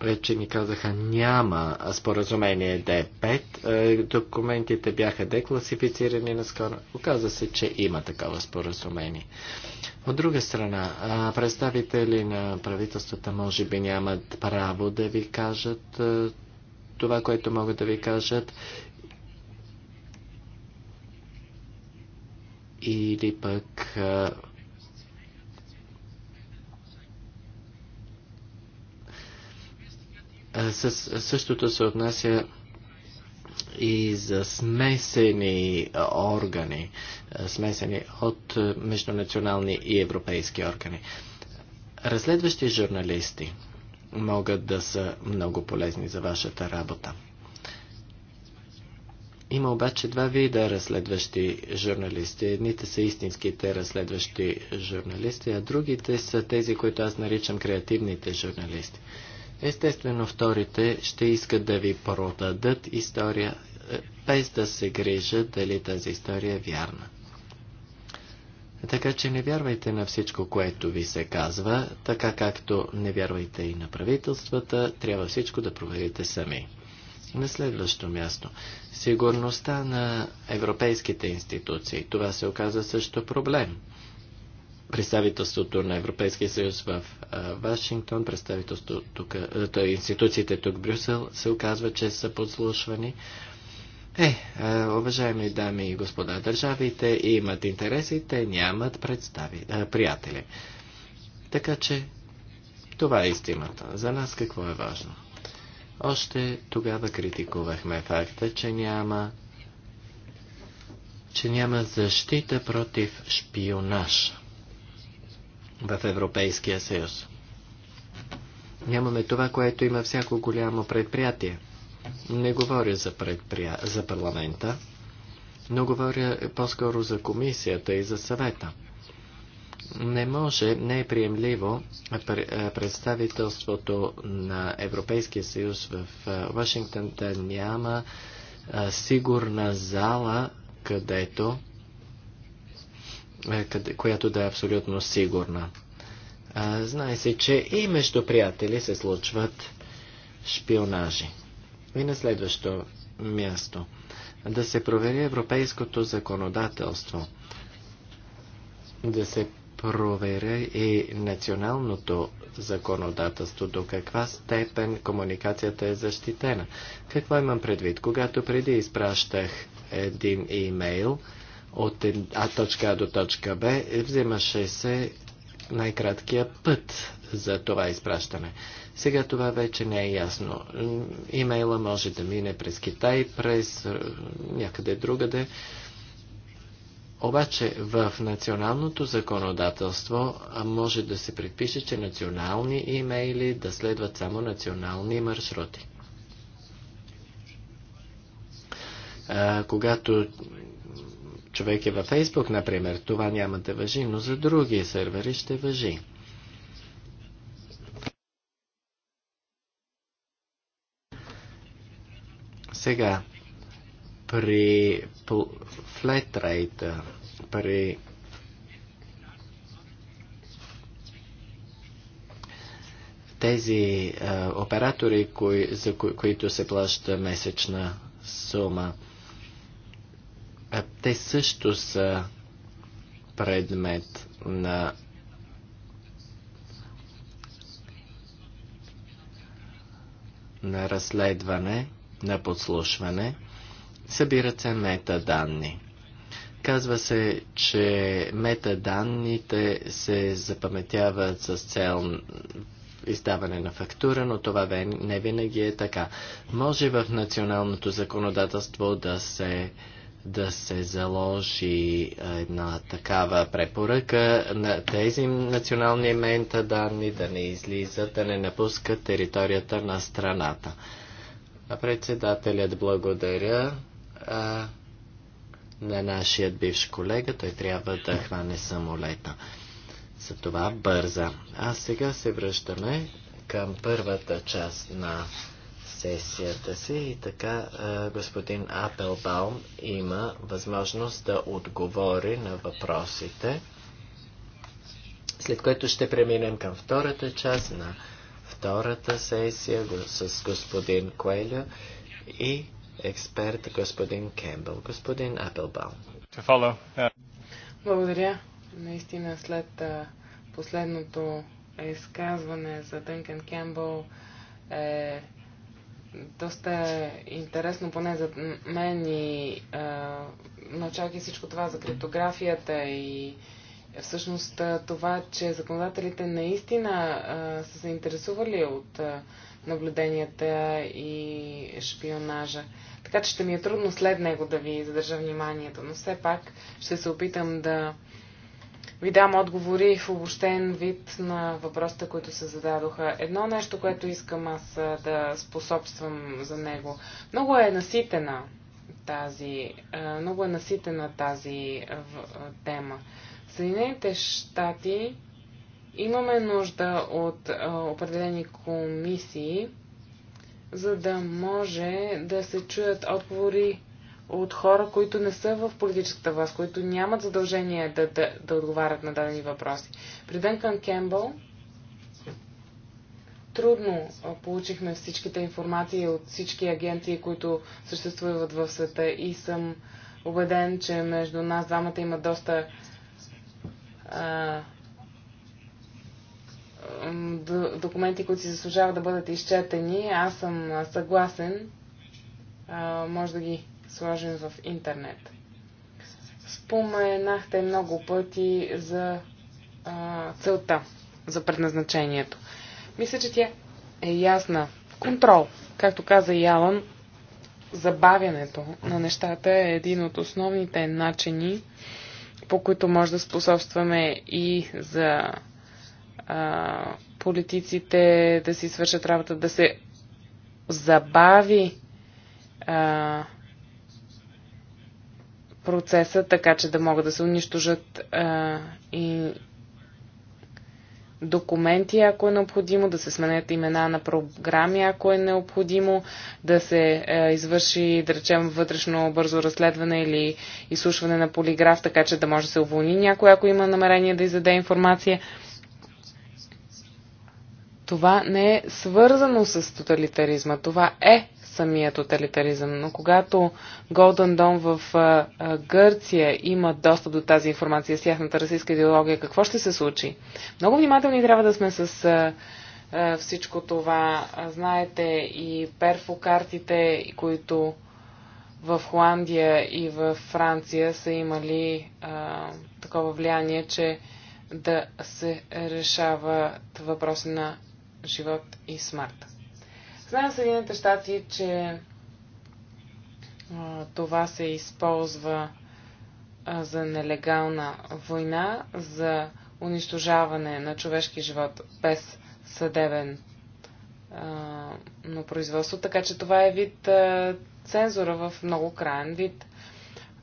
вече ми казаха, няма споразумение Д5. Е, документите бяха декласифицирани наскоро. Оказа се, че има такова споразумение. От друга страна, представители на правителствата може би нямат право да ви кажат е, това, което могат да ви кажат. Или пък е, Със същото се отнася и за смесени органи, смесени от междунационални и европейски органи. Разследващи журналисти могат да са много полезни за вашата работа. Има обаче два вида разследващи журналисти. Едните са истинските разследващи журналисти, а другите са тези, които аз наричам креативните журналисти. Естествено, вторите ще искат да ви продадат история, е, без да се грижат дали тази история е вярна. Така че не вярвайте на всичко, което ви се казва, така както не вярвайте и на правителствата, трябва всичко да проверите сами. На следващо място. Сигурността на европейските институции. Това се оказа също проблем представителството на Европейския съюз в Вашингтон, представителството тук, т.е. институциите тук в Брюсел се оказва, че са подслушвани. Е, уважаеми дами и господа, държавите имат интереси, те нямат представи, приятели. Така че това е истината. За нас какво е важно? Още тогава критикувахме факта, че няма че няма защита против шпионаж в Европейския съюз. Нямаме това, което има всяко голямо предприятие. Не говоря за, предприя... за парламента, но говоря по-скоро за комисията и за съвета. Не може, не е приемливо представителството на Европейския съюз в Вашингтон да няма сигурна зала, където е, която да е абсолютно сигурна. Знае се, че и между приятели се случват шпионажи. И на следващо място да се провери европейското законодателство, да се провери и националното законодателство, до каква степен комуникацията е защитена. Какво имам предвид? Когато преди изпращах един имейл, от А точка А до точка Б, е, взимаше се най-краткия път за това изпращане. Сега това вече не е ясно. Имейла може да мине през Китай, през е, някъде другаде. Обаче в националното законодателство може да се предпише, че национални имейли да следват само национални маршрути. А, когато човек е във Фейсбук, например, това няма да въжи, но за други сервери ще въжи. Сега, при флетрейта, при тези а, оператори, кои, за кои, които се плаща месечна сума, те също са предмет на на разследване, на подслушване, събират се метаданни. Казва се, че метаданните се запаметяват с цел издаване на фактура, но това не винаги е така. Може в националното законодателство да се да се заложи една такава препоръка на тези национални мента данни да не излизат, да не напускат територията на страната. А председателят благодаря а, на нашия бивш колега. Той трябва да хване самолета. За това бърза. А сега се връщаме към първата част на сесията си и така господин Апелбаум има възможност да отговори на въпросите, след което ще преминем към втората част на втората сесия с господин Коелю и експерт господин Кембъл. Господин Апелбаум.
Благодаря. Наистина след последното изказване за Дънкан Кембъл е доста е интересно, поне за мен и а, научавайки всичко това за криптографията и всъщност това, че законодателите наистина а, са се интересували от а, наблюденията и шпионажа. Така че ще ми е трудно след него да ви задържа вниманието, но все пак ще се опитам да ви дам отговори в обобщен вид на въпросите, които се зададоха. Едно нещо, което искам аз да способствам за него. Много е наситена тази, много е наситена тази тема. Съединените щати имаме нужда от определени комисии, за да може да се чуят отговори от хора, които не са в политическата власт, които нямат задължение да, да, да отговарят на дадени въпроси. При Дънкан Кембъл трудно получихме всичките информации от всички агенции, които съществуват в света и съм убеден, че между нас двамата има доста а, документи, които си заслужават да бъдат изчетени. Аз съм съгласен. А, може да ги сложен в интернет. Споменахте много пъти за а, целта, за предназначението. Мисля, че тя е ясна. Контрол, както каза Ялан, забавянето на нещата е един от основните начини, по които може да способстваме и за а, политиците да си свършат работа, да се забави а, процеса, така че да могат да се унищожат а, и документи, ако е необходимо, да се сменят имена на програми, ако е необходимо, да се а, извърши, да речем, вътрешно бързо разследване или изслушване на полиграф, така че да може да се уволни някой, ако има намерение да издаде информация. Това не е свързано с тоталитаризма. Това е самия тоталитаризъм. Но когато Голден Дом в а, а, Гърция има достъп до тази информация с тяхната расистска идеология, какво ще се случи? Много внимателни трябва да сме с а, а, всичко това. А, знаете и перфокартите, които в Холандия и в Франция са имали а, такова влияние, че да се решават въпроси на живот и смърт. Знаем в Съединените щати, че а, това се използва а, за нелегална война, за унищожаване на човешки живот без съдебен а, но производство. Така че това е вид а, цензура в много крайен вид.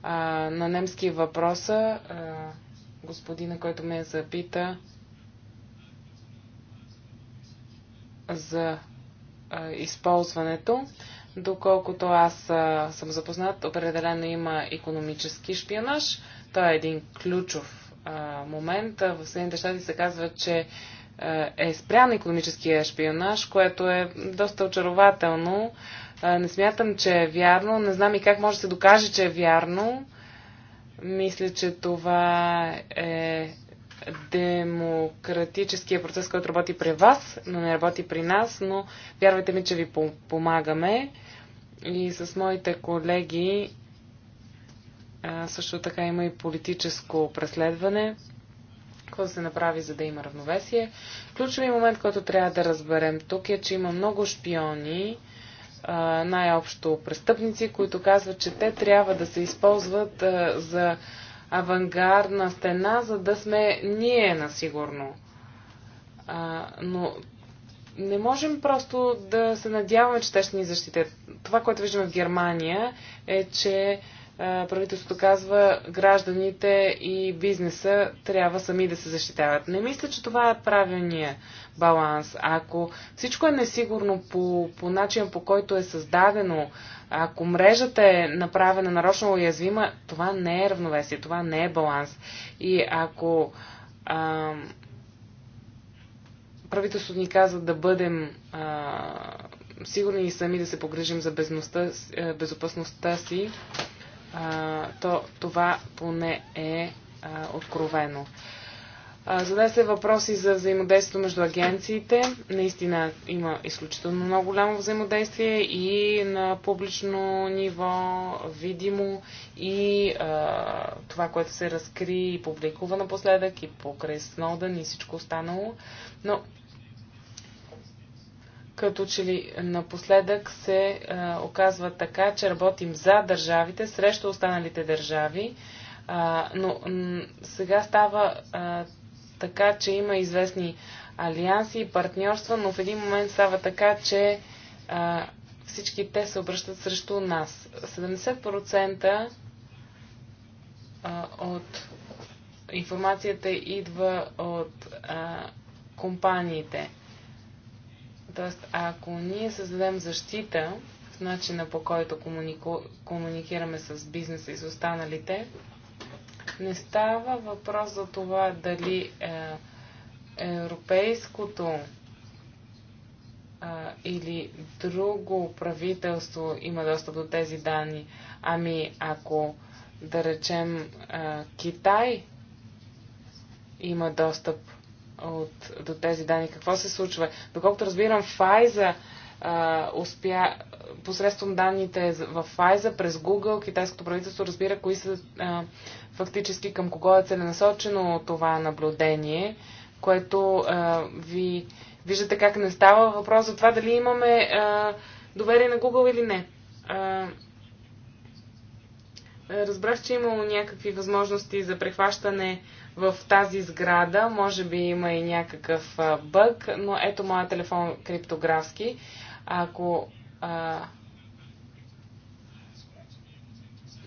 А, на немски е въпроса а, господина, който ме запита за използването. Доколкото аз съм запознат, определено има економически шпионаж. Той е един ключов момент. В Съединените щати се казва, че е спрян економическия шпионаж, което е доста очарователно. не смятам, че е вярно. Не знам и как може да се докаже, че е вярно. Мисля, че това е демократическия процес, който работи при вас, но не работи при нас, но вярвайте ми, че ви помагаме. И с моите колеги също така има и политическо преследване. Какво се направи, за да има равновесие? Ключовият момент, който трябва да разберем тук е, че има много шпиони, най-общо престъпници, които казват, че те трябва да се използват за авангардна стена, за да сме ние насигурно. А, но не можем просто да се надяваме, че те ще ни защитят. Това, което виждаме в Германия, е, че правителството казва, гражданите и бизнеса трябва сами да се защитават. Не мисля, че това е правилният баланс, ако всичко е несигурно по, по начин по който е създадено, ако мрежата е направена нарочно уязвима, това не е равновесие, това не е баланс. И ако а, правителството ни казва да бъдем а, сигурни и сами да се погрижим за безопасността си, а, то това поне е а, откровено. Зададе се въпроси за взаимодействието между агенциите. Наистина има изключително много голямо взаимодействие и на публично ниво, видимо, и а, това, което се разкри и публикува напоследък, и покрай Сноудън и всичко останало. Но като че ли напоследък се а, оказва така, че работим за държавите, срещу останалите държави. А, но сега става а, така, че има известни алианси и партньорства, но в един момент става така, че а, всички те се обръщат срещу нас. 70% а, от информацията идва от а, компаниите. Тоест, ако ние създадем защита в начина по който комуникираме с бизнеса и с останалите, не става въпрос за това дали е, европейското е, или друго правителство има достъп до тези данни. Ами ако, да речем, е, Китай има достъп от, до тези данни, какво се случва? Доколкото разбирам, Файза успя, посредством данните в Файза през Google, китайското правителство разбира кои са а, фактически към кого е целенасочено това наблюдение, което а, ви виждате как не става въпрос за това дали имаме а, доверие на Google или не. А, разбрах, че е имало някакви възможности за прехващане в тази сграда. Може би има и някакъв бъг, но ето моя телефон криптографски. Ако а,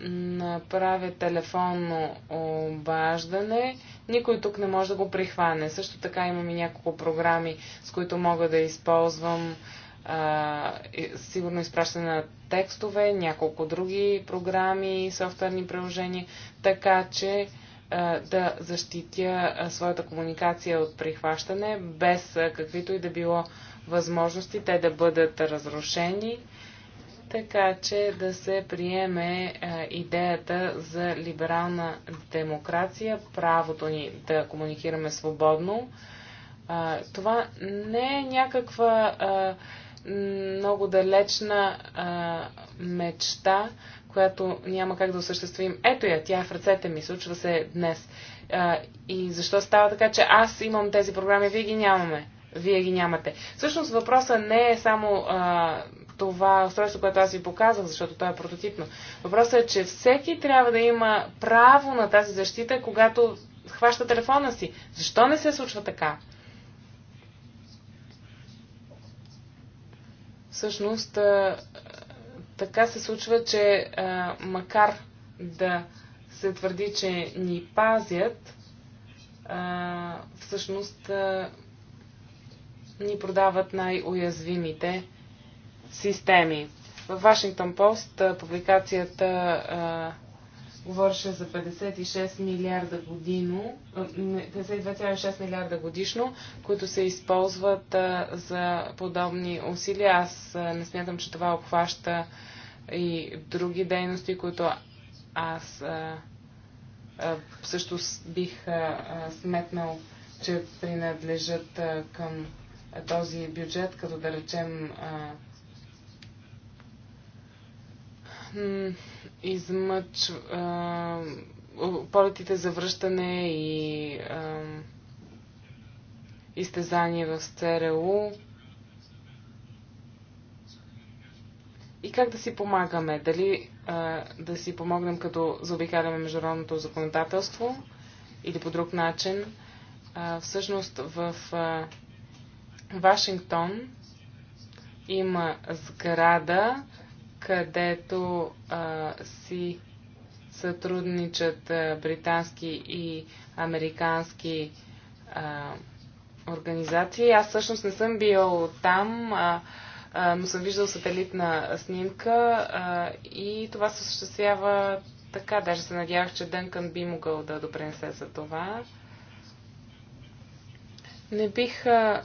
направя телефонно обаждане, никой тук не може да го прихване. Също така имам и няколко програми, с които мога да използвам а, сигурно изпращане на текстове, няколко други програми, софтуерни приложения, така че а, да защитя своята комуникация от прихващане, без каквито и да било възможности те да бъдат разрушени, така че да се приеме идеята за либерална демокрация, правото ни да комуникираме свободно. Това не е някаква много далечна мечта, която няма как да осъществим. Ето я, тя е в ръцете ми, случва се днес. и защо става така, че аз имам тези програми, вие ги нямаме? вие ги нямате. Всъщност въпросът не е само а, това устройство, което аз ви показах, защото то е прототипно. Въпросът е, че всеки трябва да има право на тази защита, когато хваща телефона си. Защо не се случва така? Всъщност, а, така се случва, че а, макар да се твърди, че ни пазят, а, всъщност а, ни продават най-уязвимите системи. В Вашингтон Пост публикацията а, говореше за 56 милиарда годино, 52,6 милиарда годишно, които се използват а, за подобни усилия. Аз а, не смятам, че това обхваща и други дейности, които аз а, а, също бих а, сметнал, че принадлежат а, към този бюджет, като да речем измъч, а, полетите за връщане и а, изтезание в ЦРУ. И как да си помагаме? Дали а, да си помогнем като заобикаляме международното законодателство или по друг начин? А, всъщност в а, Вашингтон има сграда, където а, си сътрудничат а, британски и американски а, организации. Аз всъщност не съм бил там, а, а, но съм виждал сателитна снимка а, и това се осъществява така. Даже се надявах, че Дънкън би могъл да допренесе за това. Не бих а,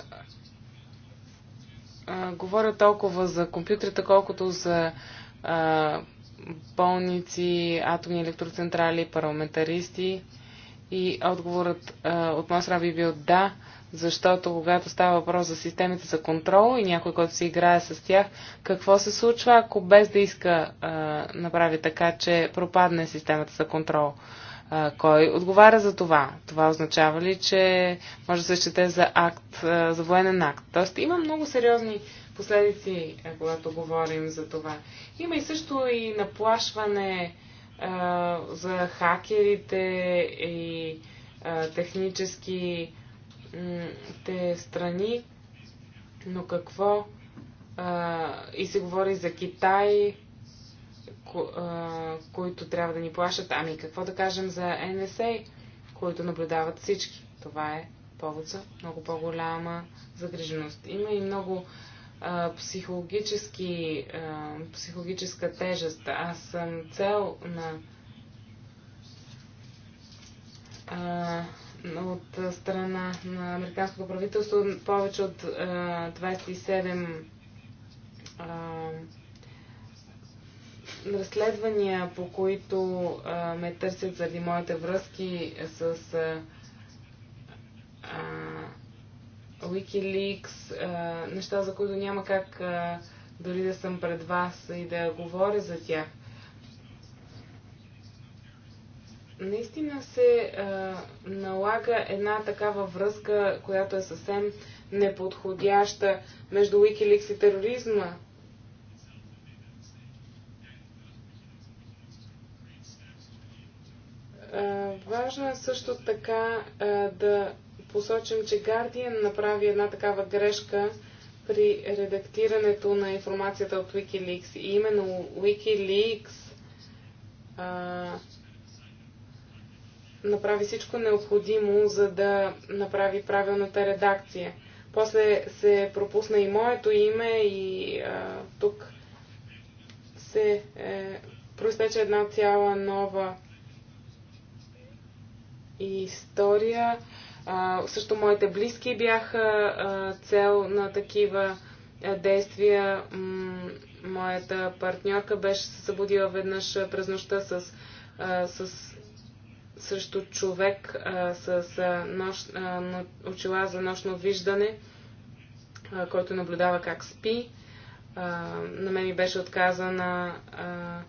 говоря толкова за компютрите, колкото за а, болници, атомни електроцентрали, парламентаристи. И отговорът а, от моя би бил да, защото когато става въпрос за системите за контрол и някой, който се играе с тях, какво се случва, ако без да иска а, направи така, че пропадне системата за контрол? а, кой отговаря за това. Това означава ли, че може да се счете за акт, а, за военен акт. Тоест има много сериозни последици, а, когато говорим за това. Има и също и наплашване а, за хакерите и а, технически те страни, но какво а, и се говори за Китай, ко, а, които трябва да ни плащат. Ами какво да кажем за НСА, които наблюдават всички? Това е повод за много по-голяма загриженост. Има и много а, психологически, а, психологическа тежест. Аз съм цел на а, от страна на американското правителство повече от а, 27 а, разследвания, по които а, ме търсят заради моите връзки с а, а, Wikileaks, а, неща, за които няма как а, дори да съм пред вас и да говоря за тях. Наистина се а, налага една такава връзка, която е съвсем неподходяща между Wikileaks и тероризма Важно е също така а, е, да посочим, че Guardian направи една такава грешка при редактирането на информацията от Wikileaks. И именно Wikileaks а, е, направи всичко необходимо, за да направи правилната редакция. После се пропусна и моето име и а, е, тук се е, проистече една цяла нова история. А, също моите близки бяха а, цел на такива а, действия. М- моята партньорка беше се събудила веднъж през нощта с, а, с срещу човек а, с а, нощ, а, очила за нощно виждане, а, който наблюдава как спи. А, на мен ми беше отказана а,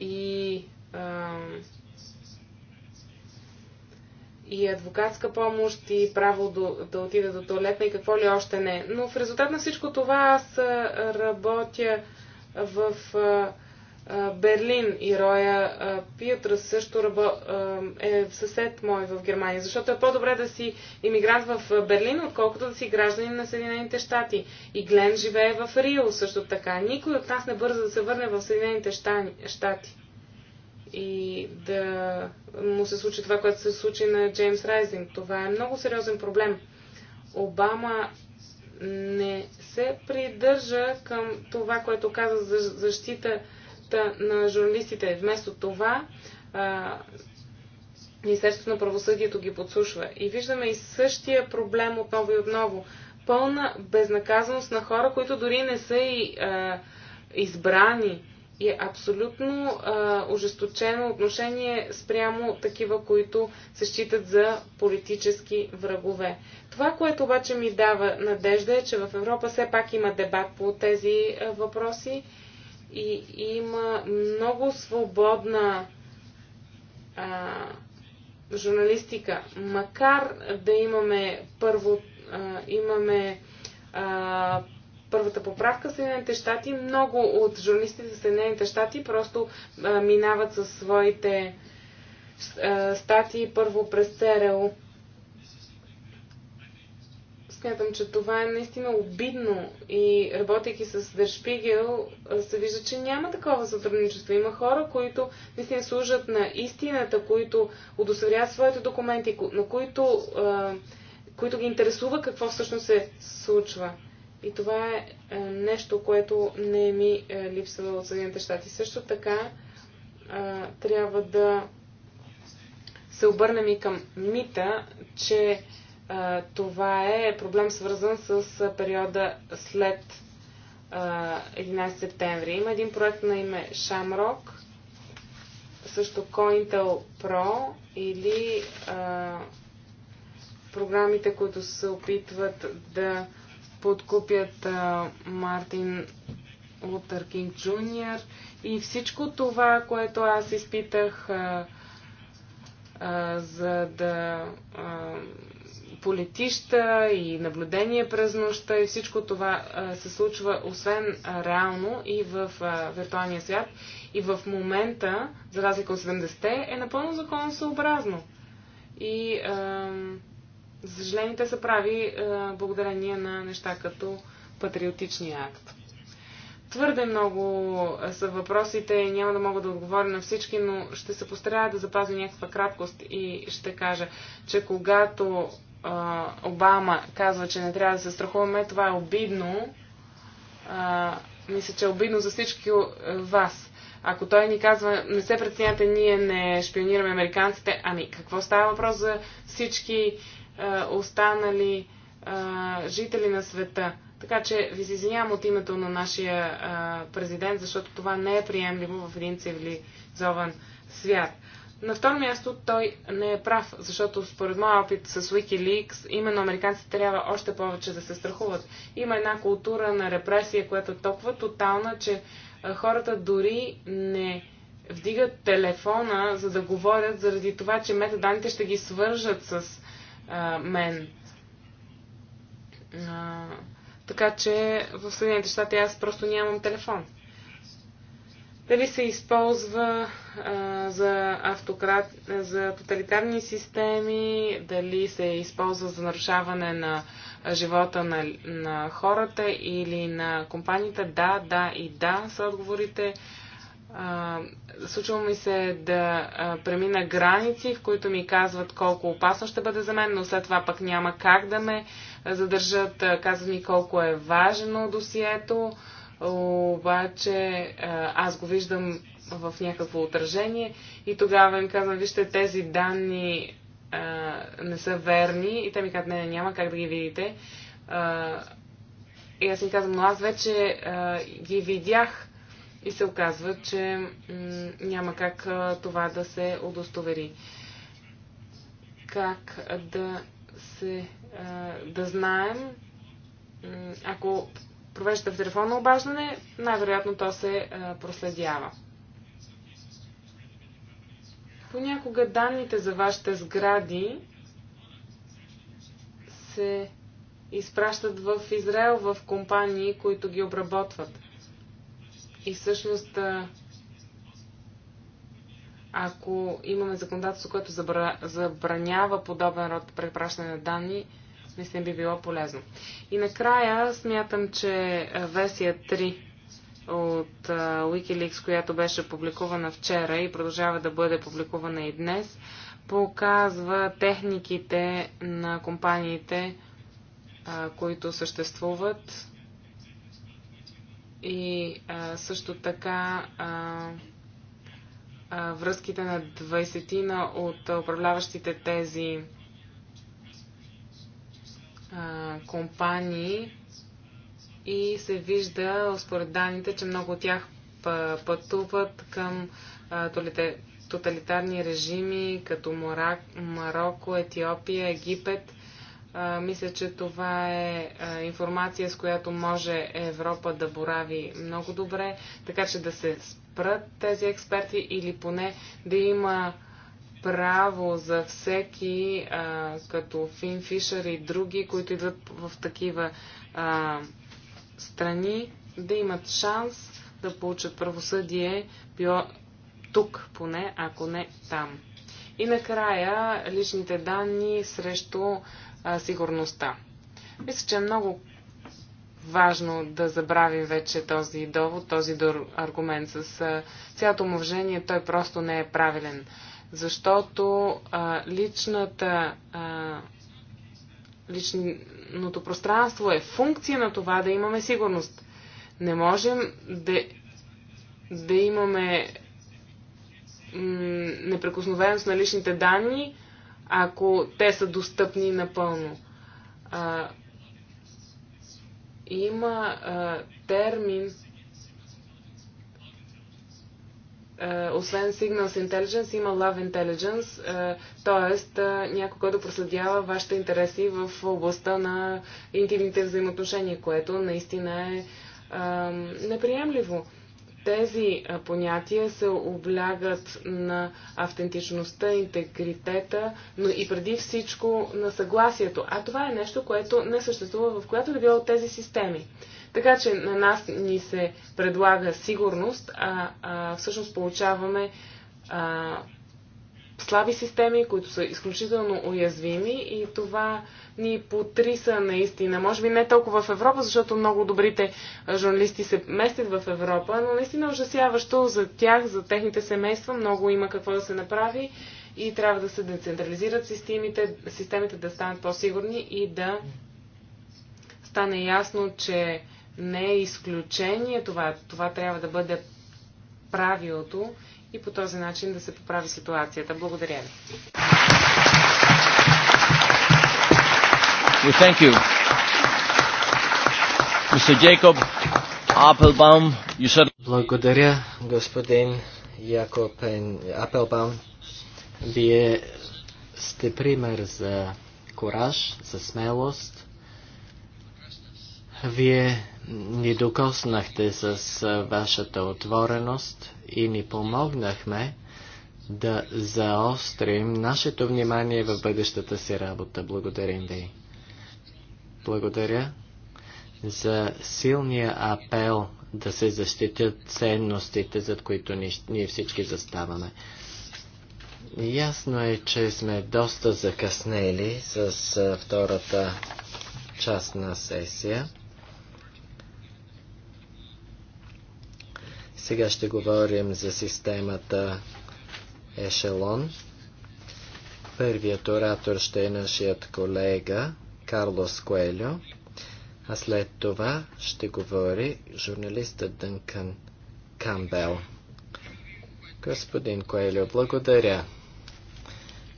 и а, и адвокатска помощ, и право до, да отида до туалетна и какво ли още не. Но в резултат на всичко това аз работя в Берлин и Роя Пиотра също рабо, е съсед мой в Германия, защото е по-добре да си иммигрант в Берлин, отколкото да си гражданин на Съединените щати. И Глен живее в Рио също така. Никой от нас не бърза да се върне в Съединените щати и да му се случи това, което се случи на Джеймс Райзинг. Това е много сериозен проблем. Обама не се придържа към това, което каза за защитата на журналистите. Вместо това, Министерството на правосъдието ги подслушва. И виждаме и същия проблем отново и отново. Пълна безнаказаност на хора, които дори не са и а, избрани и е абсолютно а, ожесточено отношение спрямо такива, които се считат за политически врагове. Това, което обаче ми дава надежда е, че в Европа все пак има дебат по тези а, въпроси и има много свободна а, журналистика. Макар да имаме първо, а, имаме а, първата поправка. Съединените щати, много от журналистите в Съединените щати просто а, минават със своите а, статии първо през ЦРУ. Смятам, че това е наистина обидно и работейки с Дершпигел се вижда, че няма такова сътрудничество. Има хора, които наистина служат на истината, които удостоверяват своите документи, на които, а, които ги интересува какво всъщност се случва. И това е, е нещо, което не ми е, липсва от Съединените щати. Също така е, трябва да се обърнем и към мита, че това е проблем свързан с периода след 11 септември. Има един проект на име Shamrock, също Cointel Pro или а, програмите, които се опитват да подкупят а, Мартин Лутър Кинг Джуниор и всичко това, което аз изпитах а, а, за да а, полетища и наблюдение през нощта и всичко това а, се случва освен а, реално и в а, виртуалния свят. И в момента, за разлика от 70-те, е напълно законосъобразно. И а, за съжаление, те се прави е, благодарение на неща като патриотичния акт. Твърде много е, са въпросите и няма да мога да отговоря на всички, но ще се постарая да запазя някаква краткост и ще кажа, че когато а, е, Обама казва, че не трябва да се страхуваме, това е обидно. А, е, мисля, че е обидно за всички вас. Ако той ни казва, не се преценяте, ние не шпионираме американците, ами какво става въпрос за всички е, останали е, жители на света. Така че ви се извинявам от името на нашия е, президент, защото това не е приемливо в един цивилизован свят. На второ място той не е прав, защото според моя опит с Wikileaks, именно американците трябва още повече да се страхуват. Има една култура на репресия, която е толкова тотална, че хората дори не вдигат телефона, за да говорят, заради това, че метаданите ще ги свържат с мен. А, така че в Съединените щати аз просто нямам телефон. Дали се използва а, за автократ, за тоталитарни системи, дали се използва за нарушаване на живота на, на хората или на компаниите. Да, да и да са отговорите. А, Случва ми се да премина граници, в които ми казват колко опасно ще бъде за мен, но след това пък няма как да ме задържат. Казват ми колко е важно досието, обаче аз го виждам в някакво отражение и тогава им казвам, вижте, тези данни а, не са верни и те ми казват, не, не, няма как да ги видите. А, и аз им казвам, но аз вече а, ги видях и се оказва, че няма как това да се удостовери. Как да се да знаем, ако провеждате в телефонно обаждане, най-вероятно то се проследява. Понякога данните за вашите сгради се изпращат в Израел в компании, които ги обработват. И всъщност, ако имаме законодателство, което забранява подобен род препращане на данни, мисля, би било полезно. И накрая смятам, че версия 3 от Wikileaks, която беше публикувана вчера и продължава да бъде публикувана и днес, показва техниките на компаниите, които съществуват и а, също така а, а, връзките на 20-на от управляващите тези а, компании и се вижда според данните, че много от тях пътуват към а, тоталитарни режими като Марокко, Етиопия, Египет – а, мисля, че това е а, информация, с която може Европа да борави много добре, така че да се спрат тези експерти или поне да има право за всеки, а, като Фин Фишер и други, които идват в такива а, страни, да имат шанс да получат правосъдие, било тук поне, ако не там. И накрая личните данни срещу а, сигурността. Мисля, че е много важно да забравим вече този довод, този аргумент. С а, цялото му вжение той просто не е правилен. Защото а, личната, а, личното пространство е функция на това да имаме сигурност. Не можем да, да имаме неприкосновеност на личните данни, ако те са достъпни напълно. А, има а, термин, а, освен Signals Intelligence, има Love Intelligence, т.е. някой, да проследява вашите интереси в областта на интимните взаимоотношения, което наистина е а, неприемливо тези понятия се облягат на автентичността, интегритета, но и преди всичко на съгласието. А това е нещо, което не съществува в която да било от тези системи. Така че на нас ни се предлага сигурност, а, а всъщност получаваме а, слаби системи, които са изключително уязвими и това ни потриса наистина. Може би не толкова в Европа, защото много добрите журналисти се местят в Европа, но наистина ужасяващо за тях, за техните семейства. Много има какво да се направи и трябва да се децентрализират системите, системите да станат по-сигурни и да стане ясно, че не е изключение това. Това трябва да бъде правилото и по този начин да се поправи ситуацията. Благодаря ви.
We thank you. Mr. Jacob Appelbaum, you said... Благодаря, господин Якоб Апелбаум. Вие сте пример за кораж, за смелост. Вие ни докоснахте с вашата отвореност и ни помогнахме да заострим нашето внимание в бъдещата си работа. Благодарим ви. Благодаря за силния апел да се защитят ценностите, зад които ние всички заставаме. Ясно е, че сме доста закъснели с втората част на сесия. Сега ще говорим за системата Ешелон. Първият оратор ще е нашият колега Карлос Куелио, а след това ще говори журналистът Дънкан Камбел. Господин Коелю, благодаря.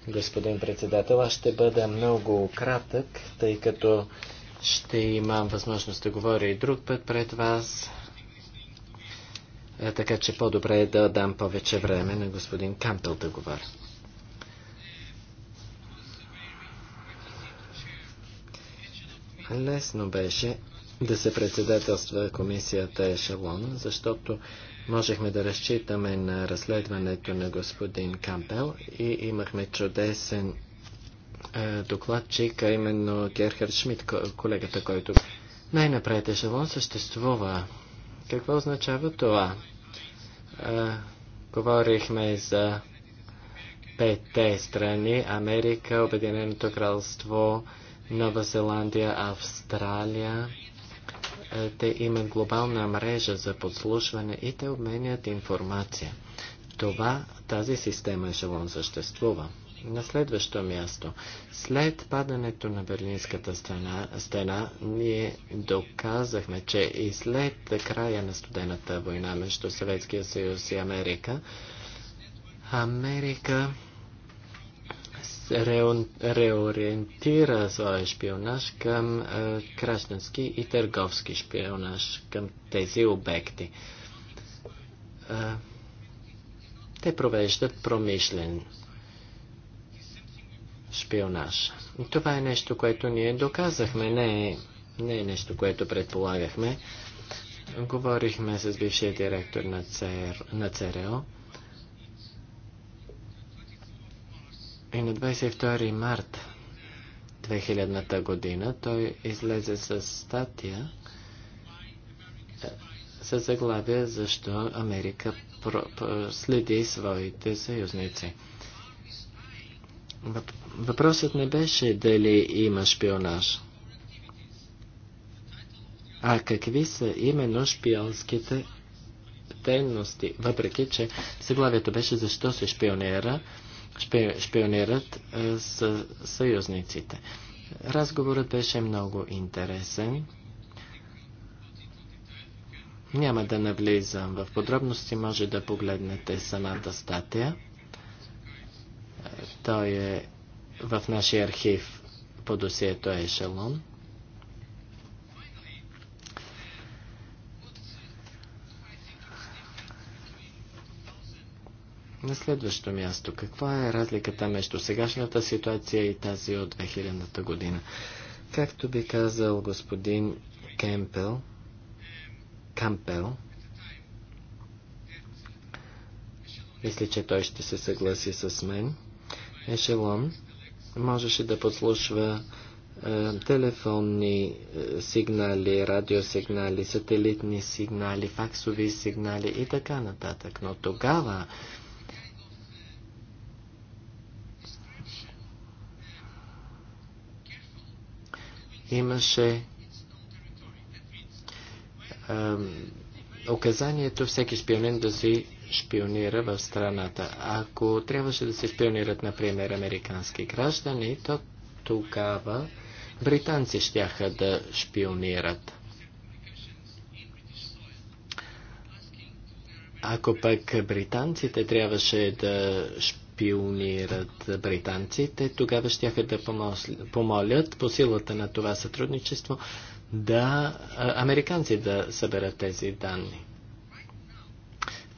Господин председател, аз ще бъда много кратък, тъй като ще имам възможност да говоря и друг път пред вас. Е, така че по-добре е да дам повече време на господин Кампел да говори. Лесно беше да се председателства комисията Ешелон, защото можехме да разчитаме на разследването на господин Кампел и имахме чудесен е, докладчик, а именно Герхард Шмидт, колегата, който най-напред Ешелон съществува какво означава това? А, говорихме за петте страни Америка, Обединеното кралство, Нова Зеландия, Австралия. Те имат глобална мрежа за подслушване и те обменят информация. Това, тази система ешелон съществува. На следващо място, след падането на Берлинската стена, стена, ние доказахме, че и след края на студената война между Съветския съюз и Америка, Америка реориентира своя шпионаж към е, граждански и търговски шпионаж към тези обекти. Е, те провеждат промишлен шпионаж. И това е нещо, което ние доказахме, не е, не е нещо, което предполагахме. Говорихме с бившия директор на, ЦР, на ЦРО. И на 22 март 2000 година той излезе с статия е, с заглавия, Защо Америка следи своите съюзници. Въпросът не беше дали има шпионаж. А какви са именно шпионските дейности? Въпреки, че заглавието беше защо се шпионера, шпи, шпионерат с съюзниците. Разговорът беше много интересен. Няма да навлизам в подробности, може да погледнете самата статия. Той е в нашия архив по досието Ешелон. На следващо място, каква е разликата между сегашната ситуация и тази от 2000-та година? Както би казал господин Кемпел, Кампел, мисля, че той ще се съгласи с мен – ешелон можеше да подслушва е, телефонни е, сигнали, радиосигнали, сателитни сигнали, факсови сигнали и така нататък. Но тогава имаше е, указанието всеки шпионин да си шпионира в страната. Ако трябваше да се шпионират, например, американски граждани, то тогава британци щяха да шпионират. Ако пък британците трябваше да шпионират британците, тогава щяха да помолят по силата на това сътрудничество да американци да съберат тези данни.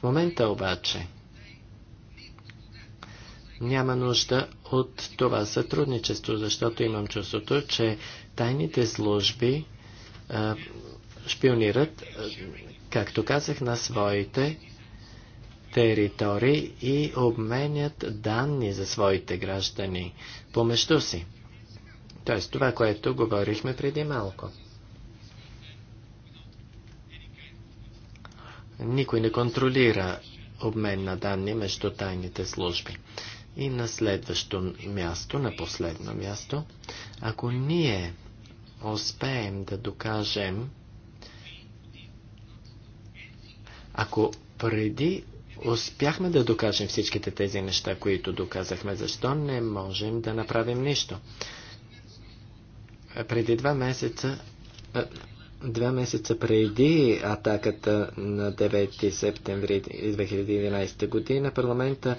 В момента обаче няма нужда от това сътрудничество, защото имам чувството, че тайните служби а, шпионират, а, както казах, на своите територии и обменят данни за своите граждани помежду си. Тоест това, което говорихме преди малко. Никой не контролира обмен на данни между тайните служби. И на следващо място, на последно място, ако ние успеем да докажем, ако преди успяхме да докажем всичките тези неща, които доказахме, защо не можем да направим нищо? Преди два месеца Два месеца преди атаката на 9 септември 2011 година парламента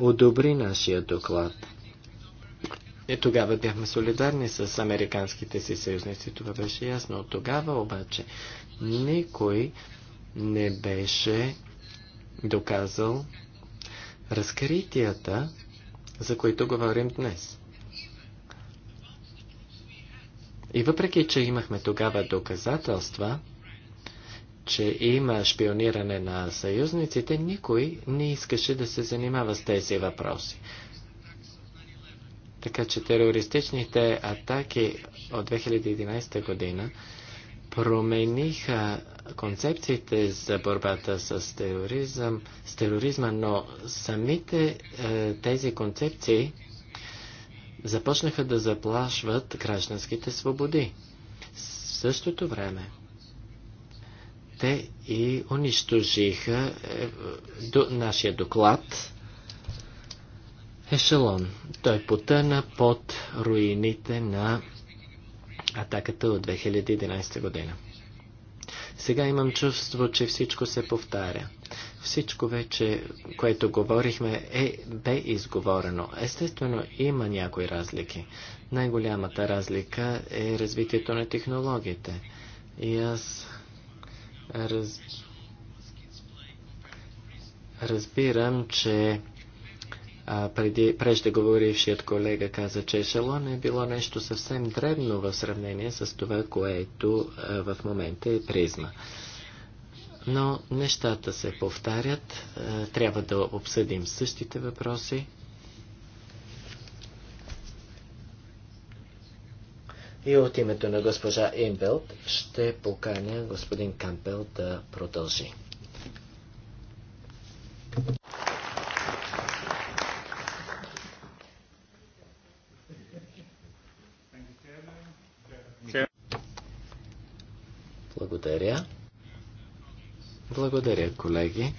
одобри нашия доклад. И тогава бяхме солидарни с американските си съюзници. Това беше ясно. От тогава обаче никой не беше доказал разкритията, за които говорим днес. И въпреки, че имахме тогава доказателства, че има шпиониране на съюзниците, никой не искаше да се занимава с тези въпроси. Така че терористичните атаки от 2011 година промениха концепциите за борбата с, тероризъм, с тероризма, но самите е, тези концепции започнаха да заплашват гражданските свободи. В същото време те и унищожиха е, до, нашия доклад Ешелон. Той потъна под руините на атаката от 2011 година. Сега имам чувство, че всичко се повтаря. Всичко вече, което говорихме, е, бе изговорено. Естествено, има някои разлики. Най-голямата разлика е развитието на технологиите. И аз раз... разбирам, че а, преди, преждеговорившият колега каза, че ешелон е било нещо съвсем древно в сравнение с това, което а, в момента е призма. Но нещата се повтарят. Е, трябва да обсъдим същите въпроси. И от името на госпожа Имбелт ще поканя господин Кампел да продължи. Благодаря. Благодаря, колеги.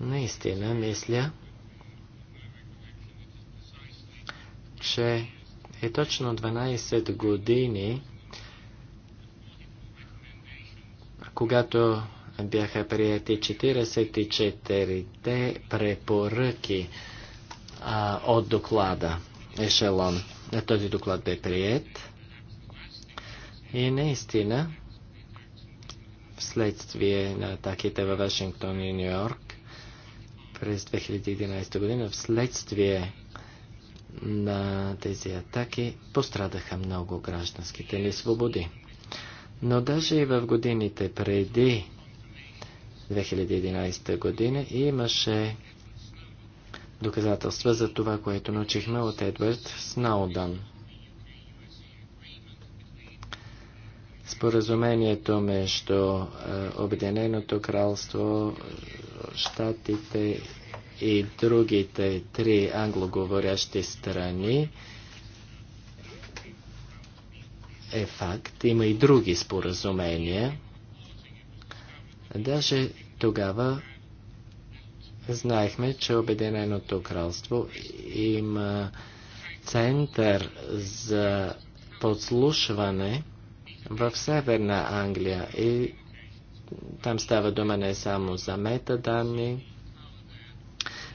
Наистина мисля, че е точно 12 години, когато бяха прияти 44-те препоръки а, от доклада Ешелон. Този доклад бе прият и наистина вследствие на атаките във Вашингтон и Нью Йорк през 2011 година, вследствие на тези атаки пострадаха много гражданските ни свободи. Но даже и в годините преди 2011 година имаше доказателства за това, което научихме от Едвард Сноудън. споразумението между е, Обединеното кралство, Штатите и другите три англоговорящи страни е факт. Има и други споразумения. Даже тогава знаехме, че Обединеното кралство има център за подслушване в Северна Англия и там става дума не само за метаданни,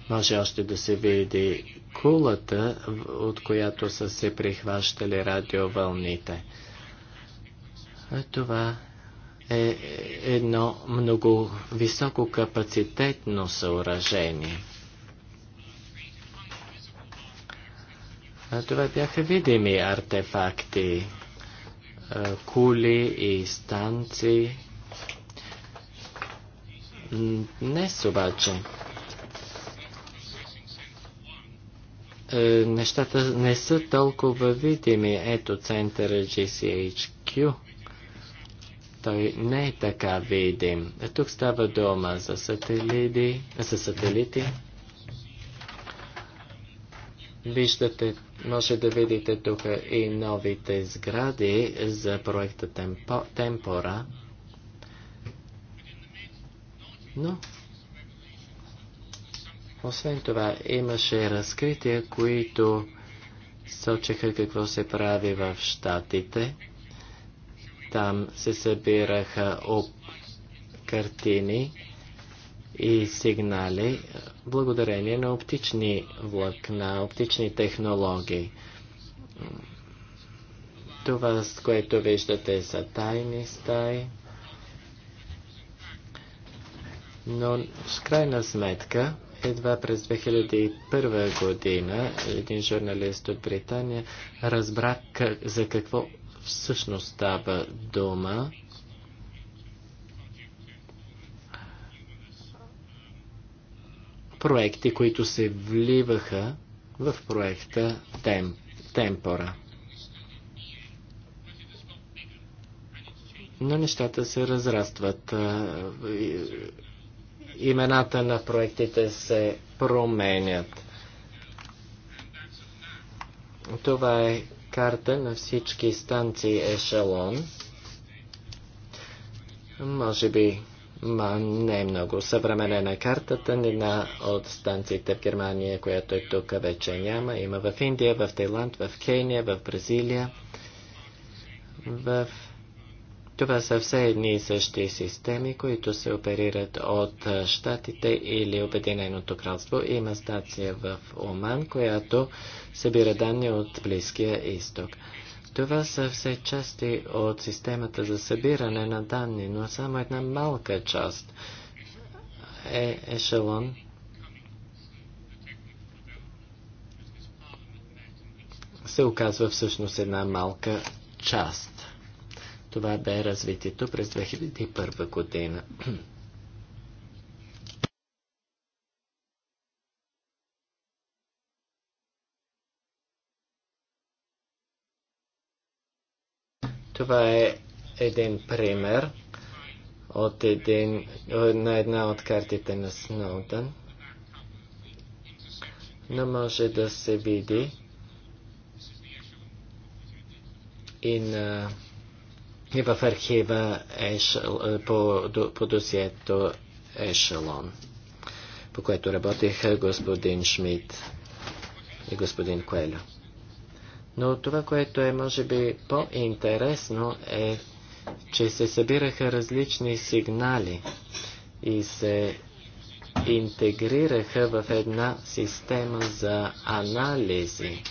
може още да се види кулата, от която са се прихващали радиовълните. Това е едно много високо капацитетно съоръжение. Това бяха видими артефакти кули и станции. Днес обаче е, нещата не са толкова видими. Ето центъра GCHQ. Той не е така видим. Тук става дома за сателити. За сателити. Виждате може да видите тук и новите сгради за проекта Темпо, Темпора. Но, освен това, имаше разкрития, които сочеха какво се прави в Штатите. Там се събираха об картини и сигнали благодарение на оптични влакна, оптични технологии. Това, с което виждате, са тайни стаи. Но в крайна сметка, едва през 2001 година, един журналист от Британия разбра как, за какво всъщност става дума проекти, които се вливаха в проекта Тем, Темпора. Но нещата се разрастват. Имената на проектите се променят. Това е карта на всички станции Ешелон. Може би Ма, не е много. Съвременена е картата ни на от станциите в Германия, която е тук, вече няма. Има в Индия, в Тайланд, в Кения, в Бразилия. В... Това са все едни и същи системи, които се оперират от Штатите или Обединеното кралство. Има стация в Оман, която събира данни от Близкия изток. Това са все части от системата за събиране на данни, но само една малка част е ешелон. Се оказва всъщност една малка част. Това бе развитието през 2001 година. Това е един пример от един, на една от картите на Сноутън. Но може да се види и, на, и в архива ешел, по, по досието Ешелон, по което работиха господин Шмидт и господин Куелю. Но това, което е може би по-интересно е, че се събираха различни сигнали и се интегрираха в една система за анализи.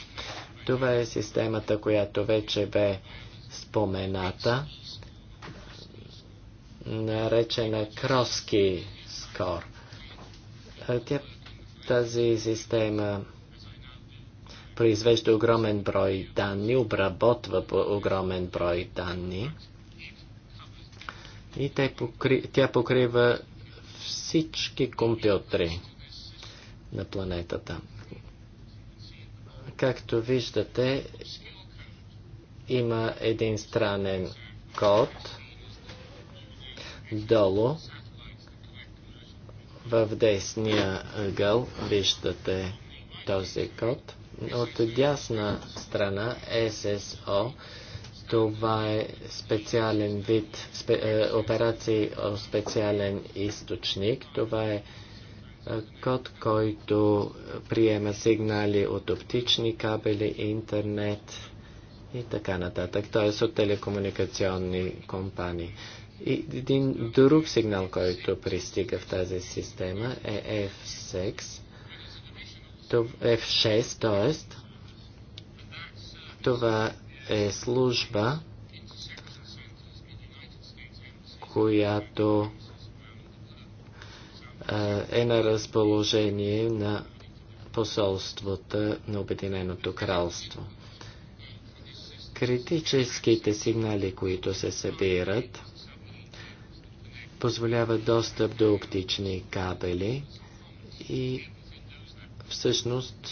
Това е системата, която вече бе спомената, наречена Кроски Скор. Тя тази система произвежда огромен брой данни, обработва огромен брой данни и тя покрива всички компютри на планетата. Както виждате, има един странен код долу. В десния ъгъл виждате този код. От дясна страна ССО това е специален вид спе, е, операции, специален източник. Това е, е код, който приема сигнали от оптични кабели, интернет и така нататък, т.е. от телекомуникационни компании. И един друг сигнал, който пристига в тази система е F6 F6, т.е. това е служба, която е на разположение на посолствата на Обединеното кралство. Критическите сигнали, които се събират, позволяват достъп до оптични кабели и всъщност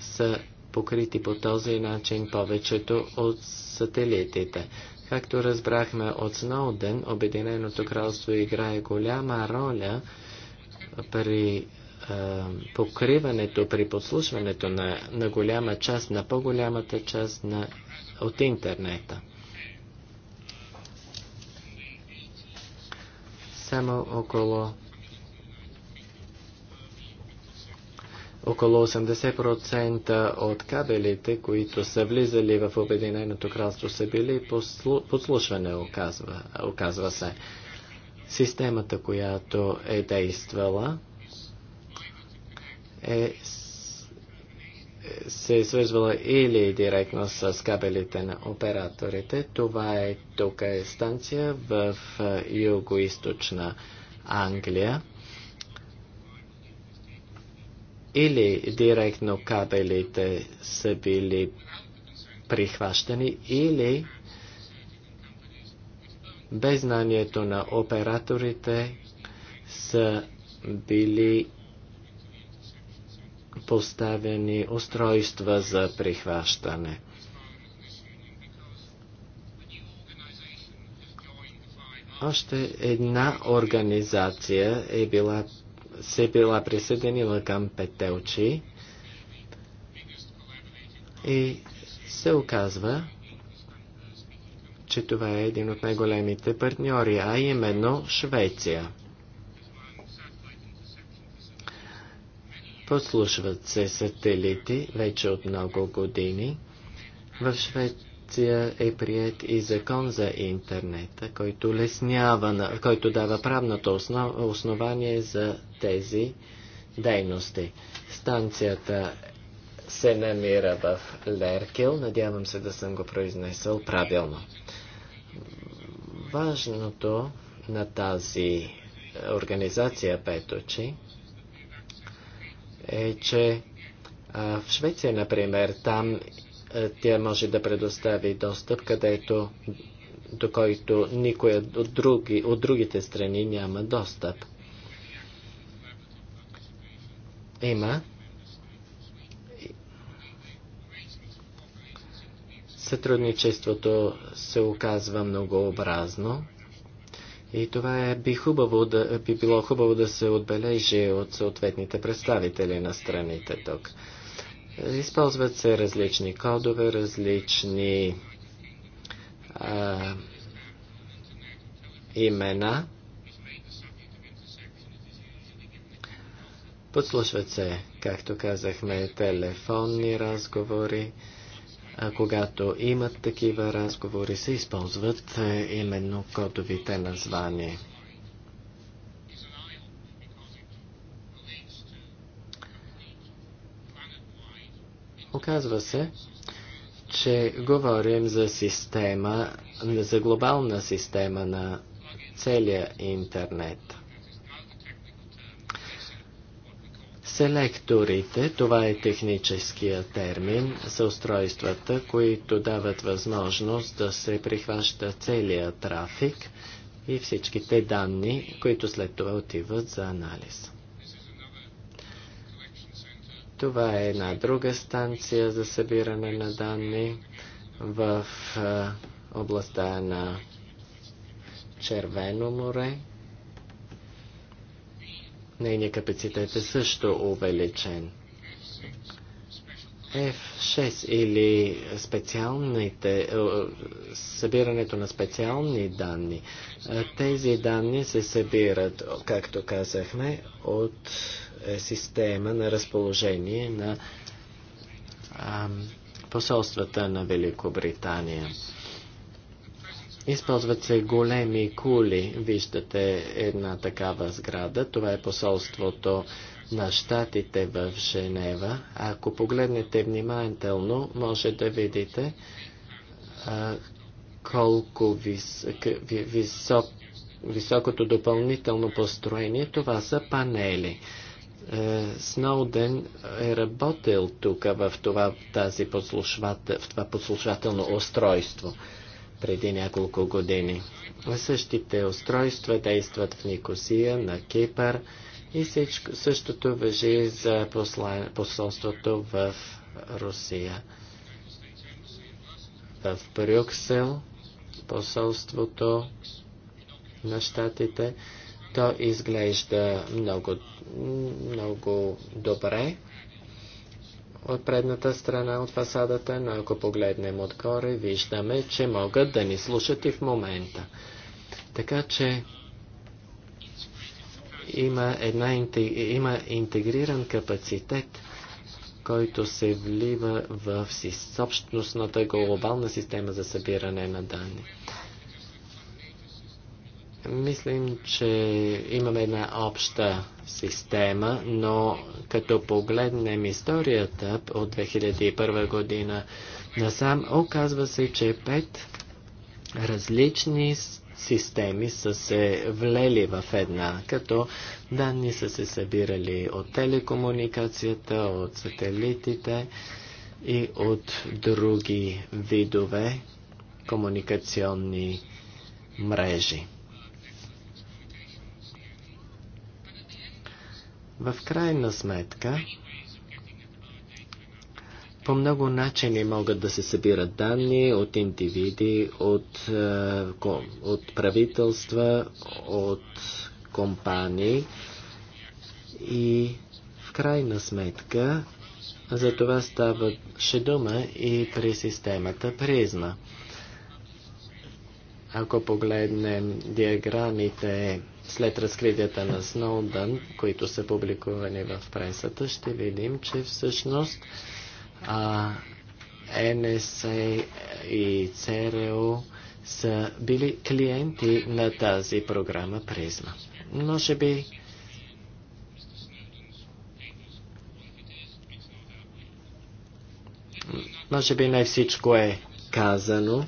са покрити по този начин повечето от сателитите. Както разбрахме от Сноуден, Обединеното кралство играе голяма роля при е, покриването, при подслушването на, на голяма част, на по-голямата част на, от интернета. Само около около 80% от кабелите, които са влизали в Обединеното кралство, са били подслушване, оказва, оказва се. Системата, която е действала, е, се е свързвала или директно с кабелите на операторите. Това е тук е станция в юго-источна Англия или директно кабелите са били прихващани, или без знанието на операторите са били поставени устройства за прихващане. Още една организация е била се била присъединила към петте очи и се оказва, че това е един от най-големите партньори, а именно Швеция. Подслушват се сателити вече от много години. В Швеция е прият и закон за интернета, който леснява, който дава правното основание за тези дейности. Станцията се намира в Леркел. Надявам се да съм го произнесъл правилно. Важното на тази организация Петочи е, че в Швеция, например, там тя може да предостави достъп, където до който никой от, други, от другите страни няма достъп. има сътрудничеството се оказва многообразно и това е, би, хубаво да, би било хубаво да се отбележи от съответните представители на страните тук. Използват се различни кодове, различни а, имена. Подслушват се, както казахме, телефонни разговори. А когато имат такива разговори, се използват е, именно кодовите названия. Оказва се, че говорим за система, за глобална система на целия интернет. Селекторите, това е техническия термин, за устройствата, които дават възможност да се прихваща целия трафик и всичките данни, които след това отиват за анализ. Това е една друга станция за събиране на данни в областта на Червено море. Нейния капацитет е също увеличен. F6 или специалните, е, е, събирането на специални данни. Е, тези данни се събират, както казахме, от система на разположение на посолствата на Великобритания. Използват се големи кули. Виждате една такава сграда. Това е посолството на щатите в Женева. Ако погледнете внимателно, може да видите а, колко вис, висок, високото допълнително построение. Това са панели. Е, Сноуден е работил тук в това, тази в това подслушвателно устройство преди няколко години. Същите устройства действат в Никосия, на Кипър и всичко, същото въжи за посла, посолството в Русия. В Брюксел посолството на щатите то изглежда много, много добре от предната страна от фасадата, но ако погледнем отгоре, виждаме, че могат да ни слушат и в момента. Така че има, една, има интегриран капацитет, който се влива в собственостната глобална система за събиране на данни. Мислим, че имаме една обща система, но като погледнем историята от 2001 година насам, оказва се, че пет различни системи са се влели в една, като данни са се събирали от телекомуникацията, от сателитите и от други видове комуникационни мрежи. В крайна сметка, по много начини могат да се събират данни от индивиди, от, е, от правителства, от компании и в крайна сметка за това става дума и при системата призма. Ако погледнем диаграмите след разкритията на Сноудън, които са публикувани в пресата, ще видим, че всъщност а, NSA и ЦРУ са били клиенти на тази програма Призма. Може би може би не всичко е казано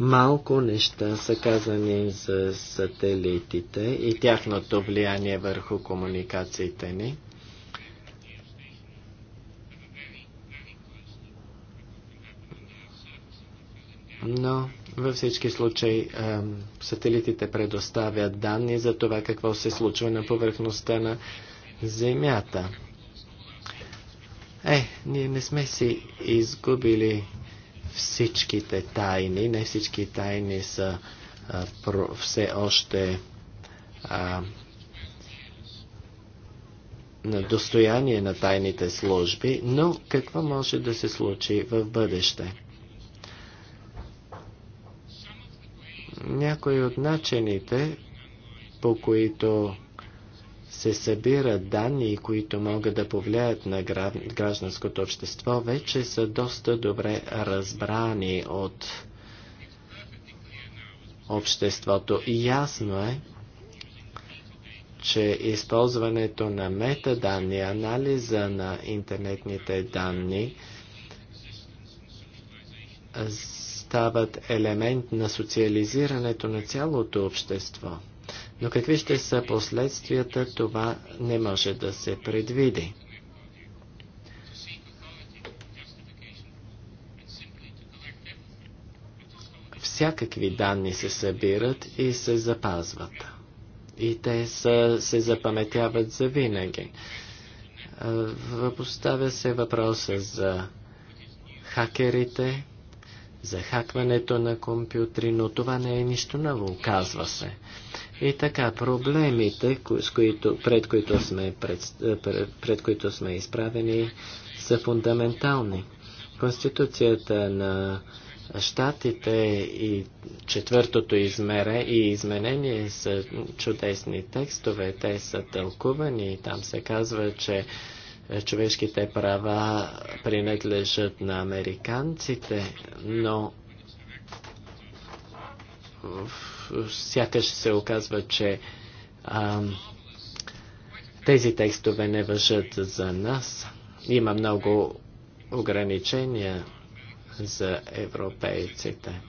Малко неща са казани за сателитите и тяхното влияние върху комуникациите ни. Но във всички случаи сателитите предоставят данни за това какво се случва на повърхността на Земята. Е, ние не сме си изгубили всичките тайни, не всички тайни са а, про, все още а, на достояние на тайните служби, но какво може да се случи в бъдеще? Някои от начините, по които се събират данни, които могат да повлияят на гражданското общество, вече са доста добре разбрани от обществото. И ясно е, че използването на метаданни, анализа на интернетните данни, стават елемент на социализирането на цялото общество. Но какви ще са последствията, това не може да се предвиди. Всякакви данни се събират и се запазват. И те са, се запаметяват за винаги. Е, поставя се въпроса за хакерите, за хакването на компютри, но това не е нищо ново, оказва се. И така, проблемите, с които, пред, които сме, пред, е, пред, пред които сме изправени, са фундаментални. Конституцията на Штатите и четвъртото измере и изменение са чудесни текстове. Те са тълкувани и там се казва, че човешките права принадлежат на американците, но сякаш се оказва, че а, тези текстове не въжат за нас. Има много ограничения за европейците.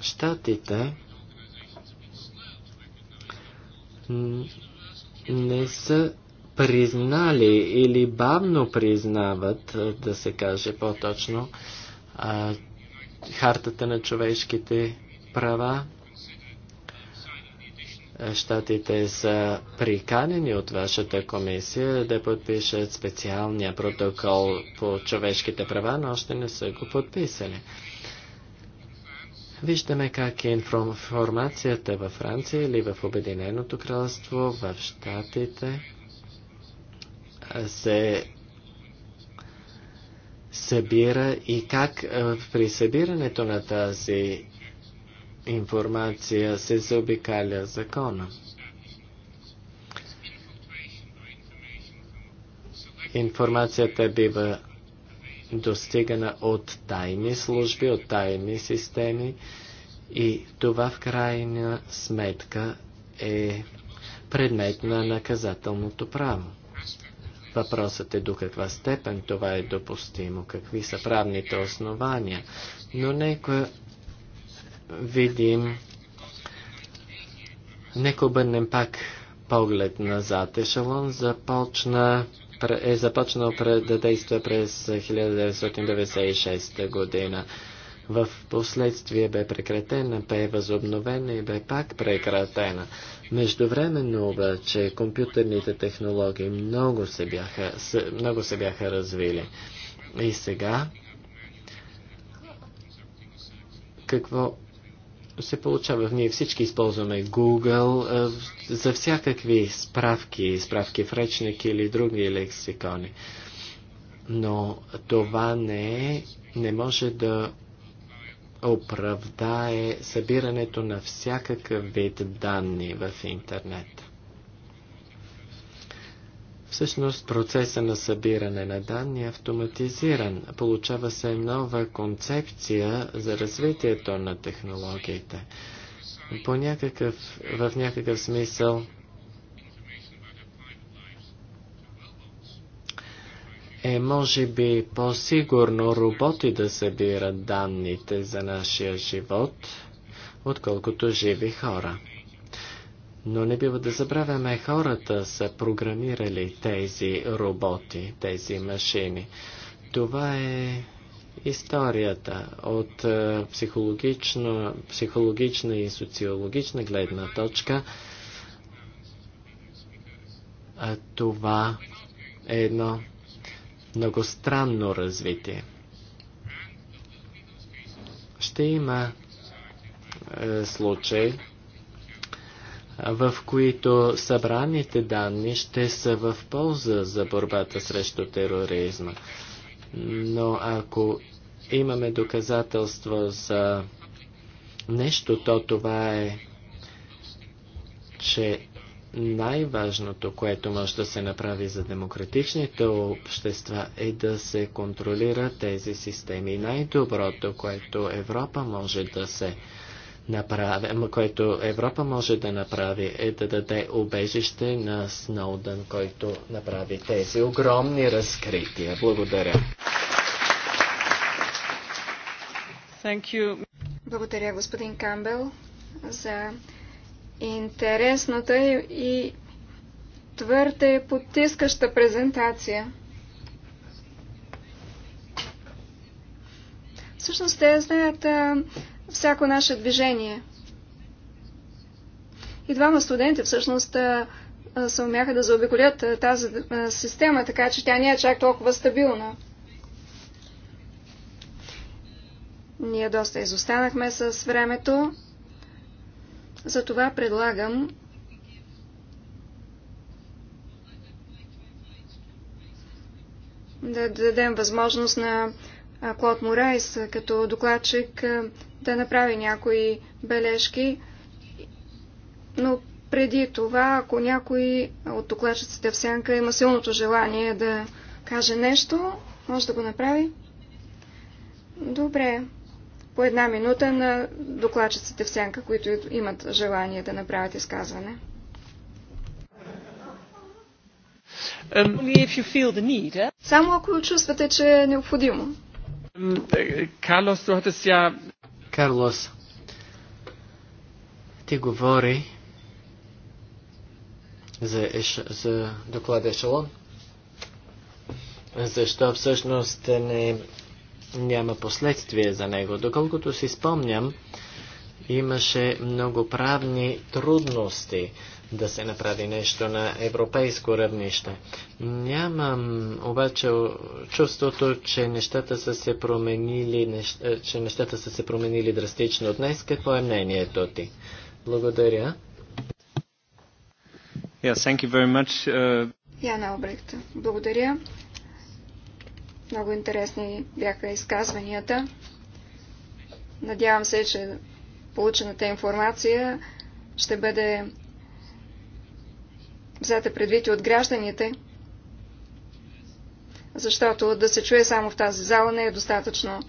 Штатите не са признали или бавно признават, да се каже по-точно, хартата на човешките права. Штатите са приканени от вашата комисия да подпишат специалния протокол по човешките права, но още не са го подписали. Виждаме как е информацията във Франция или в Обединеното кралство, в Штатите се събира и как при събирането на тази информация се заобикаля закона. Информацията бива достигана от тайни служби, от тайни системи и това в крайна сметка е предмет на наказателното право. Въпросът е до каква степен това е допустимо, какви са правните основания, но нека видим, нека обърнем пак поглед назад. Ешелон започна е започнал да действа през 1996 година. В последствие бе прекратена, бе възобновена и бе пак прекратена. Междувременно обаче компютърните технологии много се бяха, много се бяха развили. И сега какво се получава. Ние всички използваме Google за всякакви справки, справки в речник или други лексикони. Но това не, е, не може да оправдае събирането на всякакъв вид данни в интернет. Всъщност процеса на събиране на данни е автоматизиран. Получава се нова концепция за развитието на технологиите. По някакъв, в някакъв смисъл е може би по-сигурно роботи да събират данните за нашия живот, отколкото живи хора. Но не бива да забравяме, хората са програмирали тези роботи, тези машини. Това е историята от е, психологична, психологична и социологична гледна точка. Това е едно много странно развитие. Ще има е, случай, в които събраните данни ще са в полза за борбата срещу тероризма. Но ако имаме доказателства за нещо, то това е, че най-важното, което може да се направи за демократичните общества е да се контролира тези системи. Най-доброто, което Европа може да се направи, което Европа може да направи, е да даде убежище на Сноудън, който направи тези огромни разкрития. Благодаря.
Thank you. Благодаря, господин Камбел, за интересната и твърде потискаща презентация. Всъщност те знаят всяко наше движение. И двама студенти всъщност се умяха да заобиколят тази система, така че тя не е чак толкова стабилна. Ние доста изостанахме с времето, затова предлагам да дадем възможност на Клод Морайс като докладчик да направи някои бележки, но преди това, ако някой от докладчиците в сянка има силното желание да каже нещо, може да го направи. Добре. По една минута на докладчиците в сянка, които имат желание да направят изказване. Е? Само ако чувствате, че е необходимо.
Карлос, du hattest ja... Карлос, ти говори за, еш... за доклада Ешелон. Защо всъщност не, няма последствия за него. Доколкото си спомням, имаше много правни трудности да се направи нещо на европейско равнище. Нямам обаче чувството, че нещата са се променили, нещ... Е, че нещата са се променили драстично днес. Какво е мнението ти? Благодаря. Yes, thank you very much. Uh...
Яна Обрехт, благодаря. Много интересни бяха изказванията. Надявам се, че получената информация ще бъде взета предвид и от гражданите, защото да се чуе само в тази зала не е достатъчно.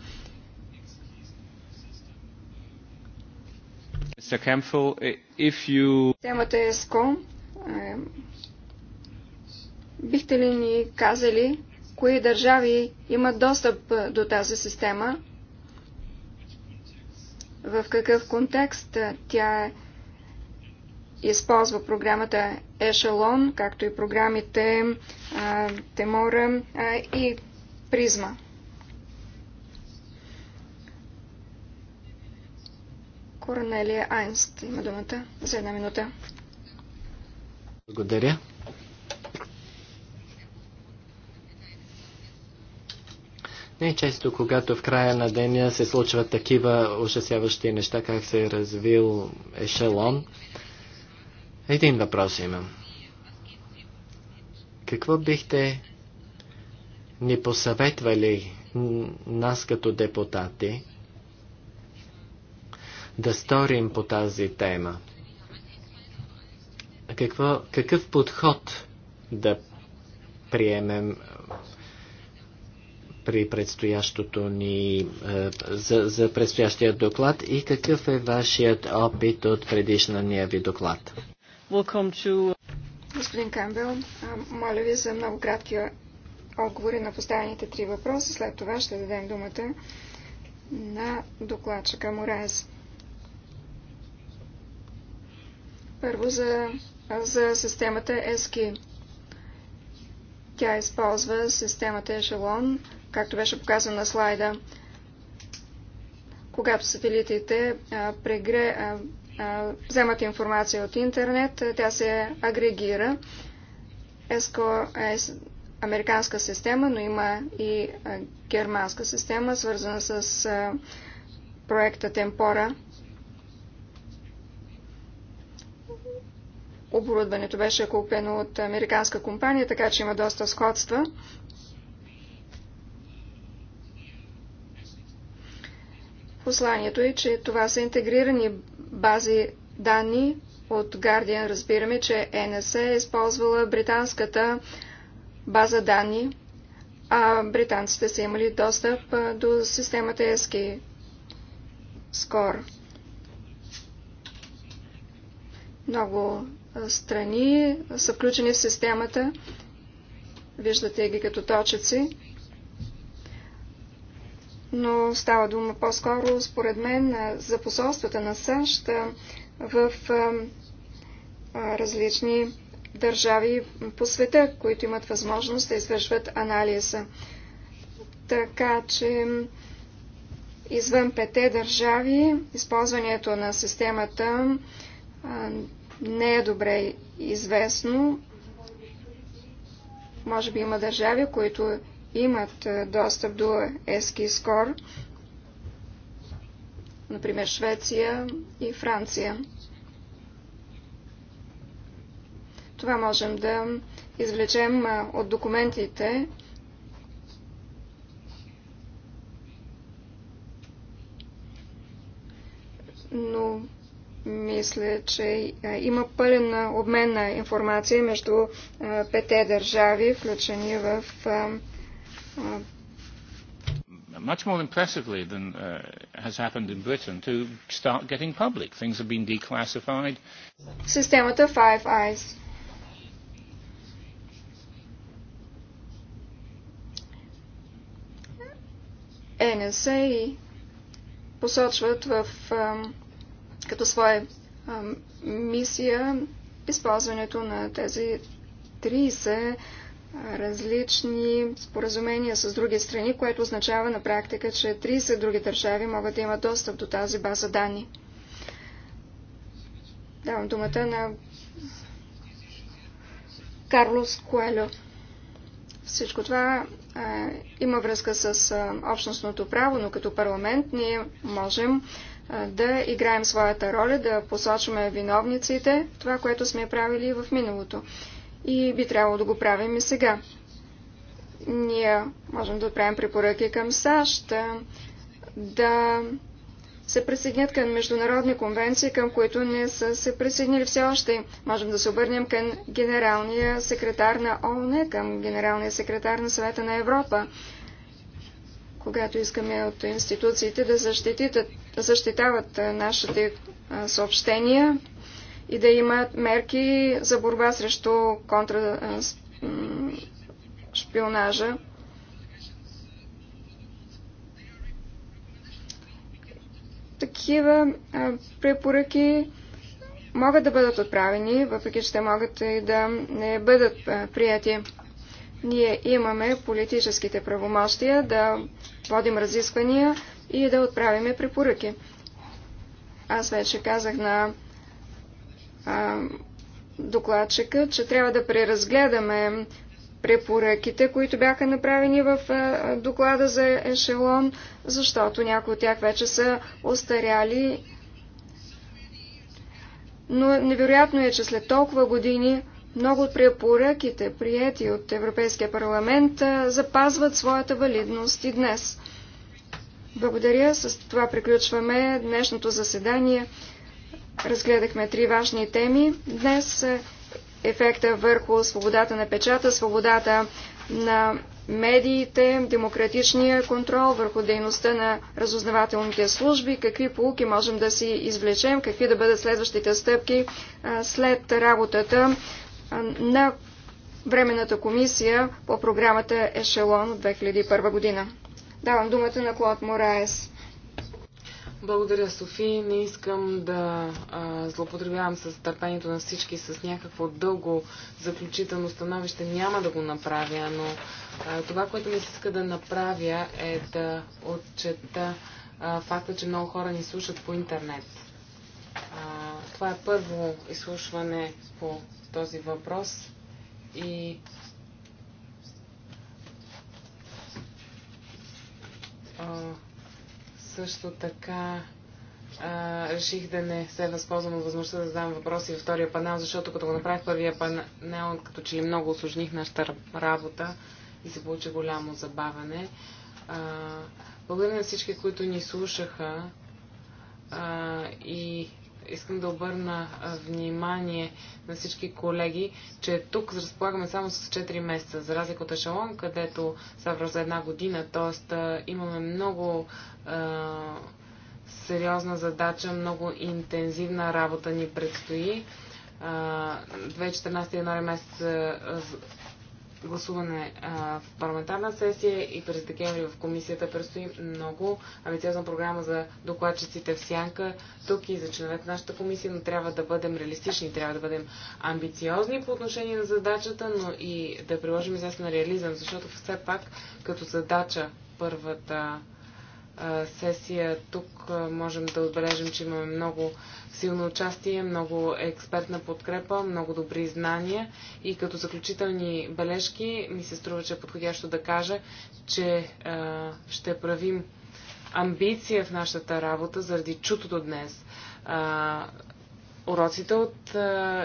Е, Темата
е ЕСКО. Е, бихте ли ни казали кои държави имат достъп е, до тази система? В какъв контекст тя е използва програмата Ешелон, както и програмите а, Темора а, и Призма. Корнелия Айнст има думата за една минута.
Благодаря. Не често, когато в края на деня се случват такива ужасяващи неща, как се е развил ешелон, един въпрос имам. Какво бихте ни посъветвали нас като депутати да сторим по тази тема? Какво, какъв подход да приемем е, при предстоящото ни, е, за, за предстоящия доклад и какъв е вашият опит от предишния ви доклад?
To... Uh, Господин Камбел, моля ви за много кратки отговори на поставените три въпроса. След това ще дадем думата на докладчика Мораес. Първо за, за системата ЕСКИ. Тя използва системата Ешелон, както беше показано на слайда. Когато сателитите прегре, а, вземат информация от интернет, тя се агрегира. ЕСКО е американска система, но има и германска система, свързана с проекта Темпора. Оборудването беше купено от американска компания, така че има доста сходства. Посланието е, че това са интегрирани бази данни. От Guardian разбираме, че НСА е използвала британската база данни, а британците са имали достъп до системата SK. Score. Много страни са включени в системата. Виждате ги като точици но става дума по-скоро, според мен, за посолствата на САЩ в различни държави по света, които имат възможност да извършват анализа. Така че извън пете държави използването на системата не е добре известно. Може би има държави, които имат е, достъп до ески скор, например Швеция и Франция. Това можем да извлечем е, от документите, но мисля, че е, има пълен обмен на информация между пете държави, включени в
much more impressively than uh, has happened in Britain, to start getting public. Things have been declassified.
System with the Five Eyes. NSA посочват в, като своя мисия използването на тези 30 различни споразумения с други страни, което означава на практика, че 30 други държави могат да имат достъп до тази база данни. Давам думата на Карлос Коелю. Всичко това е, има връзка с е, общностното право, но като парламент ние можем е, да играем своята роля, да посочваме виновниците, това, което сме правили в миналото и би трябвало да го правим и сега. Ние можем да отправим препоръки към САЩ да се присъединят към международни конвенции, към които не са се присъединили все още. Можем да се обърнем към генералния секретар на ООН, към генералния секретар на Съвета на Европа, когато искаме от институциите да защитават нашите съобщения, и да имат мерки за борба срещу контрашпионажа. Такива препоръки могат да бъдат отправени, въпреки че те могат и да не бъдат прияти. Ние имаме политическите правомощия да водим разисквания и да отправиме препоръки. Аз вече казах на докладчика, че трябва да преразгледаме препоръките, които бяха направени в доклада за ешелон, защото някои от тях вече са остаряли. Но невероятно е, че след толкова години много от препоръките, прияти от Европейския парламент, запазват своята валидност и днес. Благодаря. С това приключваме днешното заседание. Разгледахме три важни теми. Днес е, ефекта върху свободата на печата, свободата на медиите, демократичния контрол върху дейността на разузнавателните служби, какви полуки можем да си извлечем, какви да бъдат следващите стъпки е, след работата е, на Временната комисия по програмата Ешелон от 2001 година. Давам думата на Клод Мораес.
Благодаря, Софи. Не искам да а, злоупотребявам с търпението на всички с някакво дълго заключително становище. Няма да го направя, но а, това, което ми се иска да направя е да отчета а, факта, че много хора ни слушат по интернет. А, това е първо изслушване по този въпрос и а, също така а, реших да не се възползвам от възможността да задам въпроси във втория панел, защото като го направих първия панел, като че ли много осложних нашата работа и се получи голямо забаване. А, благодаря на всички, които ни слушаха а, и искам да обърна внимание на всички колеги, че тук разполагаме само с 4 месеца, за разлика от Ешалон, където са за една година, т.е. имаме много е, сериозна задача, много интензивна работа ни предстои. 2014 януари месец гласуване а, в парламентарна сесия и през декември в комисията предстои много амбициозна програма за докладчиците в Сянка, тук и за членовете на нашата комисия, но трябва да бъдем реалистични, трябва да бъдем амбициозни по отношение на задачата, но и да приложим известен реализъм, защото все пак като задача първата сесия. Тук можем да отбележим, че имаме много силно участие, много експертна подкрепа, много добри знания и като заключителни бележки ми се струва, че е подходящо да кажа, че ще правим амбиция в нашата работа заради чутото днес. Уроците от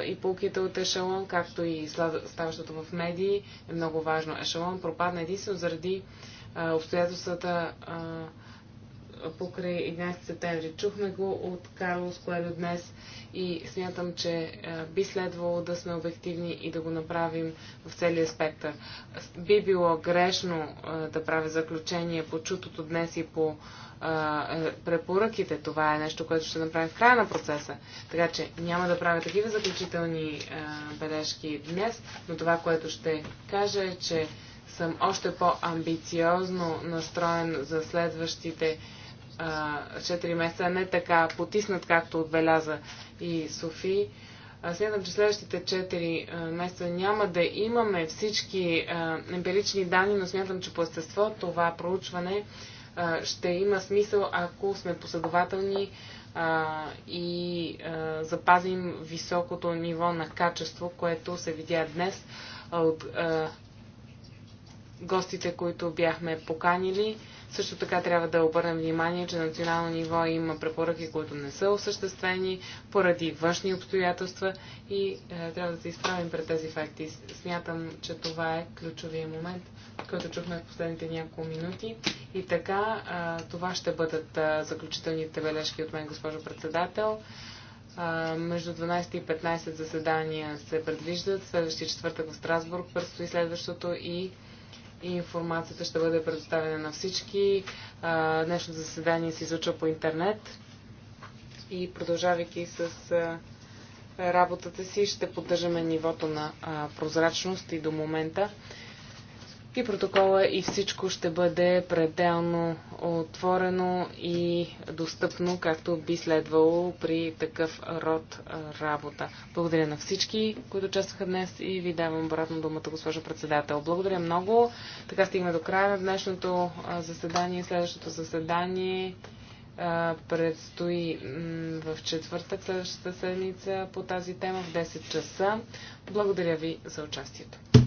и полките от Ешелон, както и ставащото в медии, е много важно. Ешелон пропадна единствено заради обстоятелствата, покрай 11 септември. Чухме го от Карлос Коедо е днес и смятам, че е, би следвало да сме обективни и да го направим в целия спектър. Би било грешно е, да правя заключение по чутото днес и по препоръките. Това е нещо, което ще направим в края на процеса. Така че няма да правя такива заключителни бележки днес, но това, което ще кажа е, че съм още по-амбициозно настроен за следващите 4 месеца, не така потиснат, както отбеляза и Софи. Смятам, че следващите 4 месеца няма да имаме всички емпирични данни, но смятам, че по естество това проучване ще има смисъл, ако сме последователни и запазим високото ниво на качество, което се видя днес от гостите, които бяхме поканили. Също така трябва да обърнем внимание, че на национално ниво има препоръки, които не са осъществени поради външни обстоятелства и е, трябва да се изправим пред тези факти. Смятам, че това е ключовия момент, който чухме в последните няколко минути. И така, е, това ще бъдат е, заключителните бележки от мен, госпожо председател. Uh, между 12 и 15 заседания се предвиждат. Следващия четвъртък в Страсбург предстои следващото и Информацията ще бъде предоставена на всички. Днешното заседание се излучва по интернет. И продължавайки с работата си, ще поддържаме нивото на прозрачност и до момента и протокола и всичко ще бъде пределно отворено и достъпно, както би следвало при такъв род работа. Благодаря на всички, които участваха днес и ви давам обратно думата, госпожа председател. Благодаря много. Така стигаме до края на днешното заседание. Следващото заседание предстои в четвъртък, следващата седмица по тази тема в 10 часа.
Благодаря ви за участието.